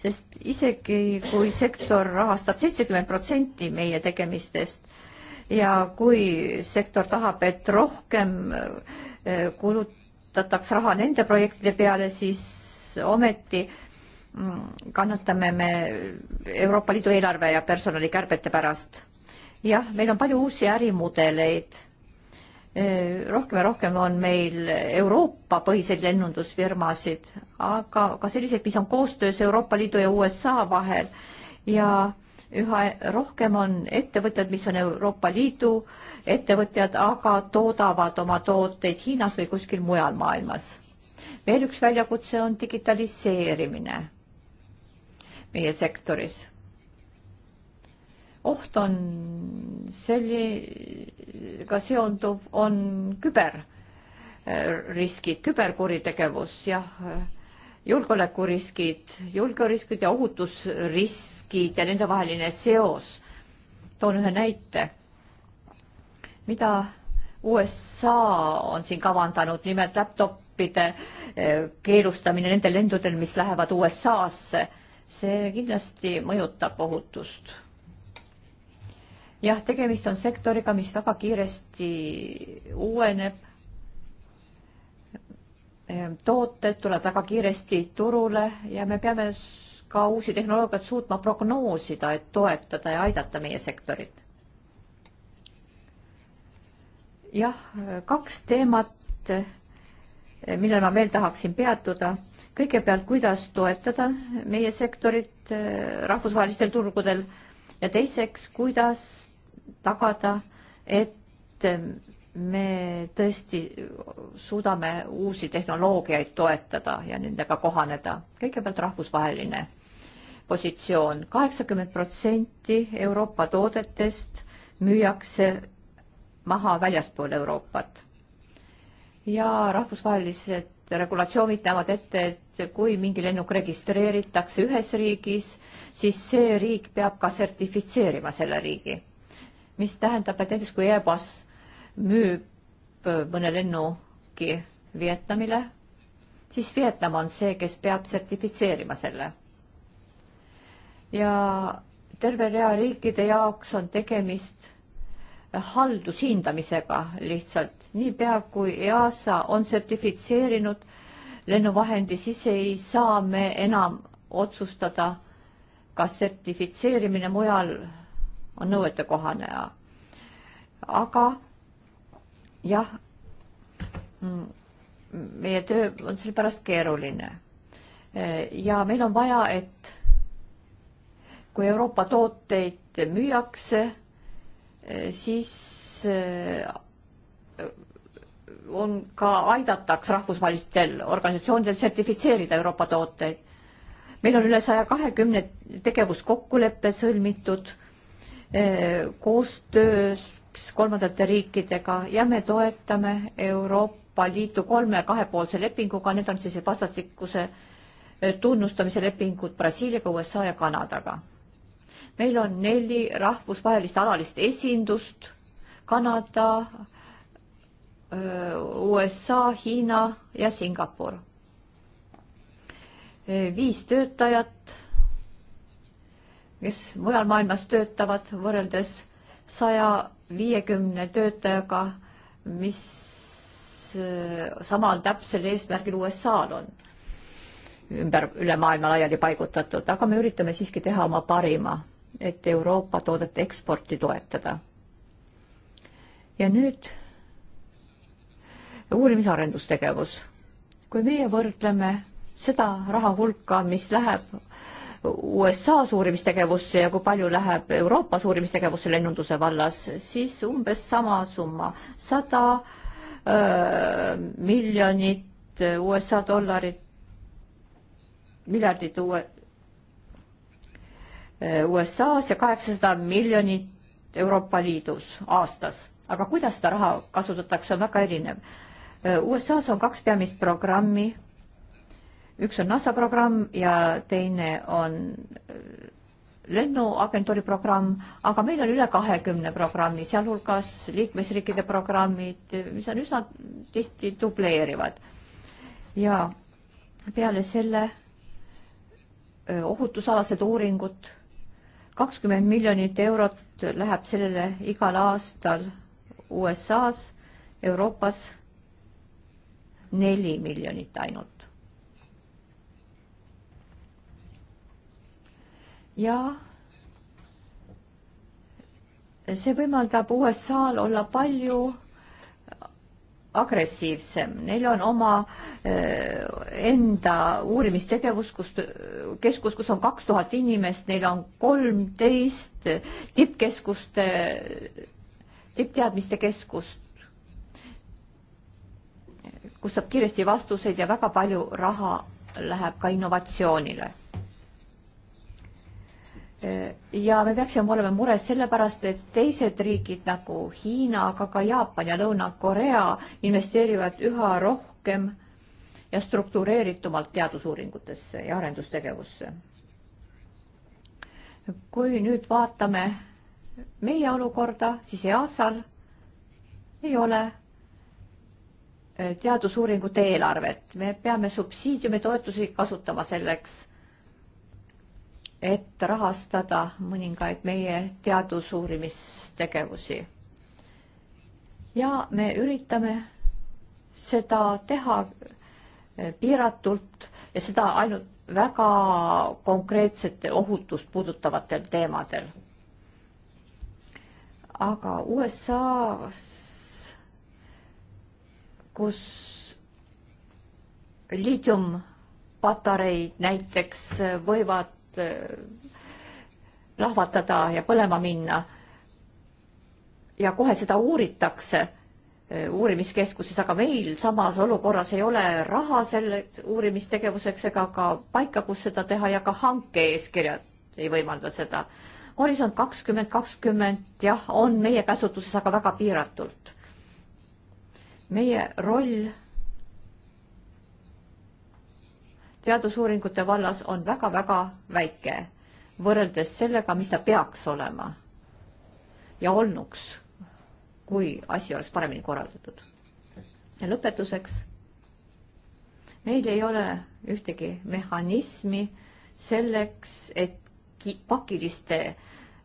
sest isegi kui sektor rahastab seitsekümmend protsenti meie tegemistest ja kui sektor tahab, et rohkem eh, kulutataks raha nende projektide peale, siis ometi mm, kannatame me Euroopa Liidu eelarve ja personalikärbete pärast. jah, meil on palju uusi ärimudeleid rohkem ja rohkem on meil Euroopa-põhiseid lennundusfirmasid, aga ka selliseid, mis on koostöös Euroopa Liidu ja USA vahel ja üha rohkem on ettevõtted, mis on Euroopa Liidu ettevõtjad, aga toodavad oma tooteid Hiinas või kuskil mujal maailmas. veel üks väljakutse on digitaliseerimine meie sektoris oht on sellega seonduv, on küberriskid, äh, küberkuritegevus, jah, julgeolekuriskid, julgeolekuriskid ja ohutusriskid ja nendevaheline seos. toon ühe näite, mida USA on siin kavandanud, nimelt laptopide äh, keelustamine nendel lendudel, mis lähevad USA-sse. see kindlasti mõjutab ohutust jah, tegemist on sektoriga, mis väga kiiresti uueneb. Ehm, tooted tuleb väga kiiresti turule ja me peame ka uusi tehnoloogiat suutma prognoosida, et toetada ja aidata meie sektorit. jah, kaks teemat, eh, millele ma veel tahaksin peatuda. kõigepealt, kuidas toetada meie sektorit eh, rahvusvahelistel turgudel ja teiseks, kuidas tagada, et me tõesti suudame uusi tehnoloogiaid toetada ja nendega kohaneda. kõigepealt rahvusvaheline positsioon. kaheksakümmend protsenti Euroopa toodetest müüakse maha väljaspool Euroopat. ja rahvusvahelised regulatsioonid näevad ette, et kui mingi lennuk registreeritakse ühes riigis, siis see riik peab ka sertifitseerima selle riigi mis tähendab, et näiteks kui Airbus müüb äh, mõne lennuki Vietnamile, siis Vietnam on see, kes peab sertifitseerima selle. ja terve rea riikide jaoks on tegemist haldushindamisega lihtsalt. niipea kui EASA on sertifitseerinud lennuvahendi, siis ei saa me enam otsustada, kas sertifitseerimine mujal on nõuetekohane. aga jah, meie töö on sellepärast keeruline. ja meil on vaja, et kui Euroopa tooteid müüakse, siis on ka, aidataks rahvusvahelistel organisatsioonidel sertifitseerida Euroopa tooteid. meil on üle saja kahekümne tegevuskokkuleppe sõlmitud koostöös kolmandate riikidega ja me toetame Euroopa Liitu kolme kahepoolse lepinguga, need on siis vastastikuse tunnustamise lepingud Brasiiliaga, USA ja Kanadaga. meil on neli rahvusvahelist alalist esindust Kanada, USA, Hiina ja Singapur. viis töötajat kes mujal maailmas töötavad, võrreldes saja viiekümne töötajaga, mis äh, samal täpsel eesmärgil USA-l on ümber, üle maailma laiali paigutatud, aga me üritame siiski teha oma parima, et Euroopa toodete eksporti toetada. ja nüüd uurimis-arendustegevus. kui meie võrdleme seda raha hulka, mis läheb USA-s uurimistegevusse ja kui palju läheb Euroopas uurimistegevusse lennunduse vallas, siis umbes sama summa, sada miljonit USA dollarit, miljardit uue, USA-s ja kaheksasada miljonit Euroopa Liidus aastas. aga kuidas seda raha kasutatakse, on väga erinev. USA-s on kaks peamist programmi üks on NASA programm ja teine on äh, lennuagentuuri programm, aga meil on üle kahekümne programmi, sealhulgas liikmesriikide programmid, mis on üsna tihti dubleerivad. ja peale selle äh, ohutusalased uuringud, kakskümmend miljonit eurot läheb sellele igal aastal USA-s, Euroopas neli miljonit ainult ja see võimaldab USA-l olla palju agressiivsem, neil on oma eh, enda uurimistegevus, kus, keskus, kus on kaks tuhat inimest, neil on kolmteist tippkeskuste, tippteadmiste keskust, kus saab kiiresti vastuseid ja väga palju raha läheb ka innovatsioonile ja me peaksime olema mures sellepärast, et teised riigid nagu Hiina, aga ka Jaapan ja Lõuna-Korea investeerivad üha rohkem ja struktureeritumalt teadusuuringutesse ja arendustegevusse. kui nüüd vaatame meie olukorda, siis EASA-l ei ole eh, teadusuuringute eelarvet, me peame subsiidiumitoetusi kasutama selleks et rahastada mõningaid meie teadusuurimistegevusi. ja me üritame seda teha piiratult ja seda ainult väga konkreetsete ohutust puudutavatel teemadel. aga USA-s, kus liitiumpatareid näiteks võivad Äh, lahvatada ja põlema minna. ja kohe seda uuritakse äh, uurimiskeskuses, aga meil samas olukorras ei ole raha selle uurimistegevuseks ega ka paika, kus seda teha ja ka hanke-eeskirjad ei võimalda seda. horisont kakskümmend kakskümmend jah, on meie käsutuses, aga väga piiratult. meie roll teadusuuringute vallas on väga-väga väike võrreldes sellega, mis ta peaks olema ja olnuks, kui asi oleks paremini korraldatud. ja lõpetuseks. meil ei ole ühtegi mehhanismi selleks, et pakiliste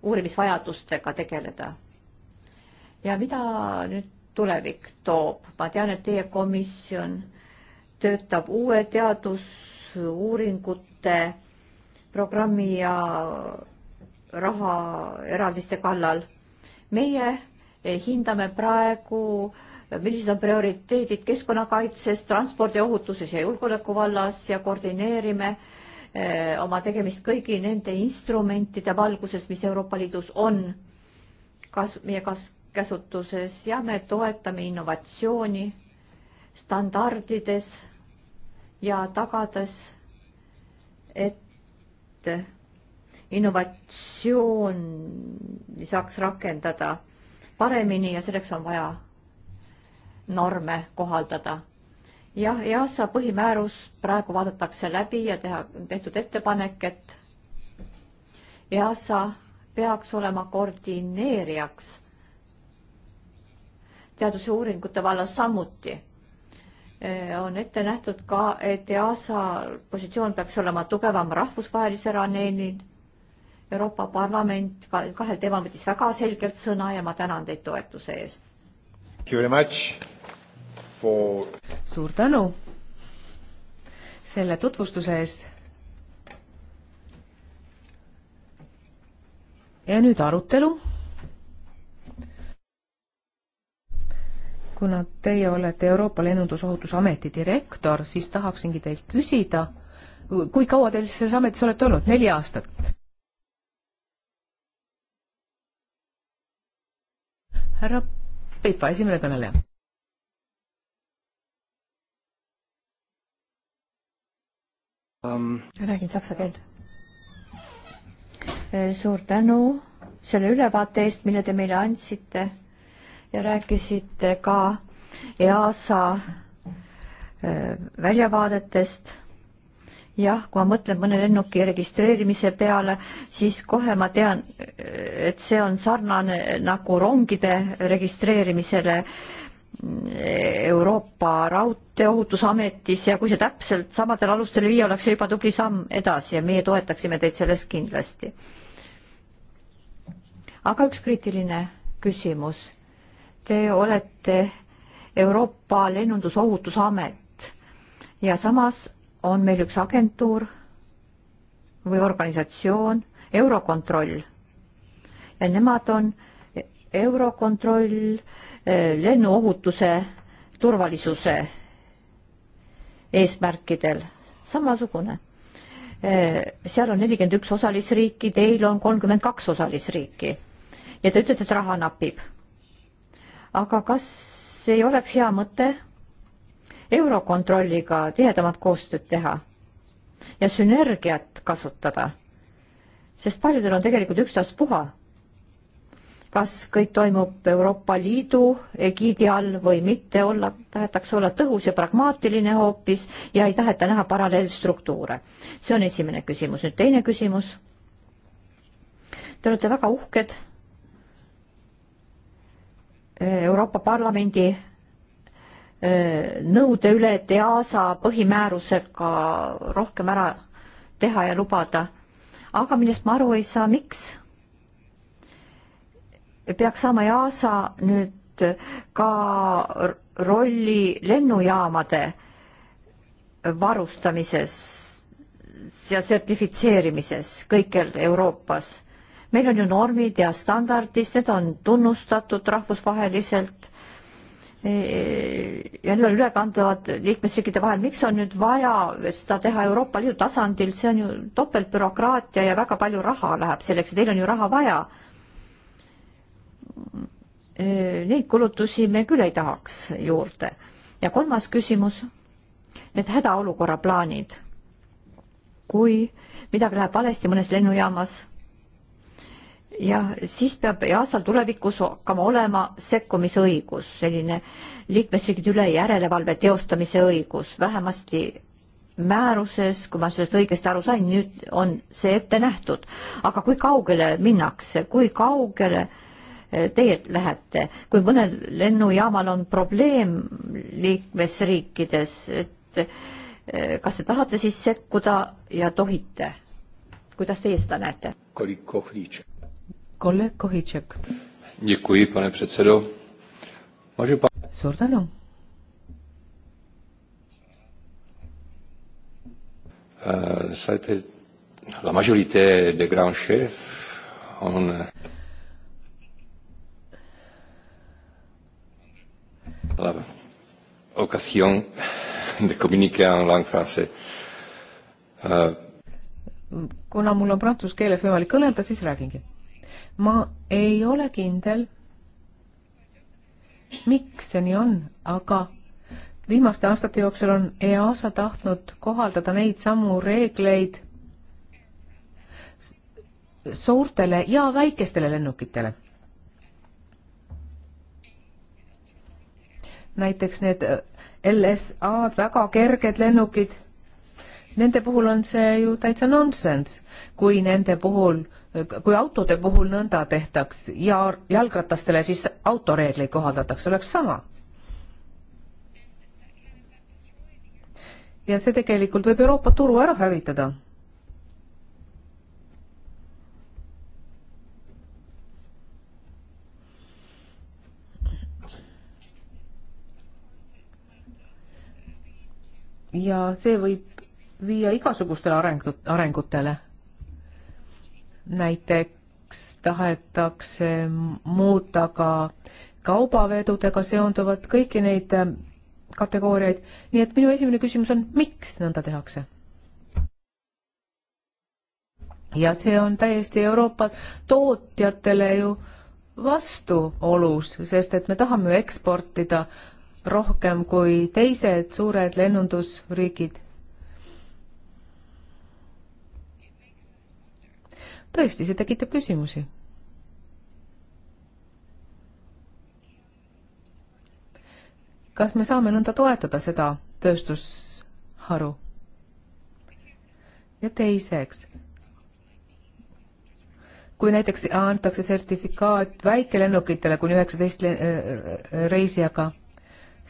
uurimisvajadustega tegeleda. ja mida nüüd tulevik toob, ma tean, et teie komisjon töötab uue teadus uuringute programmi ja rahaeraldiste kallal. meie eh, hindame praegu, eh, millised on prioriteedid keskkonnakaitses, transpordiohutuses ja julgeoleku vallas ja koordineerime eh, oma tegemist kõigi nende instrumentide valguses, mis Euroopa Liidus on kas-, meie kas-, käsutuses ja me toetame innovatsiooni standardides ja tagades, et innovatsiooni saaks rakendada paremini ja selleks on vaja norme kohaldada. jah, EASA põhimäärus praegu vaadatakse läbi ja teha, tehtud ettepanek, et EASA peaks olema koordineerijaks teadus- ja uuringute vallas samuti Eh, on ette nähtud ka, et EASA positsioon peaks olema tugevam rahvusvahelisel areenil. Euroopa Parlament kahel teemal võttis väga selgelt sõna ja ma tänan teid toetuse eest. For... suur tänu selle tutvustuse eest. ja nüüd arutelu kuna teie olete Euroopa Lennundusohutusameti direktor, siis tahaksingi teilt küsida, kui kaua te selles ametis olete olnud, neli aastat? härra Peipa, esimene kõneleja. um.... räägin saksa keelt. suur tänu selle ülevaate eest, mille te meile andsite ja rääkisite ka EASA äh, väljavaadetest. jah, kui ma mõtlen mõne lennuki registreerimise peale, siis kohe ma tean, äh, et see on sarnane nagu rongide registreerimisele äh, Euroopa Raudteeohutusametis ja kui see täpselt samadel alustel viia, oleks see juba tubli samm edasi ja meie toetaksime teid selles kindlasti. aga üks kriitiline küsimus te olete Euroopa Lennundusohutusamet ja samas on meil üks agentuur või organisatsioon, Eurokontroll. ja nemad on Eurokontroll eh, lennuohutuse turvalisuse eesmärkidel, samasugune. Eh, seal on nelikümmend üks osalisriiki, teil on kolmkümmend kaks osalisriiki ja te ütlete, et raha napib aga kas ei oleks hea mõte Eurokontrolliga tihedamat koostööd teha ja sünergiat kasutada? sest paljudel on tegelikult ükstaspuha, kas kõik toimub Euroopa Liidu egiidi all või mitte, olla, tahetakse olla tõhus ja pragmaatiline hoopis ja ei taheta näha paralleelstruktuure. see on esimene küsimus. nüüd teine küsimus. Te olete väga uhked Euroopa Parlamendi eh, nõude üle, et EASA põhimäärusega rohkem ära teha ja lubada. aga millest ma aru ei saa, miks peaks saama EASA nüüd ka rolli lennujaamade varustamises ja sertifitseerimises kõikjal Euroopas meil on ju normid ja standardid, need on tunnustatud rahvusvaheliselt e, ja need on ülekanduvad liikmesriikide vahel, miks on nüüd vaja seda teha Euroopa Liidu tasandil, see on ju topeltbürokraatia ja väga palju raha läheb selleks ja teil on ju raha vaja. E, neid kulutusi me küll ei tahaks juurde. ja kolmas küsimus, need hädaolukorra plaanid. kui midagi läheb valesti mõnes lennujaamas jah, siis peab EASA-l tulevikus hakkama olema sekkumisõigus, selline liikmesriigid üle järelevalve teostamise õigus, vähemasti määruses, kui ma sellest õigesti aru sain, nüüd on see ette nähtud. aga kui kaugele minnakse, kui kaugele eh, teie lähete, kui mõnel lennujaamal on probleem liikmesriikides, et eh, kas te tahate siis sekkuda ja tohite? kuidas teie seda näete? kolleeg Kohitšek. suur tänu. ça a été la majorité des grands chefs on la occasion de communiquer en langue française. Eh, kuna mul on prantsuse keeles võimalik kõnelda, siis räägingi ma ei ole kindel, miks see nii on, aga viimaste aastate jooksul on EASA tahtnud kohaldada neid samu reegleid suurtele ja väikestele lennukitele. näiteks need LSA-d, väga kerged lennukid, nende puhul on see ju täitsa nonsense, kui nende puhul kui autode puhul nõnda tehtaks ja jalgratastele siis autoreegleid kohaldatakse, oleks sama. ja see tegelikult võib Euroopa turu ära hävitada ja see võib viia igasugustele arengut-, arengutele näiteks tahetakse muuta ka kaubavedudega seonduvat, kõiki neid ähm, kategooriaid, nii et minu esimene küsimus on, miks nõnda tehakse? ja see on täiesti Euroopa tootjatele ju vastuolus, sest et me tahame ju eksportida rohkem kui teised suured lennundusriigid tõesti, see tekitab küsimusi. kas me saame nõnda toetada seda tööstusharu? ja teiseks, kui näiteks antakse sertifikaat väikelennukitele kuni üheksateist äh, reisijaga,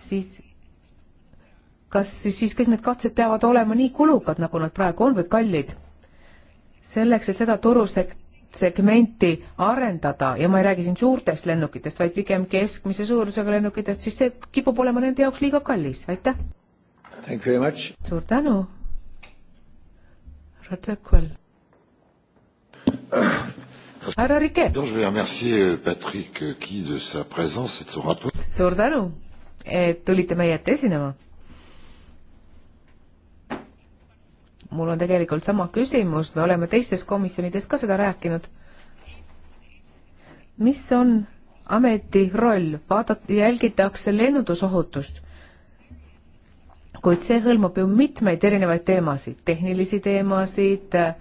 siis kas siis kõik need katsed peavad olema nii kulukad, nagu nad praegu on, või kallid? selleks, et seda turusegmenti arendada ja ma ei räägi siin suurtest lennukitest, vaid pigem keskmise suurusega lennukitest, siis see kipub olema nende jaoks liiga kallis, aitäh. suur tänu. Roger Quell. härra Rike. Euh, euh, suur tänu, et tulite meie ette esinema mul on tegelikult sama küsimus, me oleme teistes komisjonides ka seda rääkinud. mis on ameti roll, vaadata, jälgitakse lennundusohutust, kuid see hõlmab ju mitmeid erinevaid teemasid, tehnilisi teemasid äh,,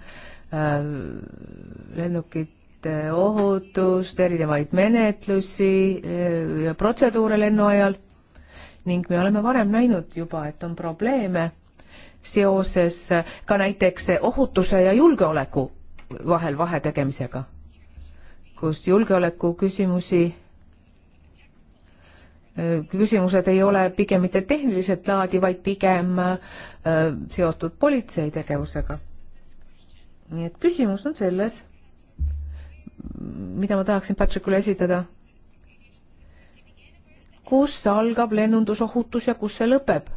lennukite ohutust, erinevaid menetlusi äh, ja äh, protseduure lennu ajal ning me oleme varem näinud juba, et on probleeme seoses ka näiteks ohutuse ja julgeoleku vahel vahe tegemisega, kus julgeoleku küsimusi küsimused ei ole pigem mitte tehniliselt laadi, vaid pigem äh, seotud politsei tegevusega. nii et küsimus on selles, mida ma tahaksin Patrickule esitada. kus algab lennundusohutus ja kus see lõpeb?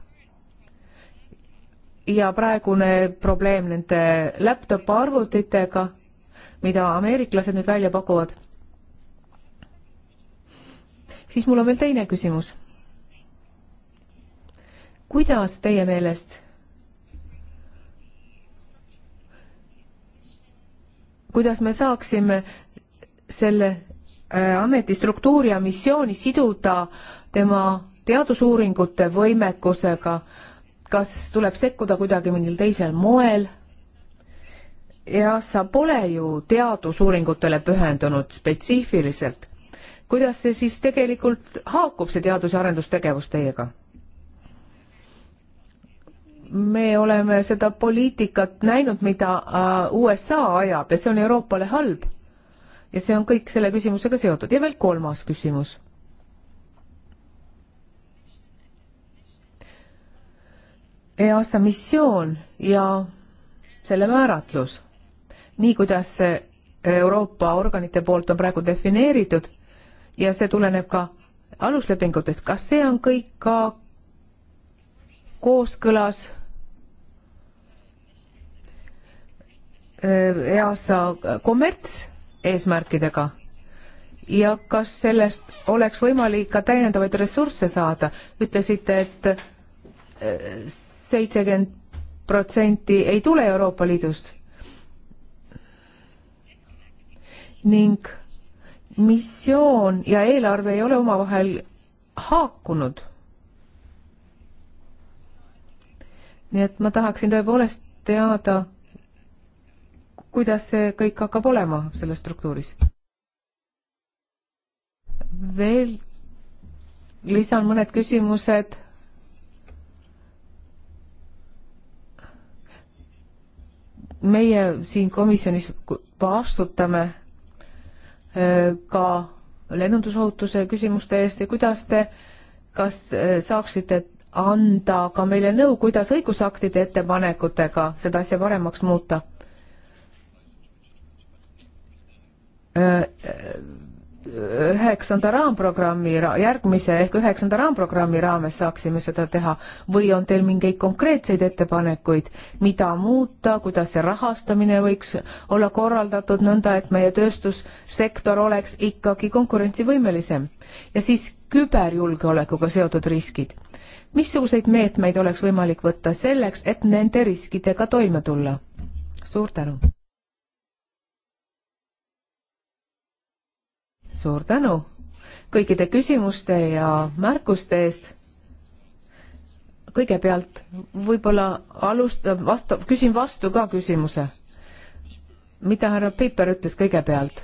ja praegune probleem nende laptop arvutitega, mida ameeriklased nüüd välja pakuvad. siis mul on veel teine küsimus. kuidas teie meelest kuidas me saaksime selle äh, ameti struktuuri ja missiooni siduda tema teadusuuringute võimekusega äh, kas tuleb sekkuda kuidagi mingil teisel moel? EASA pole ju teadusuuringutele pühendunud spetsiifiliselt. kuidas see siis tegelikult haakub, see teadus- ja arendustegevus teiega? me oleme seda poliitikat näinud, mida äh, USA ajab ja see on Euroopale halb. ja see on kõik selle küsimusega seotud ja veel kolmas küsimus EASA missioon ja selle määratlus, nii kuidas see Euroopa organite poolt on praegu defineeritud ja see tuleneb ka aluslepingutest, kas see on kõik ka kooskõlas äh, EASA kommertseesmärkidega ja kas sellest oleks võimalik ka täiendavaid ressursse saada? ütlesite, et äh, seitsekümmend protsenti ei tule Euroopa Liidust. ning missioon ja eelarve ei ole omavahel haakunud. nii et ma tahaksin tõepoolest teada, kuidas see kõik hakkab olema selles struktuuris. veel lisan mõned küsimused meie siin komisjonis vastutame äh, ka lennundusohutuse küsimuste eest ja kuidas te, kas äh, saaksite anda ka meile nõu, kuidas õigusaktide ettepanekutega seda asja paremaks muuta? Äh, üheksanda raamprogrammi, järgmise ehk üheksanda raamprogrammi raames saaksime seda teha või on teil mingeid konkreetseid ettepanekuid, mida muuta, kuidas see rahastamine võiks olla korraldatud nõnda, et meie tööstussektor oleks ikkagi konkurentsivõimelisem? ja siis küberjulgeolekuga seotud riskid. missuguseid meetmeid oleks võimalik võtta selleks, et nende riskidega toime tulla? suur tänu! suur tänu kõikide küsimuste ja märkuste eest. kõigepealt võib-olla alustab, vastab, küsin vastu ka küsimuse. mida härra Piiper ütles kõigepealt,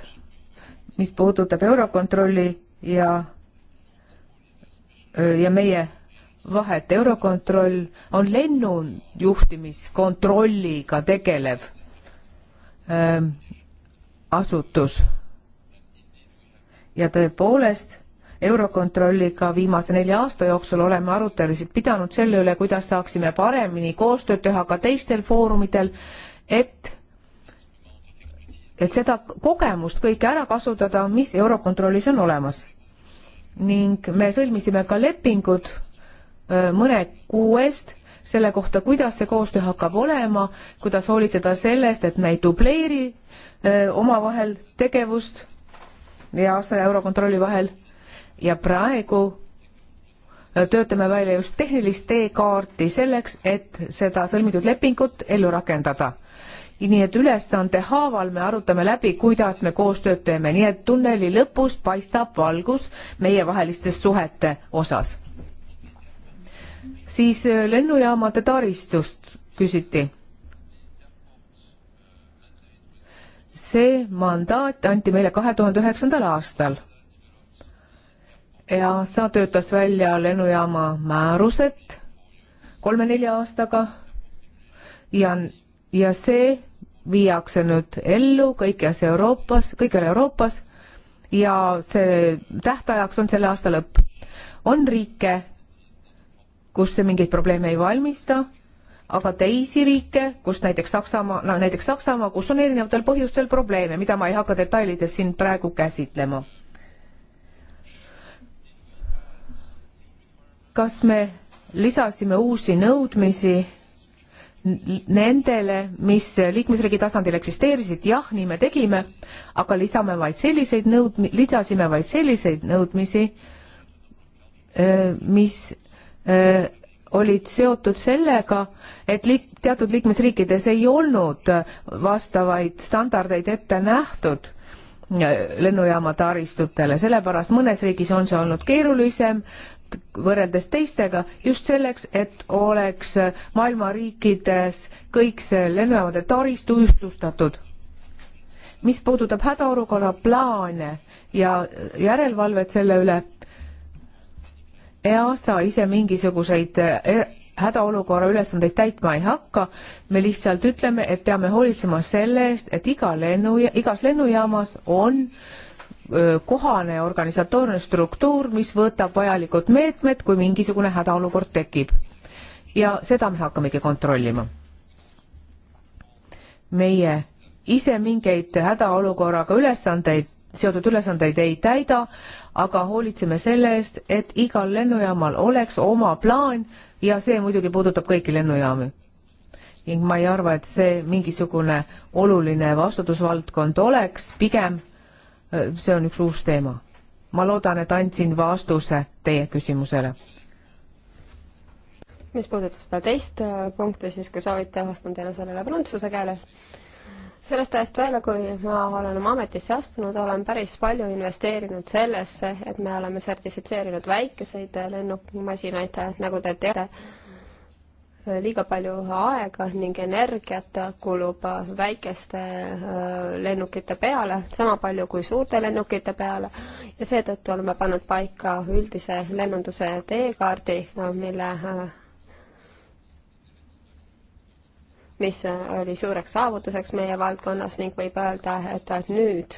mis puudutab Eurokontrolli ja, ja meie vahet, Eurokontroll on lennujuhtimiskontrolliga tegelev öö, ähm, asutus ja tõepoolest, Eurokontrolliga viimase nelja aasta jooksul oleme arutelusid pidanud selle üle, kuidas saaksime paremini koostööd teha ka teistel foorumitel, et et seda kogemust kõike ära kasutada, mis Eurokontrollis on olemas. ning me sõlmisime ka lepingud äh, mõne kuu eest selle kohta, kuidas see koostöö hakkab olema, kuidas hoolitseda sellest, et me ei dubleeri äh, omavahel tegevust ja Eurokontrolli vahel ja praegu äh, töötame välja just tehnilist teekaarti selleks, et seda sõlmitud lepingut ellu rakendada. nii et ülesande haaval me arutame läbi, kuidas me koostööd teeme, nii et tunneli lõpus paistab valgus meievaheliste suhete osas. siis äh, lennujaamade taristust küsiti see mandaat anti meile kahe tuhande üheksandal aastal. EASA töötas välja lennujaama määrused kolme-nelja aastaga ja, ja see viiakse nüüd ellu kõikjas Euroopas, kõikjal Euroopas ja see tähtajaks on selle aasta lõpp. on riike, kus see mingeid probleeme ei valmista aga teisi riike, kus näiteks Saksamaa, no näiteks Saksamaa, kus on erinevatel põhjustel probleeme, mida ma ei hakka detailides siin praegu käsitlema. kas me lisasime uusi nõudmisi nendele, mis liikmesriigi tasandil eksisteerisid, jah, nii me tegime, aga lisame vaid selliseid nõud-, lisasime vaid selliseid nõudmisi, mis olid seotud sellega, et liik-, teatud liikmesriikides ei olnud vastavaid standardeid ette nähtud lennujaama taristutele, sellepärast mõnes riigis on see olnud keerulisem võrreldes teistega, just selleks, et oleks maailma riikides kõik see lennujaamade taristu ühtlustatud. mis puudutab hädaolukorra plaane ja järelevalvet selle üle, EASA ise mingisuguseid eh, hädaolukorra ülesandeid täitma ei hakka, me lihtsalt ütleme, et peame hoolitsema selle eest, et iga lennu, igas lennujaamas on eh, kohane organisatoorne struktuur, mis võtab vajalikud meetmed, kui mingisugune hädaolukord tekib. ja seda me hakkamegi kontrollima. meie ise mingeid hädaolukorraga ülesandeid, seotud ülesandeid ei täida, aga hoolitseme selle eest, et igal lennujaamal oleks oma plaan ja see muidugi puudutab kõiki lennujaami. ning ma ei arva, et see mingisugune oluline vastutusvaldkond oleks, pigem see on üks uus teema. ma loodan, et andsin vastuse teie küsimusele mis puudutab seda teist punkti, siis kui soovite, vastan teile sellele prantsuse keeles sellest ajast peale, kui ma olen oma ametisse astunud, olen päris palju investeerinud sellesse, et me oleme sertifitseerinud väikeseid lennumasinaid, nagu te teate. liiga palju aega ning energiat kulub väikeste lennukite peale, sama palju kui suurte lennukite peale ja seetõttu oleme pannud paika üldise lennunduse teekaardi, mille mis oli suureks saavutuseks meie valdkonnas ning võib öelda, et nüüd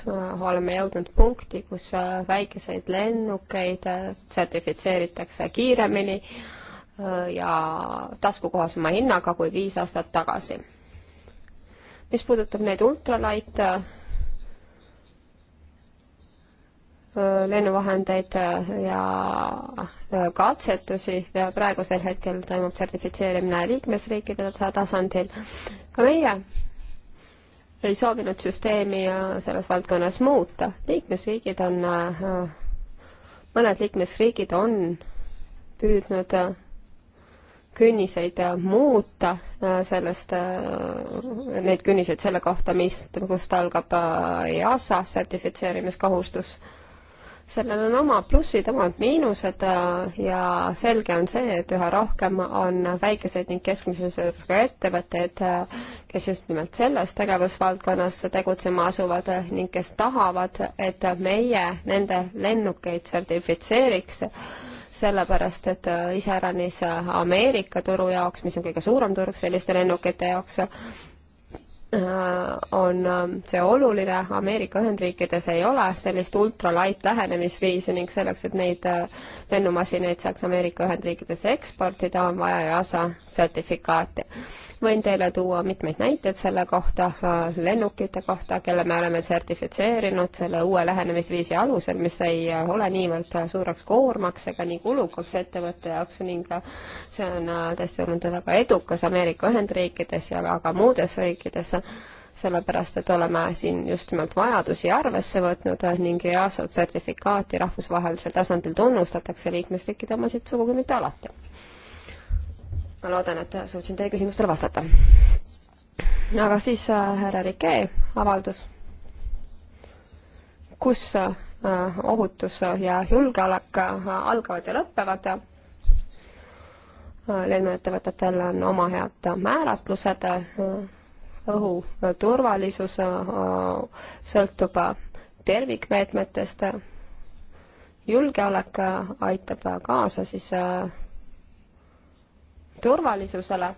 oleme jõudnud punkti, kus väikeseid lennukeid sertifitseeritakse kiiremini ja taskukohasema hinnaga kui viis aastat tagasi. mis puudutab neid ultralight lennuvahendeid ja katsetusi ja praegusel hetkel toimub sertifitseerimine liikmesriikide tasandil. ka meie ei soovinud süsteemi äh, selles valdkonnas muuta. liikmesriigid on, äh, mõned liikmesriigid on püüdnud äh, künniseid muuta sellest, neid künniseid selle kohta, mis, kust algab EASA sertifitseerimiskohustus sellel on oma plussid, omad miinused äh, ja selge on see, et üha rohkem on väikeseid ning keskmise suurusega ettevõtteid, äh, kes just nimelt selles tegevusvaldkonnas tegutsema asuvad ning kes tahavad, et meie nende lennukeid sertifitseeriks, sellepärast et äh, iseäranis Ameerika turu jaoks, mis on kõige suurem turg selliste lennukite jaoks, Äh, on ähm, see oluline, Ameerika Ühendriikides ei ole sellist ultralait lähenemisviisi ning selleks, et neid äh, lennumasinaid saaks Ameerika Ühendriikidesse eksportida, on vaja EASA sertifikaati võin teile tuua mitmeid näiteid selle kohta, äh, lennukite kohta, kelle me oleme sertifitseerinud selle uue lähenemisviisi alusel, mis ei äh, ole niivõrd äh, suureks koormaks ega nii kulukaks ettevõtte jaoks ning see on tõesti olnud väga edukas Ameerika Ühendriikides ja ka muudes riikides sellepärast et oleme siin just nimelt vajadusi arvesse võtnud ning EASA sertifikaati rahvusvahelisel tasandil tunnustatakse liikmesriikide omasid sugugi mitte alati ma loodan, et suutsin teie küsimustele vastata. aga siis äh, härra Rikee avaldus, kus äh, ohutus ja julgeolek äh, algavad ja lõppevad. lennuettevõtetel on oma head määratlused, õhuturvalisus sõltub tervikmeetmetest julgeolek aitab kaasa siis turvalisusele.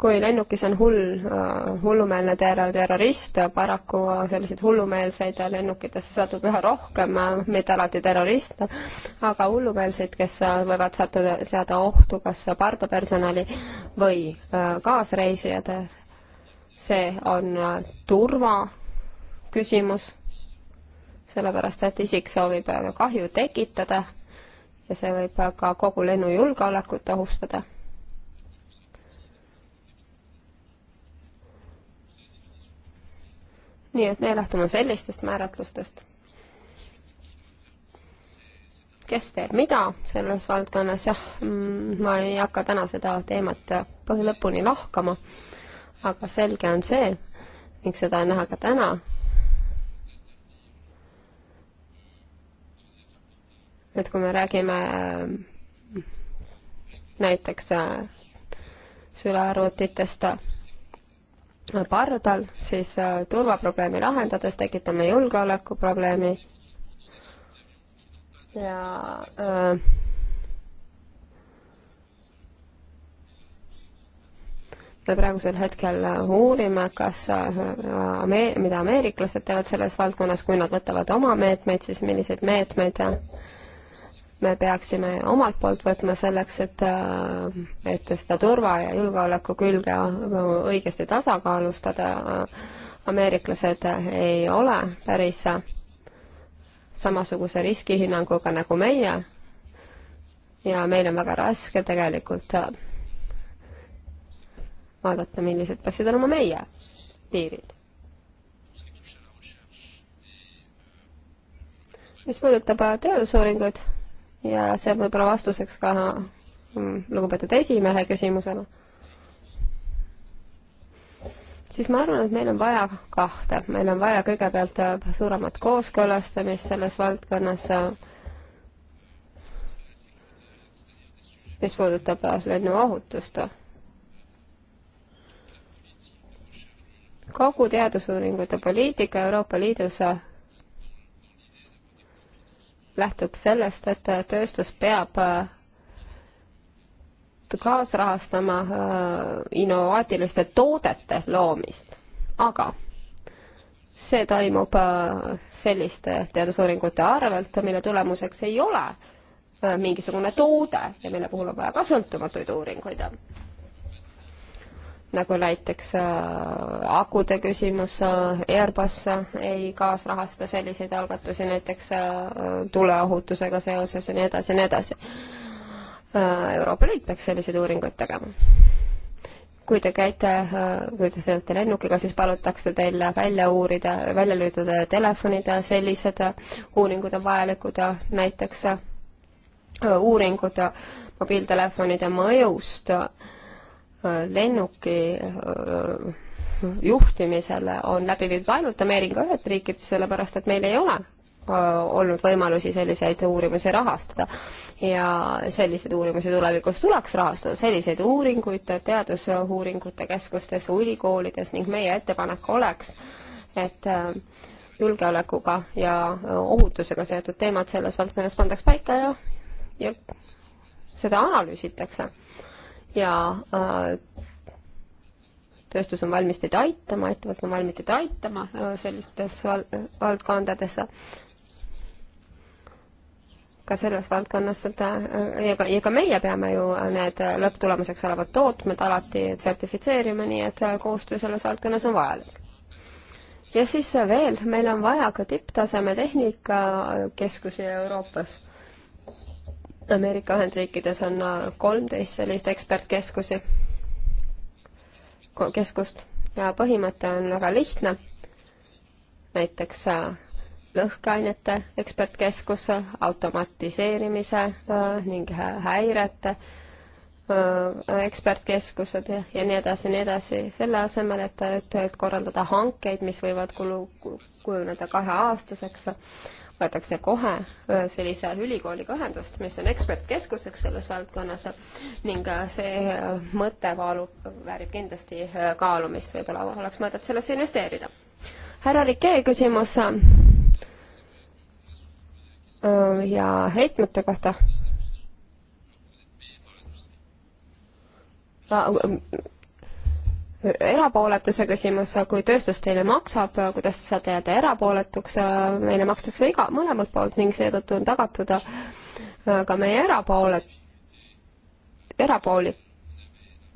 kui lennukis on hull, äh, hullumeelne terror, terrorist, paraku selliseid hullumeelseid lennukitesse satub üha rohkem, äh, mitte alati terroriste, aga hullumeelseid, kes äh, võivad sattuda, seada ohtu kas pardapersonali või kaasreisijad, see on turvaküsimus sellepärast et isik soovib äh, kahju tekitada ja see võib äh, ka kogu lennujulgeolekut ohustada. nii et me lähtume sellistest määratlustest. kes teeb mida selles valdkonnas, jah, mm, ma ei hakka täna seda teemat äh, lõpuni lahkama, aga selge on see, ning seda on näha ka täna, et kui me räägime äh, näiteks äh, sülearvutitest äh, pardal, siis turvaprobleemi lahendades tekitame julgeolekuprobleemi ja äh, me praegusel hetkel uurime, kas Ame-, mida ameeriklased teevad selles valdkonnas, kui nad võtavad oma meetmeid, siis milliseid meetmeid me peaksime omalt poolt võtma selleks, et, äh, et seda turva ja julgeoleku külge äh, õigesti tasakaalustada. ameeriklased ei ole päris samasuguse riskihinnanguga nagu meie. ja meil on väga raske tegelikult äh, vaadata, millised peaksid olema meie piirid. mis puudutab teadusuuringuid ja see võib-olla vastuseks ka mm, lugupeetud esimehe küsimusele. siis ma arvan, et meil on vaja kahte, meil on vaja kõigepealt äh, suuremat kooskõlastamist selles valdkonnas, äh, mis puudutab äh, lennuohutust kogu teadusuuringute poliitika Euroopa Liidus lähtub sellest, et äh, tööstus peab äh, kaasrahastama äh, innovaatiliste toodete loomist, aga see toimub selliste teadusuuringute arvelt, mille tulemuseks ei ole mingisugune toode ja mille puhul on vaja ka sõltumatuid uuringuid nagu näiteks äh, akude küsimus, äh, Airbus äh, ei kaasrahasta selliseid algatusi näiteks tuleohutusega seoses ja nii edasi ja nii edasi. Euroopa Liit peaks selliseid uuringuid tegema. kui te käite, kui te sõidate lennukiga, siis palutakse teil välja uurida, välja lülitada telefonid, sellised uuringud on vajalikud, näiteks uuringud mobiiltelefonide mõjust lennuki äh, juhtimisele on läbi viidud ainult Ameerika Ühendriikides, sellepärast et meil ei ole äh, olnud võimalusi selliseid uurimusi rahastada. ja selliseid uurimusi tulevikus tuleks rahastada, selliseid uuringuid teadusuuringute keskustes, ülikoolides ning meie ettepanek oleks, et äh, julgeolekuga ja ohutusega seotud teemad selles valdkonnas pandaks paika ja, ja seda analüüsitakse ja äh, tööstus on valmis teid aitama, ettevõte on valmis teid aitama äh, sellistes val-, valdkondades. ka selles valdkonnas seda äh, ja ka, ja ka meie peame ju need lõpptulemuseks olevad tootmed alati sertifitseerima, nii et koostöö selles valdkonnas on vajalik. ja siis veel, meil on vaja ka tipptaseme tehnikakeskusi Euroopas Ameerika Ühendriikides on äh, kolmteist sellist ekspertkeskusi, keskust ja põhimõte on väga lihtne. näiteks äh, lõhkeainete ekspertkeskus, automatiseerimise äh, ning häirete ekspertkeskused ja, ja nii edasi ja nii edasi, selle asemel, et, et, et korraldada hankeid, mis võivad kulu, kujuneda kaheaastaseks võetakse kohe äh, sellise ülikooliga ühendust, mis on ekspertkeskuseks selles valdkonnas ning äh, see äh, mõte vaalub, väärib kindlasti kaalumist, võib-olla oleks mõtet sellesse investeerida. härra Rikee küsimus ja heitmete kohta erapooletuse küsimus, kui tööstus teile maksab, kuidas te saate jääda erapooletuks, meile makstakse iga, mõlemalt poolt ning seetõttu on tagatud äh, ka meie erapoole, erapooli,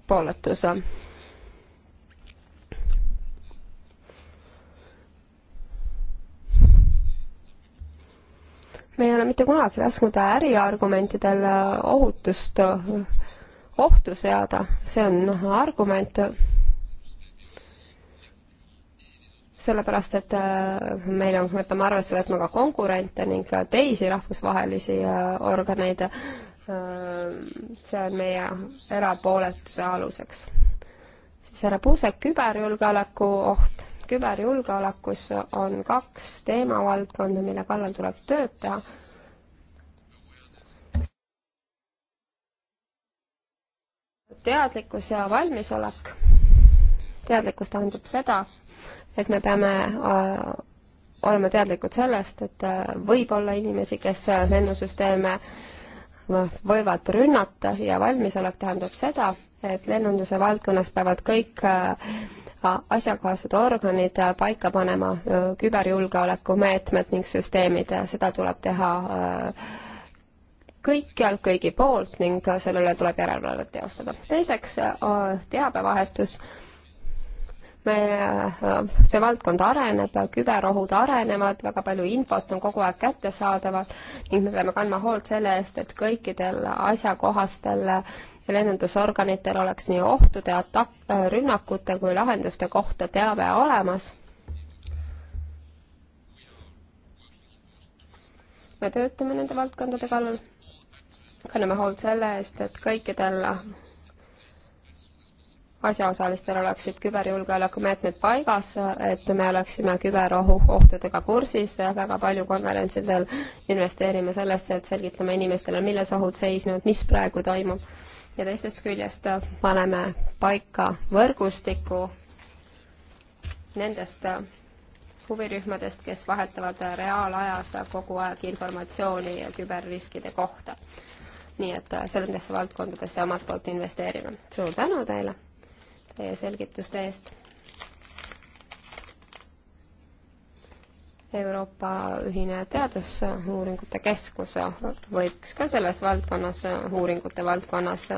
pooletus. me ei ole mitte kunagi lasknud äriargumentidel äh, ohutust äh, ohtu seada, see on argument sellepärast et äh, meil on, me peame arvesse võtma ka konkurente ning ka teisi rahvusvahelisi äh, organeid. Äh, see on meie erapooletuse aluseks. siis härra Puusek, küberjulgeoleku oht. küberjulgeolekus on kaks teemavaldkonda, mille kallal tuleb tööd teha teadlikkus ja valmisolek. teadlikkus tähendab seda, et me peame äh, olema teadlikud sellest, et äh, võib olla inimesi, kes äh, lennusüsteeme võivad rünnata ja valmisolek tähendab seda, et lennunduse valdkonnas peavad kõik asjakohased organid paika panema küberjulgeoleku meetmed ning süsteemid, seda tuleb teha kõikjal, kõigi poolt ning selle üle tuleb järelevalvet teostada. teiseks, teabevahetus me, äh, see valdkond areneb, küberohud arenevad, väga palju infot on kogu aeg kättesaadaval ning me peame kandma hoolt selle eest, et kõikidel asjakohastel lennundusorganitel oleks nii ohtude, atak-, äh, rünnakute kui lahenduste kohta teave olemas. me töötame nende valdkondade kallal, kanname hoolt selle eest, et kõikidel asjaosalistel oleksid küberjulgeolekumeetmed paigas, et me oleksime küberohtudega kursis, väga palju konverentsidel investeerime sellesse, et selgitame inimestele, milles ohud seisnevad, mis praegu toimub. ja teisest küljest paneme paika võrgustiku nendest huvirühmadest, kes vahetavad reaalajas kogu aeg informatsiooni küberriskide kohta nii et äh, sellesse valdkondadesse omalt poolt investeerime. suur tänu teile! teie selgituste eest. Euroopa Ühine Teadusuuringute Keskus võiks ka selles valdkonnas, uuringute valdkonnas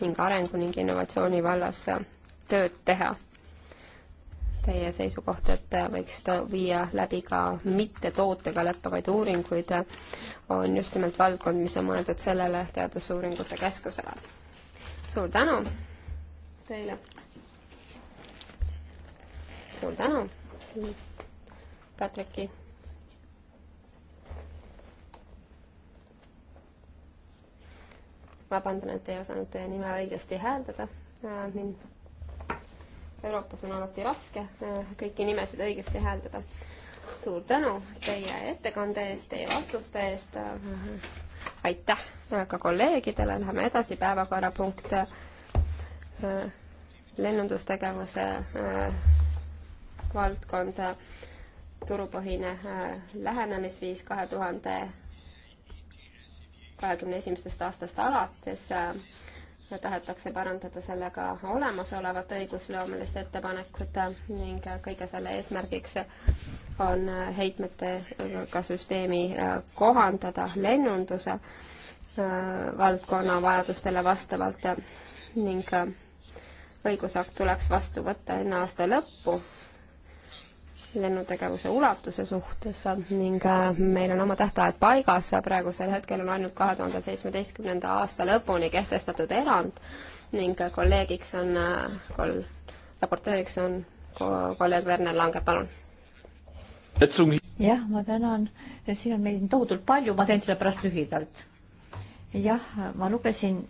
ning arengu ning innovatsiooni vallas tööd teha. Teie seisukoht, et võiks viia läbi ka mitte tootega lõppevaid uuringuid, on just nimelt valdkond, mis on mõeldud sellele teadusuuringute keskusele. suur tänu teile! suur tänu, Patriki. vabandan, et ei osanud teie nime õigesti hääldada. Äh, mind Euroopas on alati raske äh, kõiki nimesid õigesti hääldada. suur tänu teie ettekande eest, teie vastuste eest. Äh, aitäh ka kolleegidele, läheme edasi, päevakorrapunkt lennundustegevuse valdkond, turupõhine äh, lähenemisviis kahe tuhande kahekümne esimesest aastast alates ja äh, tahetakse parandada sellega olemasolevat õigusloomelist ettepanekut äh, ning kõige selle eesmärgiks on heitmetega süsteemi kohandada lennunduse valdkonna vajadustele vastavalt ning õigusakt tuleks vastu võtta enne aasta lõppu lennutegevuse ulatuse suhtes ning äh, meil on oma tähtajad paigas, praegusel hetkel on ainult kahe tuhande seitsmeteistkümnenda aasta lõpuni kehtestatud erand ning kolleegiks on äh, kol,, raportööriks on kolleeg Werner Lange, palun. jah, ma tänan, siin on meil tohutult palju, ma teen selle pärast lühidalt. jah, ma lugesin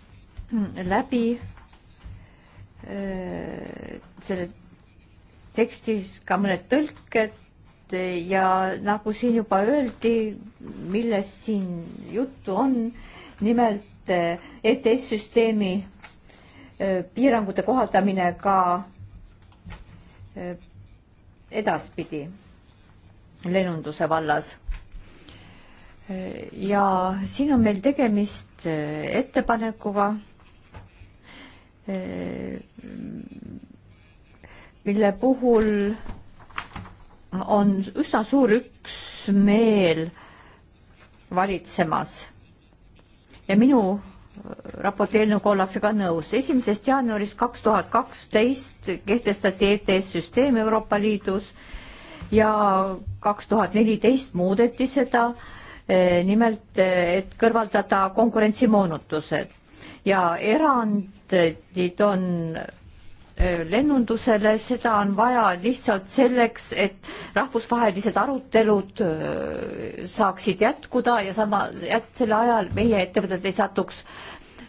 läbi öö, äh, selle tekstis ka mõned tõlked ja nagu siin juba öeldi, millest siin juttu on, nimelt ETS-süsteemi eh, e eh, piirangute kohaldamine ka eh, edaspidi lennunduse vallas. ja siin on meil tegemist ettepanekuga mille puhul on üsna suur üksmeel valitsemas. ja minu raporti eelnõuga ollakse ka nõus. esimesest jaanuarist kaks tuhat kaksteist kehtestati ETS-süsteem Euroopa Liidus ja kaks tuhat neliteist muudeti seda eh, nimelt, eh, et kõrvaldada konkurentsimoonutused ja erandid on lennundusele, seda on vaja lihtsalt selleks, et rahvusvahelised arutelud saaksid jätkuda ja sama, et selle ajal meie ettevõtted ei satuks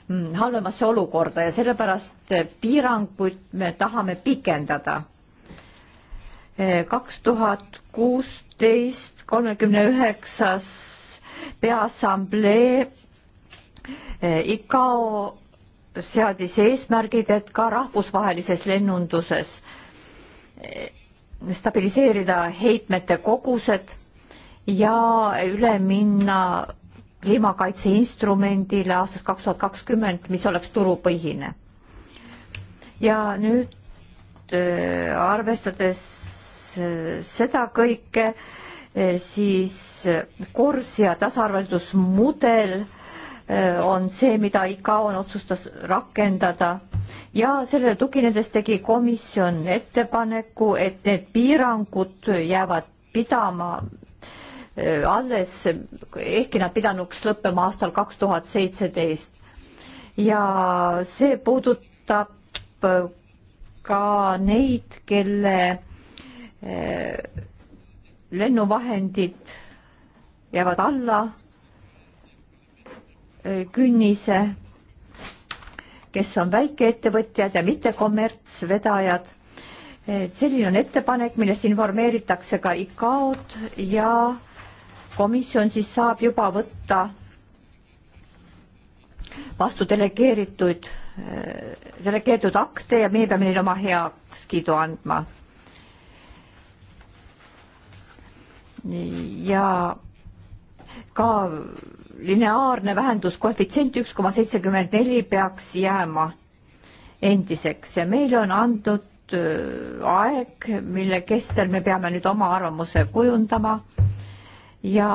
mm, halvemasse olukorda ja sellepärast piiranguid me tahame pikendada. kaks tuhat kuusteist kolmekümne üheksas peaassamblee ICAO seadis eesmärgid, et ka rahvusvahelises lennunduses eh, stabiliseerida heitmete kogused ja üle minna kliimakaitse instrumendile aastast kaks tuhat kakskümmend, mis oleks turupõhine. ja nüüd eh, arvestades eh, seda kõike, siis Corsia tasaarveldusmudel Äh, on see, mida ICAO on otsustas rakendada ja sellele tuginedes tegi komisjon ettepaneku, et need piirangud jäävad pidama äh, alles, ehkki nad pidanuks lõppema aastal kaks tuhat seitseteist. ja see puudutab äh, ka neid, kelle lennuvahendid jäävad alla Äh, künnise, kes on väikeettevõtjad ja mitte kommertsvedajad. Äh, selline on ettepanek, millest informeeritakse ka ICAO-d ja komisjon siis saab juba võtta vastu delegeeritud, äh, delegeeritud akte ja meie peame neile oma heakskiidu andma. ja ka lineaarne vähenduskoefitsient üks koma seitsekümmend neli peaks jääma endiseks ja meile on antud äh, aeg, mille kestel me peame nüüd oma arvamuse kujundama ja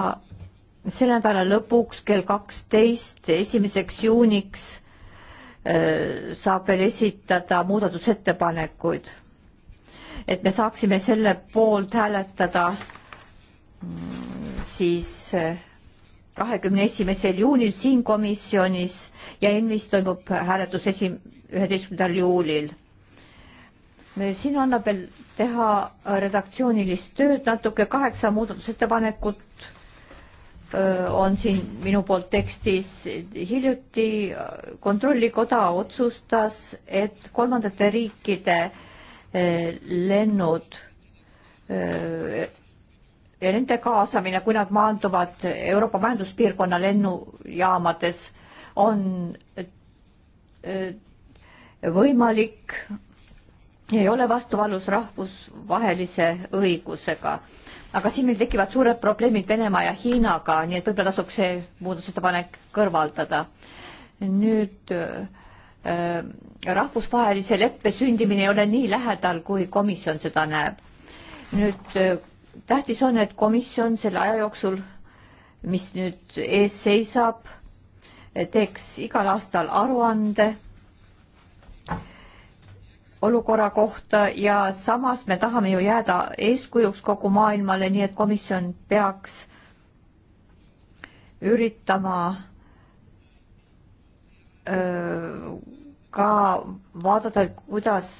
selle nädala lõpuks kell kaksteist, esimeseks juuniks äh, saab veel esitada muudatusettepanekuid. et me saaksime selle poolt hääletada mm, siis äh, kahekümne esimesel juunil siin komisjonis ja ENMis toimub hääletus esi-, üheteistkümnendal juulil. siin annab veel teha redaktsioonilist tööd natuke, kaheksa muudatusettepanekut on siin minu poolt tekstis. hiljuti Kontrollikoda otsustas, et kolmandate riikide lennud ja nende kaasamine, kui nad maanduvad Euroopa Majanduspiirkonna lennujaamades, on äh, võimalik, ei ole vastuvalus rahvusvahelise õigusega. aga siin meil tekivad suured probleemid Venemaa ja Hiinaga, nii et võib-olla tasuks see muudatusettepanek kõrvaldada. nüüd äh, rahvusvahelise leppe sündimine ei ole nii lähedal, kui komisjon seda näeb. nüüd äh, tähtis on, et komisjon selle aja jooksul, mis nüüd ees seisab, teeks igal aastal aruande olukorra kohta ja samas me tahame ju jääda eeskujuks kogu maailmale, nii et komisjon peaks üritama öö, ka vaadata, kuidas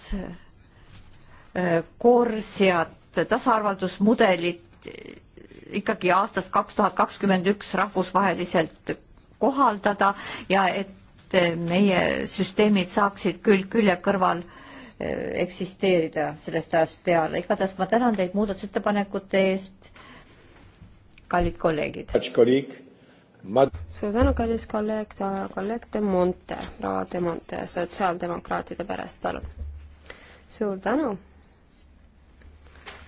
öö, korsijad tasaarvaldusmudelit ikkagi aastast kaks tuhat kakskümmend üks rahvusvaheliselt kohaldada ja et meie süsteemid saaksid külg külje kõrval eh, eksisteerida sellest ajast peale. igatahes ma tänan teid muudatusettepanekute eest, kallid kolleegid. suur tänu, kallis kolleeg, kolleeg De Monte, proua De Monte sotsiaaldemokraatide perest, palun. suur tänu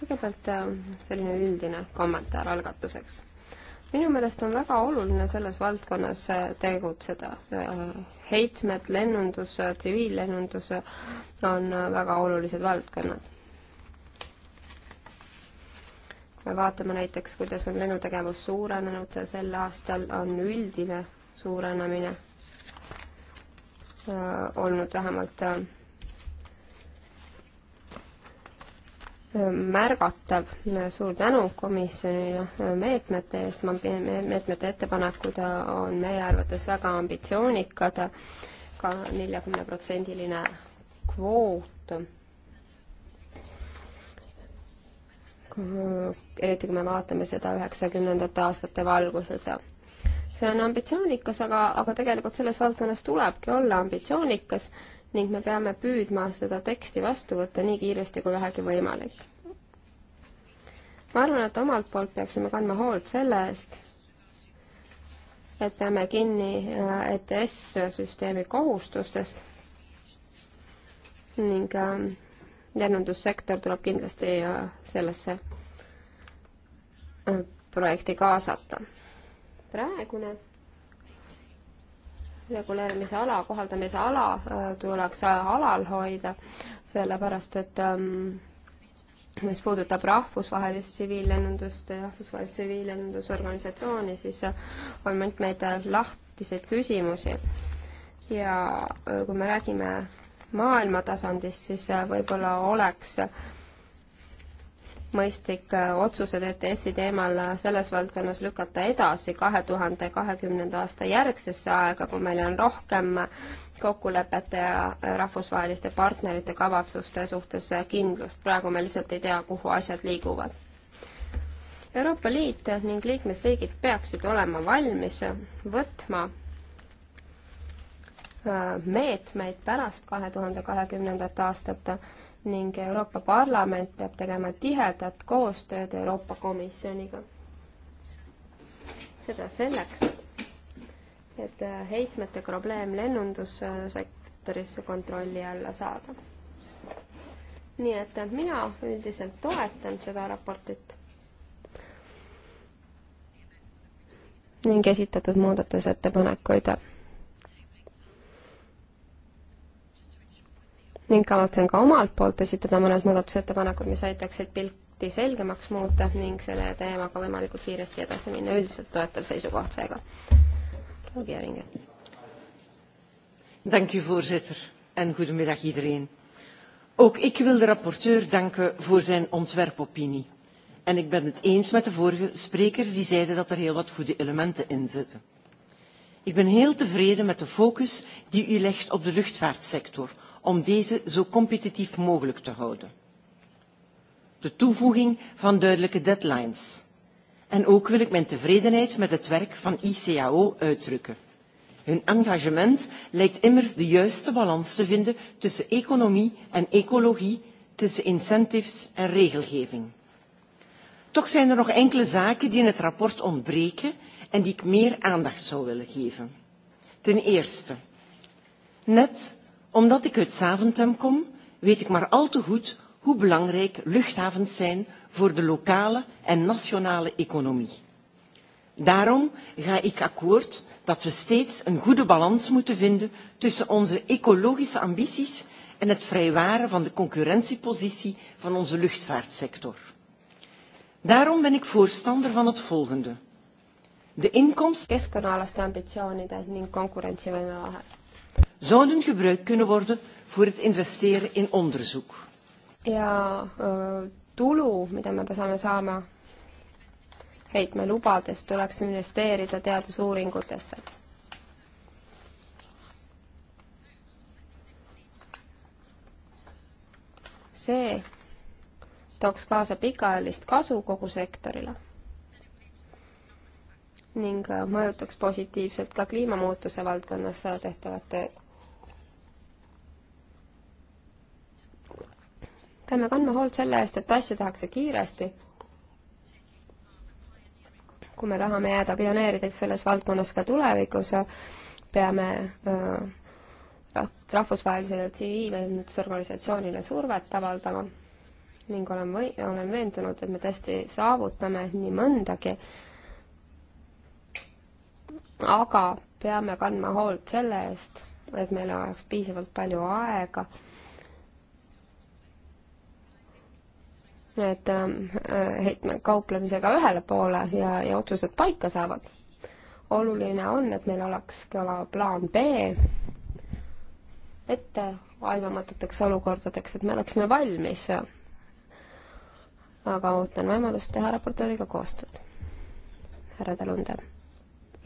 kõigepealt äh, selline üldine kommentaar algatuseks. minu meelest on väga oluline selles valdkonnas äh, tegutseda. Äh, heitmed, lennundus, tsiviillennundus on väga olulised valdkonnad. me vaatame näiteks, kuidas on lennutegevus suurenenud, sel aastal on üldine suurenemine olnud vähemalt märgatav. suur tänu komisjonile meetmete eest, meetmete ettepanekud on meie arvates väga ambitsioonikad, ka neljakümneprotsendiline kvoot. eriti kui me vaatame seda üheksakümnendate aastate valguses. see on ambitsioonikas, aga, aga tegelikult selles valdkonnas tulebki olla ambitsioonikas ning me peame püüdma seda teksti vastu võtta nii kiiresti kui vähegi võimalik. ma arvan, et omalt poolt peaksime kandma hoolt selle eest, et peame kinni äh, ETS-süsteemi kohustustest ning lennundussektor äh, tuleb kindlasti äh, sellesse projekti kaasata. praegune reguleerimise ala, kohaldamise ala äh, tuleks äh, alal hoida, sellepärast et ähm, mis puudutab rahvusvahelist tsiviillennundust ja rahvusvahelist tsiviillennundusorganisatsiooni, siis äh, on mitmeid lahtiseid küsimusi. ja kui me räägime maailma tasandist, siis võib-olla oleks äh, mõistlik äh, otsused ETS-i teemal äh, selles valdkonnas lükata edasi kahe tuhande kahekümnenda aasta järgsesse aega, kui meil on rohkem äh, kokkulepete ja rahvusvaheliste partnerite kavatsuste suhtes kindlust. praegu me lihtsalt ei tea, kuhu asjad liiguvad. Euroopa Liit ning liikmesriigid peaksid olema valmis võtma meetmeid pärast kahe tuhande kahekümnendat aastat ning Euroopa Parlament peab tegema tihedat koostööd Euroopa Komisjoniga. seda selleks, et heitmete probleem lennundussektorisse kontrolli alla saada. nii et mina üldiselt toetan seda raportit ning esitatud muudatusettepanekuid ning kavatsen ka omalt poolt esitada mõned muudatusettepanekud, mis aitaksid pilti selgemaks muuta ning selle teemaga võimalikult kiiresti edasi minna, üldiselt toetav seisukoht seega. Rogi Jaringe. Dank u voorzitter en goedemiddag iedereen. Ook ik wil de rapporteur danken voor zijn ontwerpopinie. En ik ben het eens met de vorige sprekers die zeiden dat er heel wat goede elementen in zitten. Ik ben heel tevreden met de focus die u legt op de luchtvaartsector, om deze zo competitief mogelijk te houden. De toevoeging van duidelijke deadlines. En ook wil ik mijn tevredenheid met het werk van ICAO uitdrukken. Hun engagement lijkt immers de juiste balans te vinden tussen economie en ecologie, tussen incentives en regelgeving. Toch zijn er nog enkele zaken die in het rapport ontbreken en die ik meer aandacht zou willen geven. Ten eerste, net Omdat ik uit Zaventem kom, weet ik maar al te goed hoe belangrijk luchthavens zijn voor de lokale en nationale economie. Daarom ga ik akkoord dat we steeds een goede balans moeten vinden tussen onze ecologische ambities en het vrijwaren van de concurrentiepositie van onze luchtvaartsector. Daarom ben ik voorstander van het volgende. De inkomsten... Keskkonnaalaste ambitsioonide ning konkurentsivõime vahel zouden gebruikt kunnen worden voor het investeren in onderzoek. ja eh, tulu, mida me saame saama heitmelubadest, tuleks investeerida teadusuuringutesse. see tooks kaasa pikaajalist kasu kogu sektorile ning eh, mõjutaks positiivselt ka kliimamuutuse valdkonnas eh, tehtavate peame kandma hoolt selle eest, et asju tehakse kiiresti. kui me tahame jääda pioneerideks selles valdkonnas ka tulevikus, peame rahvusvahelisele tsiviilõnnetusorganisatsioonile survet avaldama ning olen või-, olen veendunud, et me tõesti saavutame nii mõndagi, aga peame kandma hoolt selle eest, et meil oleks piisavalt palju aega need äh, heitmekauplemisega ühele poole ja, ja otsused paika saavad. oluline on, et meil oleks ka plaan B etteaimamatuteks olukordadeks, et me oleksime valmis. aga ootan võimalust teha raportööriga koostööd. härra Talunde,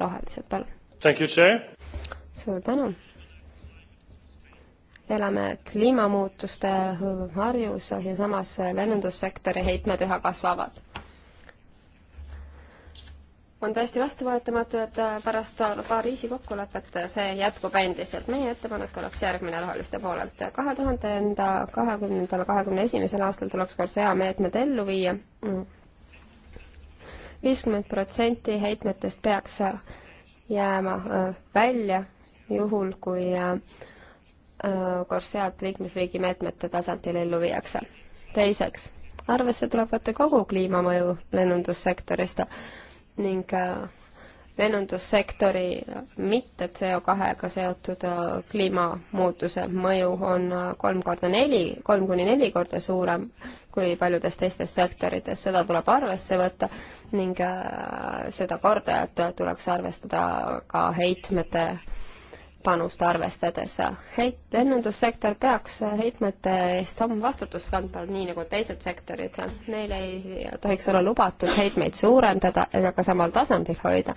rohelised, palun. suur tänu elame kliimamuutuste harjus ja samas lennundussektori heitmed üha kasvavad. on täiesti vastuvõetamatu, et pärast Pariisi kokkulepet see jätkub endiselt. meie ettepanek oleks järgmine roheliste poolelt. kahe tuhandenda, kahekümnendal, kahekümne esimesel aastal tuleks Corsea meetmed ellu viia. viiskümmend protsenti heitmetest peaks jääma välja, juhul kui äh, Äh, Corseat liikmesriigi meetmete tasandil ellu viiakse. teiseks, arvesse tuleb võtta kogu kliimamõju lennundussektorist ning äh, lennundussektori mitte CO2-ga seotud äh, kliimamuutuse mõju on kolm korda neli, kolm kuni neli korda suurem kui paljudes teistes sektorites, seda tuleb arvesse võtta ning seda kordajat tuleks arvestada ka heitmete panust arvestades. heit-, lennundussektor peaks heitmete eest samm vastutust kandma, nii nagu teised sektorid. Neil ei tohiks olla lubatud heitmeid suurendada ega ka samal tasandil hoida.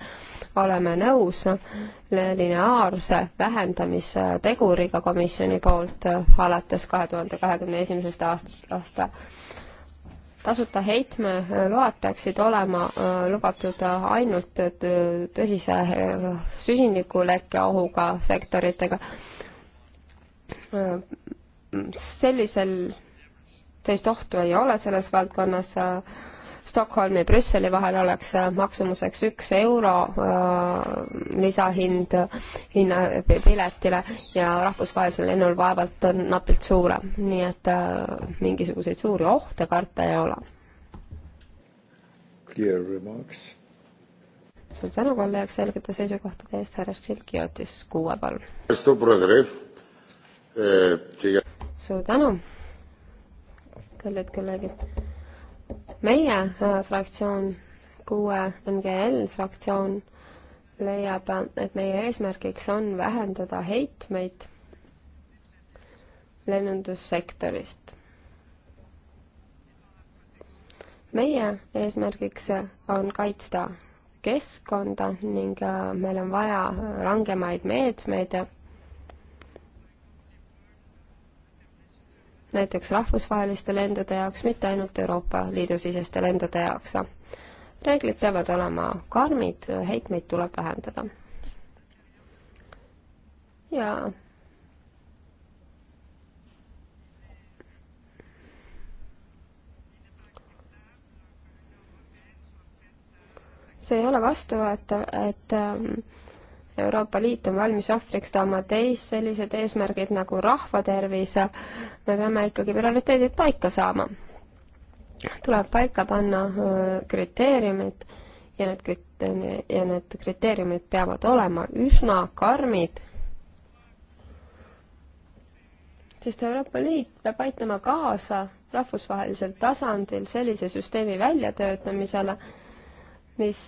oleme nõus lineaarse vähendamisteguriga komisjoni poolt alates kahe tuhande kahekümne esimesest aastast aasta tasuta heitmeload peaksid olema äh, lubatud ainult tõsise äh, süsinikulekke ohuga sektoritega. Äh, sellisel, sellist ohtu ei ole selles valdkonnas Stockholmi ja Brüsseli vahel oleks äh, maksumuseks üks euro äh, lisahind äh, hinna piletile ja rahvusvahelisel lennul vaevalt on napilt suurem, nii et äh, mingisuguseid suuri ohte karta ei ole. Clear remarks. suur tänu, kolleeg, selgete seisukohtade eest, härra Šilkiotis, kuue palun. Äh, suur tänu, kallid kolleegid meie äh, fraktsioon, kuue MGL fraktsioon, leiab, et meie eesmärgiks on vähendada heitmeid lennundussektorist. meie eesmärgiks on kaitsta keskkonda ning äh, meil on vaja rangemaid meetmeid näiteks rahvusvaheliste lendude jaoks, mitte ainult Euroopa Liidu siseste lendude jaoks. reeglid peavad olema karmid, heitmeid tuleb vähendada. ja see ei ole vastuvõetav, et ähm, Euroopa Liit on valmis ohvriks tooma teist sellised eesmärgid nagu rahvatervis, me peame ikkagi prioriteedid paika saama. tuleb paika panna kriteeriumid ja need kriteeriumid ja need kriteeriumid peavad olema üsna karmid, sest Euroopa Liit peab aitama kaasa rahvusvahelisel tasandil sellise süsteemi väljatöötamisele, mis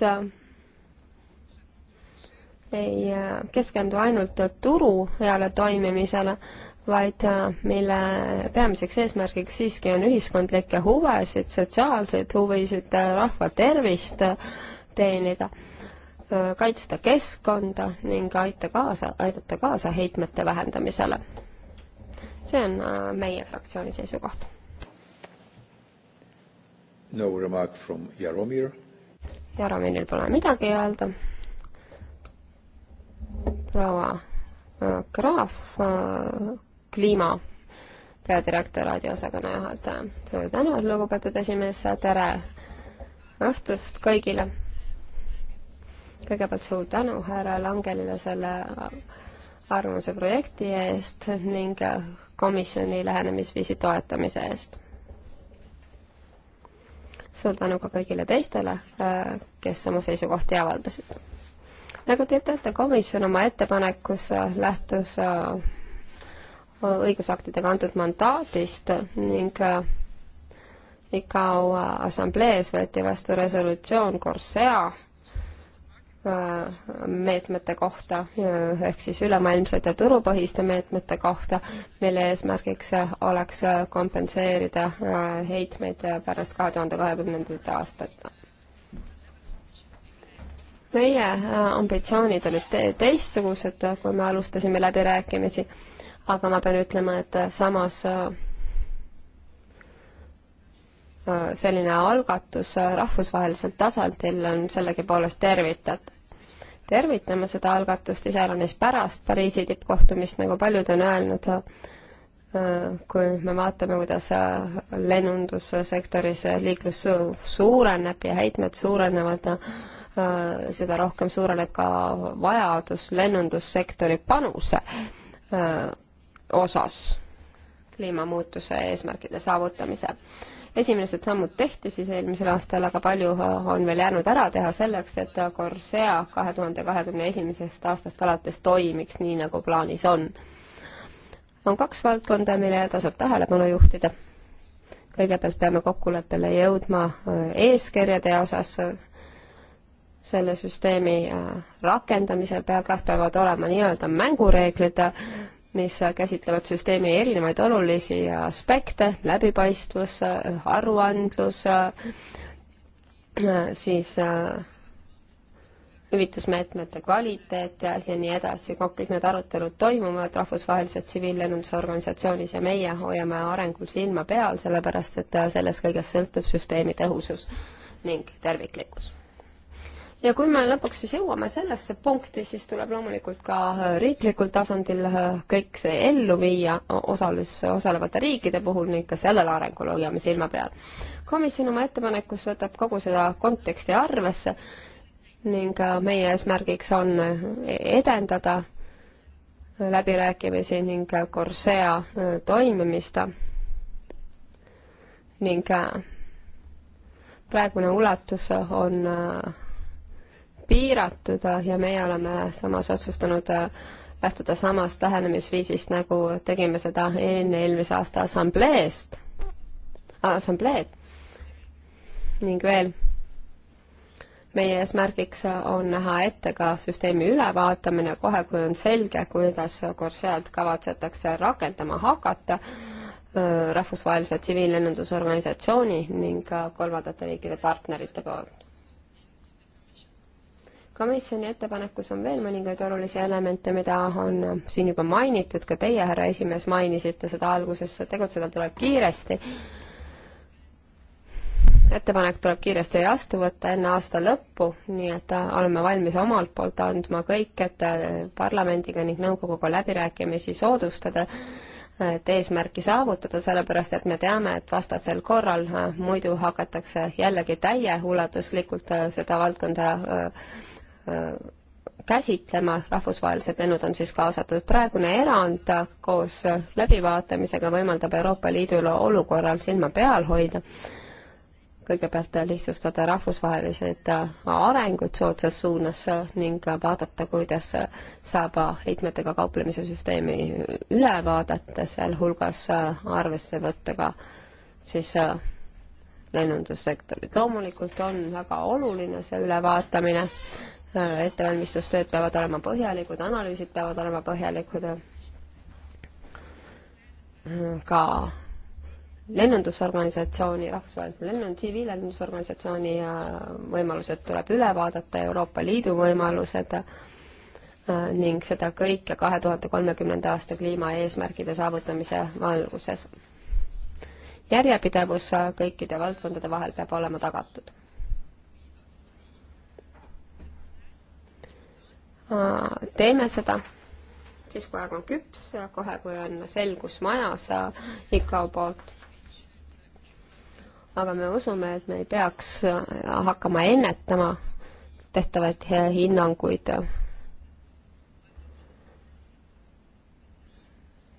ei äh, keskendu ainult turu heale toimimisele, vaid äh, mille peamiseks eesmärgiks siiski on ühiskondlikke huvesid, sotsiaalseid huvisid, äh, rahva tervist teenida, kaitsta keskkonda ning aita kaasa, aidata kaasa heitmete vähendamisele. see on meie fraktsiooni seisukoht. no remark from Jaromir. Jaromiril pole midagi öelda proua äh, Graaf, äh, kliima peadirektoraadi osakonna juhataja. suur tänu, lugupeetud esimees, tere õhtust kõigile! kõigepealt suur tänu härra Langelile selle arvamuse projekti eest ning komisjoni lähenemisviisi toetamise eest. suur tänu ka kõigile teistele, äh, kes oma seisukohti avaldasid nagu te teate, komisjon oma ettepanekus lähtus äh, õigusaktidega antud mandaadist ning äh, ICAO assamblees võeti vastu resolutsioon Corsea äh, meetmete kohta ehk siis ülemaailmsete turupõhiste meetmete kohta, mille eesmärgiks oleks kompenseerida heitmeid pärast kahe tuhande kahekümnendat aastat meie äh, ambitsioonid olid te teistsugused, äh, kui me alustasime läbirääkimisi, aga ma pean ütlema, et äh, samas selline algatus rahvusvahelisel tasandil on sellegipoolest tervitatud. tervitame seda algatust iseäranis pärast Pariisi tippkohtumist, nagu paljud on öelnud, kui me vaatame, kuidas lennundussektoris liiklus suureneb ja heitmed suurenevad, Äh, seda rohkem suureneb ka vajadus lennundussektori panuse äh, osas kliimamuutuse eesmärkide saavutamisel. esimesed sammud tehti siis eelmisel aastal, aga palju äh, on veel jäänud ära teha selleks, et Corsea kahe tuhande kahekümne esimesest aastast alates toimiks nii, nagu plaanis on. on kaks valdkonda, millele tasub tähelepanu juhtida. kõigepealt peame kokkuleppele jõudma eeskirjade osas selle süsteemi äh, rakendamisel peakas peavad olema nii-öelda mängureeglid, mis käsitlevad süsteemi erinevaid olulisi aspekte, läbipaistvus, aruandlus, äh, siis äh, hüvitusmeetmete kvaliteet ja, ja nii edasi, kõik need arutelud toimuvad rahvusvahelises tsiviillennundusorganisatsioonis ja meie hoiame arengul silma peal, sellepärast et sellest kõigest sõltub süsteemi tõhusus ning terviklikkus ja kui me lõpuks siis jõuame sellesse punkti, siis tuleb loomulikult ka äh, riiklikul tasandil äh, kõik see ellu viia osalus, osalevate riikide puhul ning ka sellel arengul hoiame silma peal. komisjon oma ettepanekus võtab kogu seda konteksti arvesse ning äh, meie eesmärgiks on edendada läbirääkimisi ning Corsea toimimist ning praegune ulatus on piiratud ja meie oleme samas otsustanud äh, lähtuda samast lähenemisviisist, nagu tegime seda enne eelmise aasta assambleest, assambleed ning veel meie eesmärgiks on näha ette ka süsteemi ülevaatamine kohe, kui on selge, kuidas Corsair-t kavatsetakse rakendama hakata äh, rahvusvahelise tsiviillennundusorganisatsiooni ning kolmandate riikide partnerite poolt komisjoni ettepanekus on veel mõningaid olulisi elemente, mida on siin juba mainitud, ka teie, härra esimees, mainisite seda alguses, tegutseda tuleb kiiresti. ettepanek tuleb kiiresti vastu võtta enne aasta lõppu, nii et oleme valmis omalt poolt andma kõik, et parlamendiga ning nõukoguga läbirääkimisi soodustada, et eesmärki saavutada, sellepärast et me teame, et vastasel korral äh, muidu hakatakse jällegi täieulatuslikult äh, seda valdkonda äh, Äh, käsitlema, rahvusvahelised lennud on siis kaasatud. praegune erand koos läbivaatamisega võimaldab Euroopa Liidul olukorral silma peal hoida, kõigepealt lihtsustada rahvusvahelised äh, arengud soodsas suunas ning vaadata, kuidas saab heitmetega kauplemise süsteemi üle vaadata, sealhulgas äh, arvesse võtta ka siis lennundussektorit. loomulikult on väga oluline see ülevaatamine ettevalmistustööd peavad olema põhjalikud, analüüsid peavad olema põhjalikud, ka lennundusorganisatsiooni, rahvusvahelise lennund-, tsiviillennundusorganisatsiooni võimalused tuleb üle vaadata, Euroopa Liidu võimalused ning seda kõike kahe tuhande kolmekümnenda aasta kliimaeesmärkide saavutamise valguses. järjepidevus kõikide valdkondade vahel peab olema tagatud teeme seda siis, kui aeg on küps, kohe, kui on selgus majas ICAO poolt. aga me usume, et me ei peaks äh, hakkama ennetama tehtavaid äh, hinnanguid.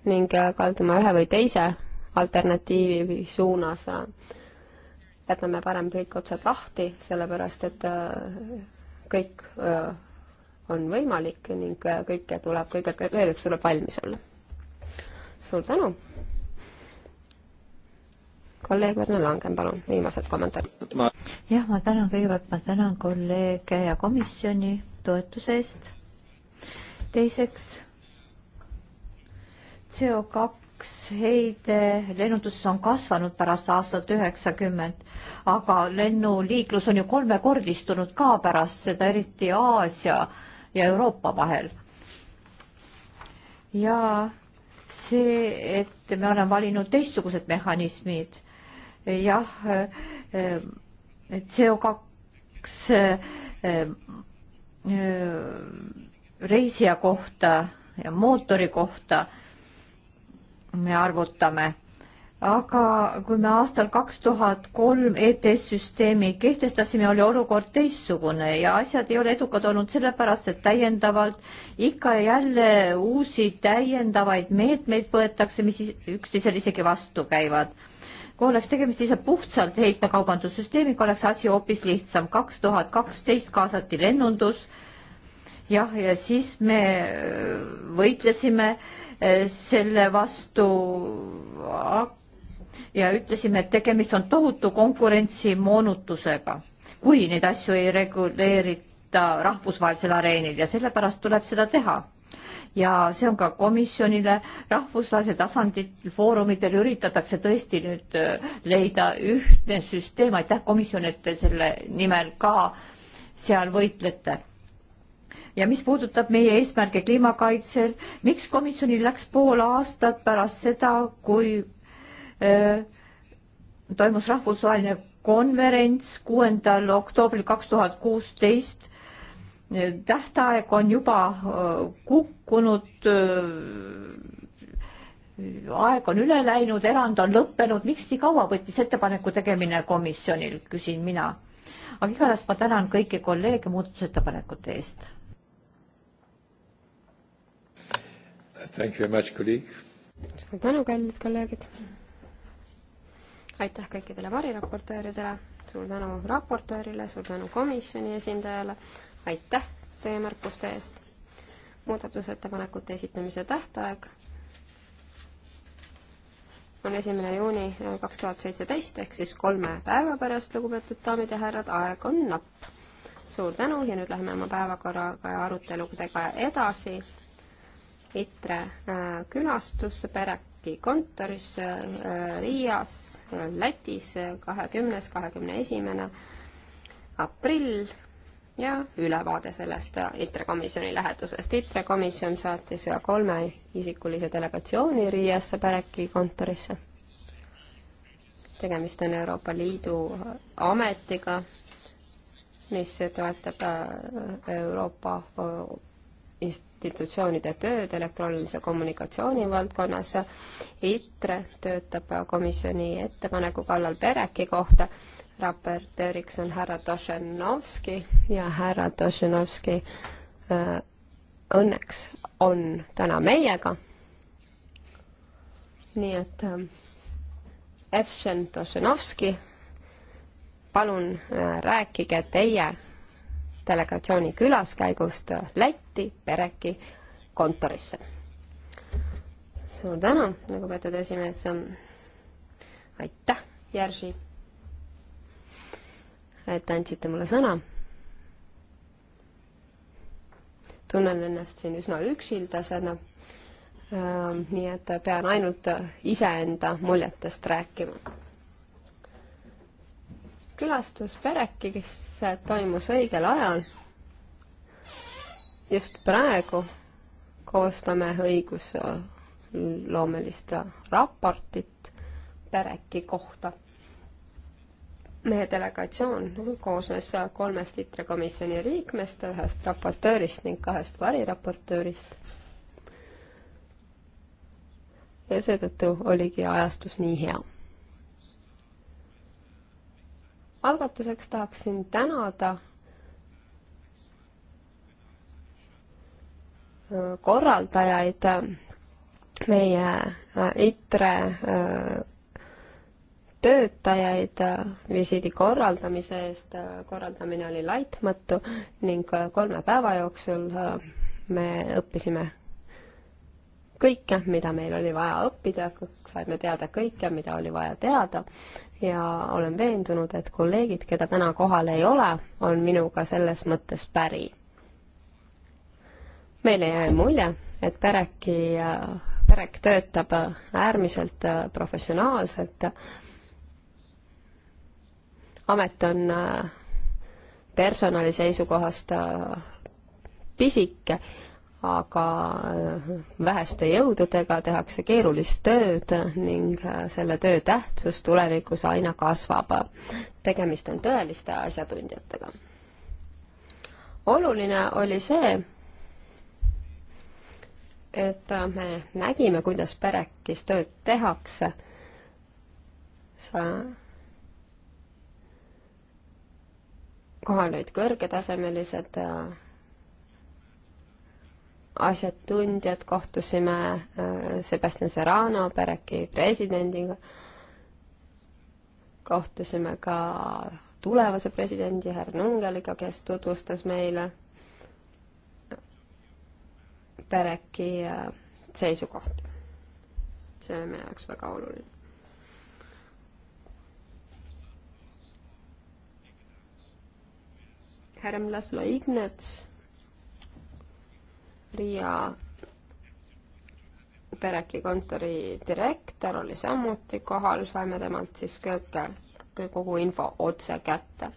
ning äh, kalduma ühe või teise alternatiivi suunas. jätame parem kõik otsad lahti, sellepärast et kõik on võimalik ning äh, kõike tuleb, kõige, kõigeks tuleb valmis olla. suur tänu! kolleeg Verno Langen, palun, viimased kommentaarid ma.... jah, ma tänan kõigepealt, ma tänan kolleege ja komisjoni toetuse eest. teiseks, CO kaks heide lennunduses on kasvanud pärast aastat üheksakümmend, aga lennuliiklus on ju kolmekordistunud ka pärast seda, eriti Aasia äh, ja Euroopa vahel. ja see, et me oleme valinud teistsugused mehhanismid, jah, CO kaks äh, reisija kohta ja mootori kohta me arvutame aga kui me aastal kaks tuhat kolm ETS-süsteemi kehtestasime, oli olukord teistsugune ja asjad ei ole edukad olnud sellepärast, et täiendavalt ikka ja jälle uusi täiendavaid meetmeid võetakse, mis üksteisele isegi vastu käivad. kui oleks tegemist ise puhtsalt heitmekaubandussüsteemiga, oleks asi hoopis lihtsam. kaks tuhat kaksteist kaasati lennundus, jah, ja siis me äh, võitlesime äh, selle vastu ja ütlesime, et tegemist on tohutu konkurentsimoonutusega, kui neid asju ei reguleerita rahvusvahelisel areenil ja sellepärast tuleb seda teha. ja see on ka komisjonile rahvusvahelisel tasandil foorumidel üritatakse tõesti nüüd äh, leida ühtne süsteem, aitäh komisjon, et te selle nimel ka seal võitlete ja mis puudutab meie eesmärke kliimakaitsel, miks komisjonil läks pool aastat pärast seda, kui Äh, toimus rahvusvaheline konverents kuuendal oktoobril kaks tuhat kuusteist. Äh, tähtaeg on juba äh, kukkunud. aeg on üle läinud, erand on lõppenud, miks nii kaua võttis ettepaneku tegemine komisjonil, küsin mina. aga igatahes ma tänan kõiki kolleege muudatusettepanekute eest. Thank you very much, kolleeg. suur tänu, kallid kolleegid aitäh kõikidele variraportööridele, suur tänu raportöörile, suur tänu komisjoni esindajale, aitäh teie märkuste eest. muudatusettepanekute esitamise tähtaeg on esimene juuni eh, kaks tuhat seitseteist ehk siis kolme päeva pärast, lugupeetud daamid ja härrad, aeg on napp. suur tänu ja nüüd läheme oma päevakorraga ja aruteludega edasi. ITRE eh, külastusse, pere Eurojusti kontoris äh, Riias, Lätis äh, kahekümnes, kahekümne esimene aprill ja ülevaade sellest äh, ITRE komisjoni lähetusest. ITRE komisjon saatis kolme isikulise delegatsiooni Riiasse Pereki kontorisse. tegemist on Euroopa Liidu ametiga, mis toetab Euroopa institutsioonide tööd elektroonilise kommunikatsiooni valdkonnas. ITRE töötab komisjoni ettepaneku kallal Pereki kohta. raportööriks on härra Tošenovski ja härra Tošenovski äh, õnneks on täna meiega. nii et äh, Evšen Tošenovski, palun äh, rääkige teie delegatsiooni külaskäigust Lätti Pereki kontorisse. suur tänu, lugupeetud esimees. aitäh, Jerzy, et andsite mulle sõna. tunnen ennast siin üsna üksildasena ähm,. nii et pean ainult iseenda muljetest rääkima külastus Perekisse toimus õigel ajal. just praegu koostame õigusloomelist raportit Pereki kohta. meie delegatsioon koosnes kolmest ITRE komisjoni liikmest, ühest raportöörist ning kahest variraportöörist. ja seetõttu oligi ajastus nii hea algatuseks tahaksin tänada äh, korraldajaid, äh, meie äh, ITRE töötajaid visiidi korraldamise eest, korraldamine oli laitmatu ning kolme päeva jooksul me õppisime kõike, mida meil oli vaja õppida, saime teada kõike, mida oli vaja teada ja olen veendunud, et kolleegid, keda täna kohal ei ole, on minuga selles mõttes päri. meile jäi mulje, et Pereki, Perek töötab äärmiselt professionaalselt. amet on personali seisukohast pisike aga äh, väheste jõududega tehakse keerulist tööd ning äh, selle töö tähtsus tulevikus aina kasvab. tegemist on tõeliste asjatundjatega. oluline oli see, et äh, me nägime, kuidas perekis tööd tehakse. sa kohal olid kõrgetasemelised asjatundjad, kohtusime äh, Sebastian Serrano, Pereki presidendiga, kohtusime ka tulevase presidendi härra Nungeliga, kes tutvustas meile Pereki äh, seisukohti. see oli meie jaoks väga oluline. härra Laslo Ignats Riia perekikontori direktor oli samuti kohal, saime temalt siis kõik, kogu info otse kätte.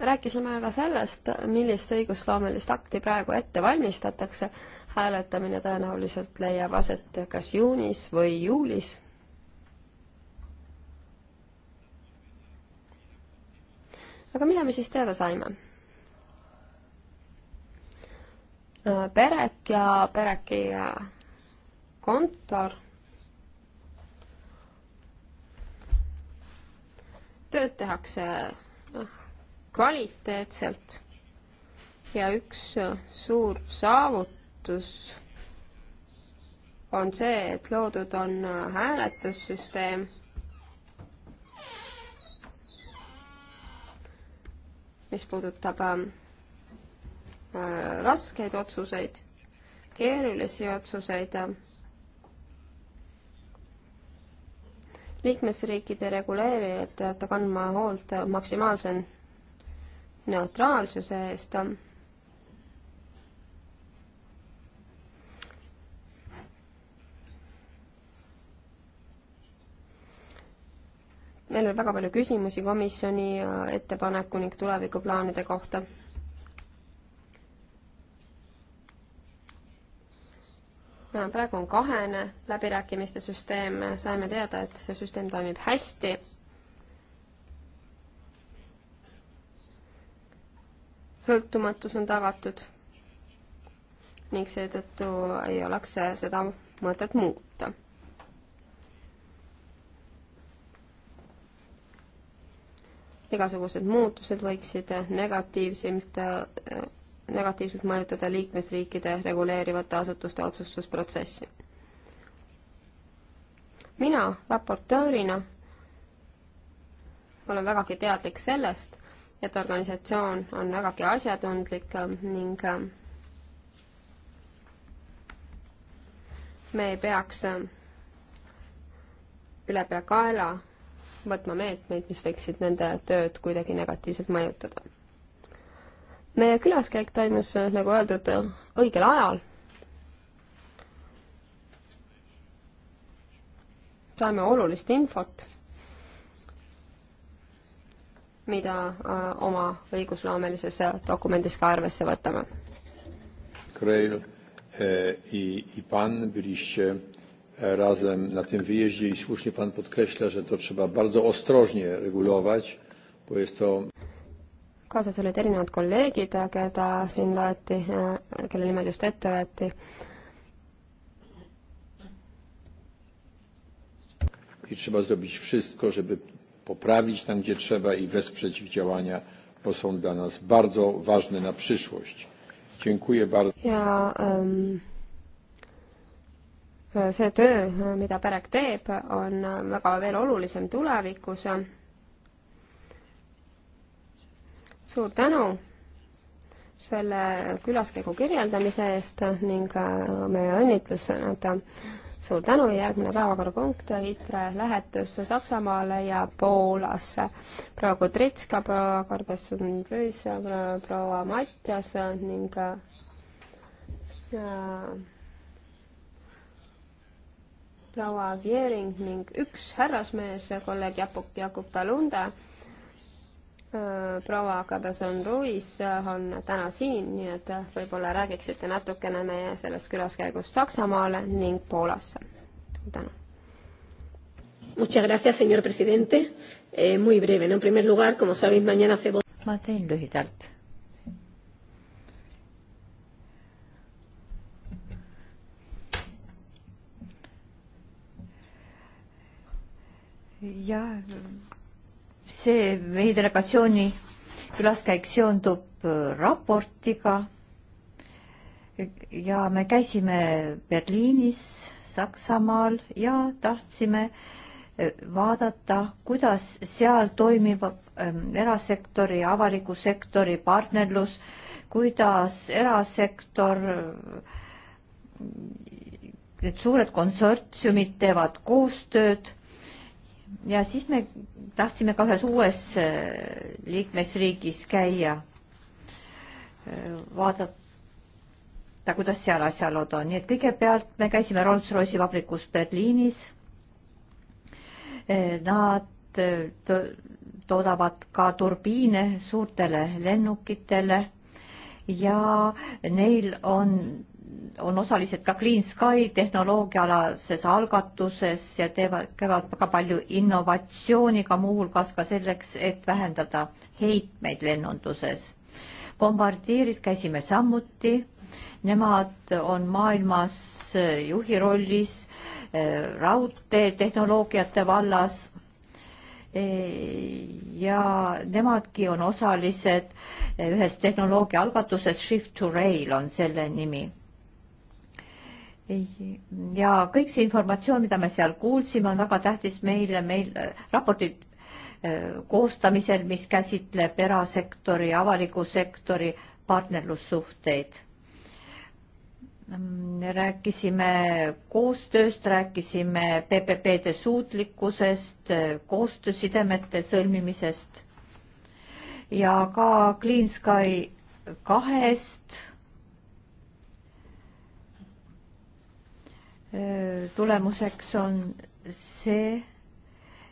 rääkisime ka sellest, millist õigusloomelist akti praegu ette valmistatakse. hääletamine tõenäoliselt leiab aset kas juunis või juulis. aga mida me siis teada saime? Äh, Perek ja Pereki äh, kontor tööd tehakse äh, kvaliteetselt ja üks suur saavutus on see, et loodud on hääletussüsteem, mis puudutab ähm, Äh, raskeid otsuseid, keerulisi otsuseid. liikmesriikide reguleerijad peavad kandma hoolt maksimaalse neutraalsuse eest. meil oli väga palju küsimusi komisjoni ettepaneku ning tulevikuplaanide kohta praegu on kahene läbirääkimiste süsteem, saime teada, et see süsteem toimib hästi. sõltumatus on tagatud ning seetõttu ei oleks seda mõtet muuta igasugused muutused võiksid negatiivselt äh, negatiivselt mõjutada liikmesriikide reguleerivate asutuste otsustusprotsessi. mina raportöörina olen vägagi teadlik sellest, et organisatsioon on vägagi asjatundlik ähm, ning ähm, me ei peaks ähm, ülepeakaela võtma meetmeid, mis võiksid nende tööd kuidagi negatiivselt mõjutada meie külaskäik toimus, äh, nagu öeldud, äh, õigel ajal. saime olulist infot, mida äh, oma õigusloomelises dokumendis ka arvesse võtame. Kreil i, i pan byliście e, razem na tym wyjeździe i słusznie pan podkreśla, że to trzeba bardzo ostrożnie regulować, bo jest to kaasas olid erinevad kolleegid, keda siin loeti, kelle nimed just ette võeti. I trzeba zrobić wszystko, żeby poprawić tam, gdzie trzeba i wesprzeć ich działania, bo są dla nas bardzo ważne na przyszłość. Dziękuję bardzo. Ja, um see töö, mida PEREK teeb, on väga veel olulisem tulevikus suur tänu selle külaskäigu kirjeldamise eest ning äh, meie õnnitlused. suur tänu, järgmine päevakorrapunkt, ITRE lähetus Saksamaale ja Poolasse. proua Kudritska, proua Karbes-Rüüs, proua Matjas ning äh, äh, proua Viering ning üks härrasmees, kolleeg Jakob, Jakob Talunde Äh, proua Kabeson Ruiz äh, on täna siin, nii et äh, võib-olla räägiksite natukene meie sellest külaskäigust Saksamaale ning Poolasse. tänan. Muchas gracias, señor presidente eh,. Muy breve, no en primer lugar, como sabéis, mañana se ma teen lühidalt. jah see meie delegatsiooni külaskäik seondub äh, raportiga ja me käisime Berliinis, Saksamaal ja tahtsime äh, vaadata, kuidas seal toimib ähm, erasektori ja avaliku sektori partnerlus, kuidas erasektor, äh, need suured konsortsiumid teevad koostööd ja siis me tahtsime ka ühes uues äh, liikmesriigis käia, äh, vaadata, kuidas seal asjalood on, nii et kõigepealt me käisime Rolls-Royce'i vabrikus Berliinis. Äh, nad toodavad ka turbiine suurtele lennukitele ja neil on on osalised ka Clean Sky tehnoloogiaalases algatuses ja teevad, käivad väga palju innovatsiooniga, muuhulgas ka selleks, et vähendada heitmeid lennunduses. Bombardiiris käisime samuti, nemad on maailmas juhi rollis eh, raudteetehnoloogiate vallas eh, ja nemadki on osalised eh, ühes tehnoloogia algatuses, Shift to Rail on selle nimi ja kõik see informatsioon, mida me seal kuulsime, on väga tähtis meile, meil äh, raportid äh, koostamisel, mis käsitleb erasektori, avaliku sektori partnerlussuhteid. Mm, rääkisime koostööst, rääkisime PPP-de suutlikkusest, koostöösidemete sõlmimisest ja ka Clean Sky kahest tulemuseks on see,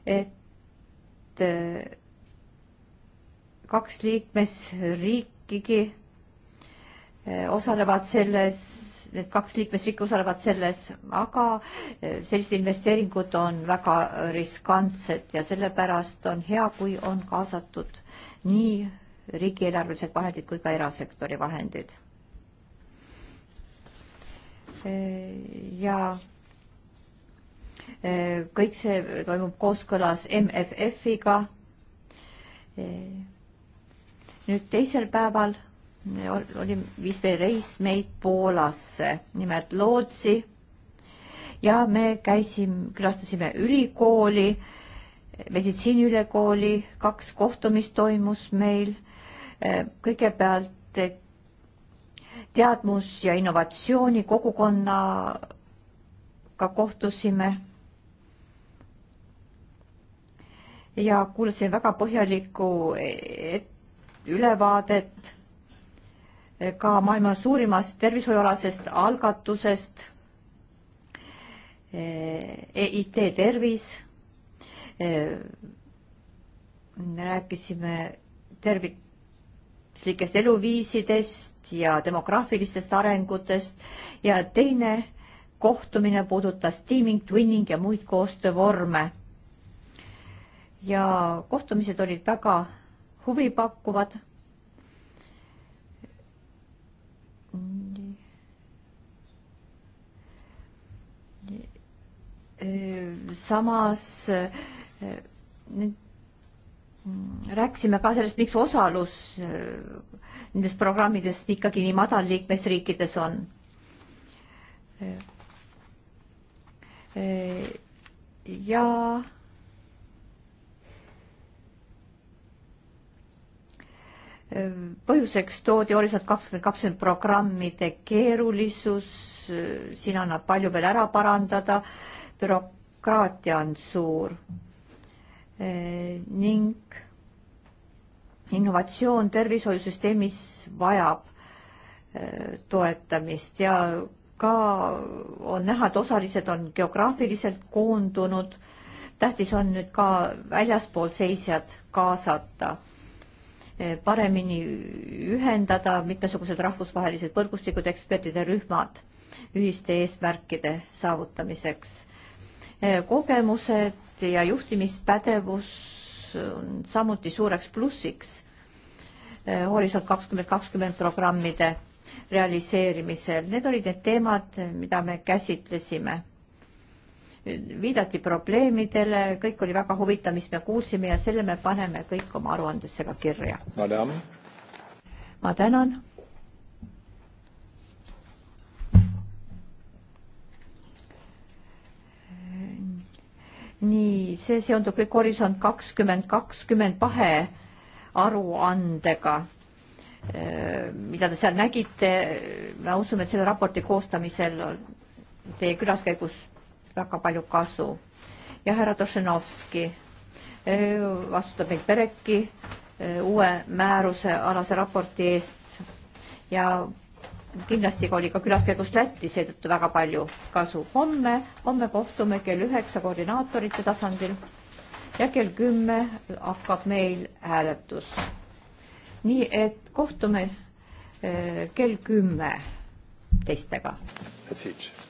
et kaks liikmesriikigi osalevad selles, need kaks liikmesriiki osalevad selles, aga sellised investeeringud on väga riskantsed ja sellepärast on hea, kui on kaasatud nii riigieelarvelised vahendid kui ka erasektori vahendid ja e, kõik see toimub kooskõlas MFF-iga. E, nüüd teisel päeval oli vist reis meid Poolasse, nimelt Lootsi. ja me käisime, külastasime ülikooli, meditsiiniülikooli, kaks kohtumist toimus meil. E, kõigepealt teadmus- ja innovatsioonikogukonnaga kohtusime ja kuulasin väga põhjalikku e-, ülevaadet ka maailma suurimast tervishoiualasest algatusest EIT e Tervis. E-, rääkisime tervislikest eluviisidest, ja demograafilistest arengutest ja teine kohtumine puudutas teaming, twinning ja muid koostöövorme. ja kohtumised olid väga huvipakkuvad. samas rääkisime ka sellest, miks osalus nendest programmidest ikkagi nii madal liikmesriikides on. ja põhjuseks toodi Horisont kakskümmend kakskümmend programmide keerulisus, siin annab palju veel ära parandada, bürokraatia on suur ning innovatsioon tervishoiusüsteemis vajab äh, toetamist ja ka on näha, et osalised on geograafiliselt koondunud. tähtis on nüüd ka väljaspool seisjad kaasata, äh, paremini ühendada mitmesugused rahvusvahelised võrgustikud, ekspertide rühmad ühiste eesmärkide saavutamiseks. Äh, kogemused ja juhtimispädevus on samuti suureks plussiks eh, Horisont kakskümmend kakskümmend programmide realiseerimisel. Need olid need teemad, mida me käsitlesime. viidati probleemidele, kõik oli väga huvitav, mis me kuulsime ja selle me paneme kõik oma aruandesse ka kirja. ma tänan nii, see seondub kõik Horisont kakskümmend kakskümmend vahe aruandega, eh, mida te seal nägite. me usume, et selle raporti koostamisel on teie külaskäigus väga palju kasu. ja härra Tošenovski eh, vastutab meid Pereki eh, uue määruse alase raporti eest ja kindlasti oli ka külaskäigust Lätti seetõttu väga palju kasu. homme, homme kohtume kell üheksa koordinaatorite tasandil ja kell kümme hakkab meil hääletus. nii et kohtume eh, kell kümme teistega. That's it.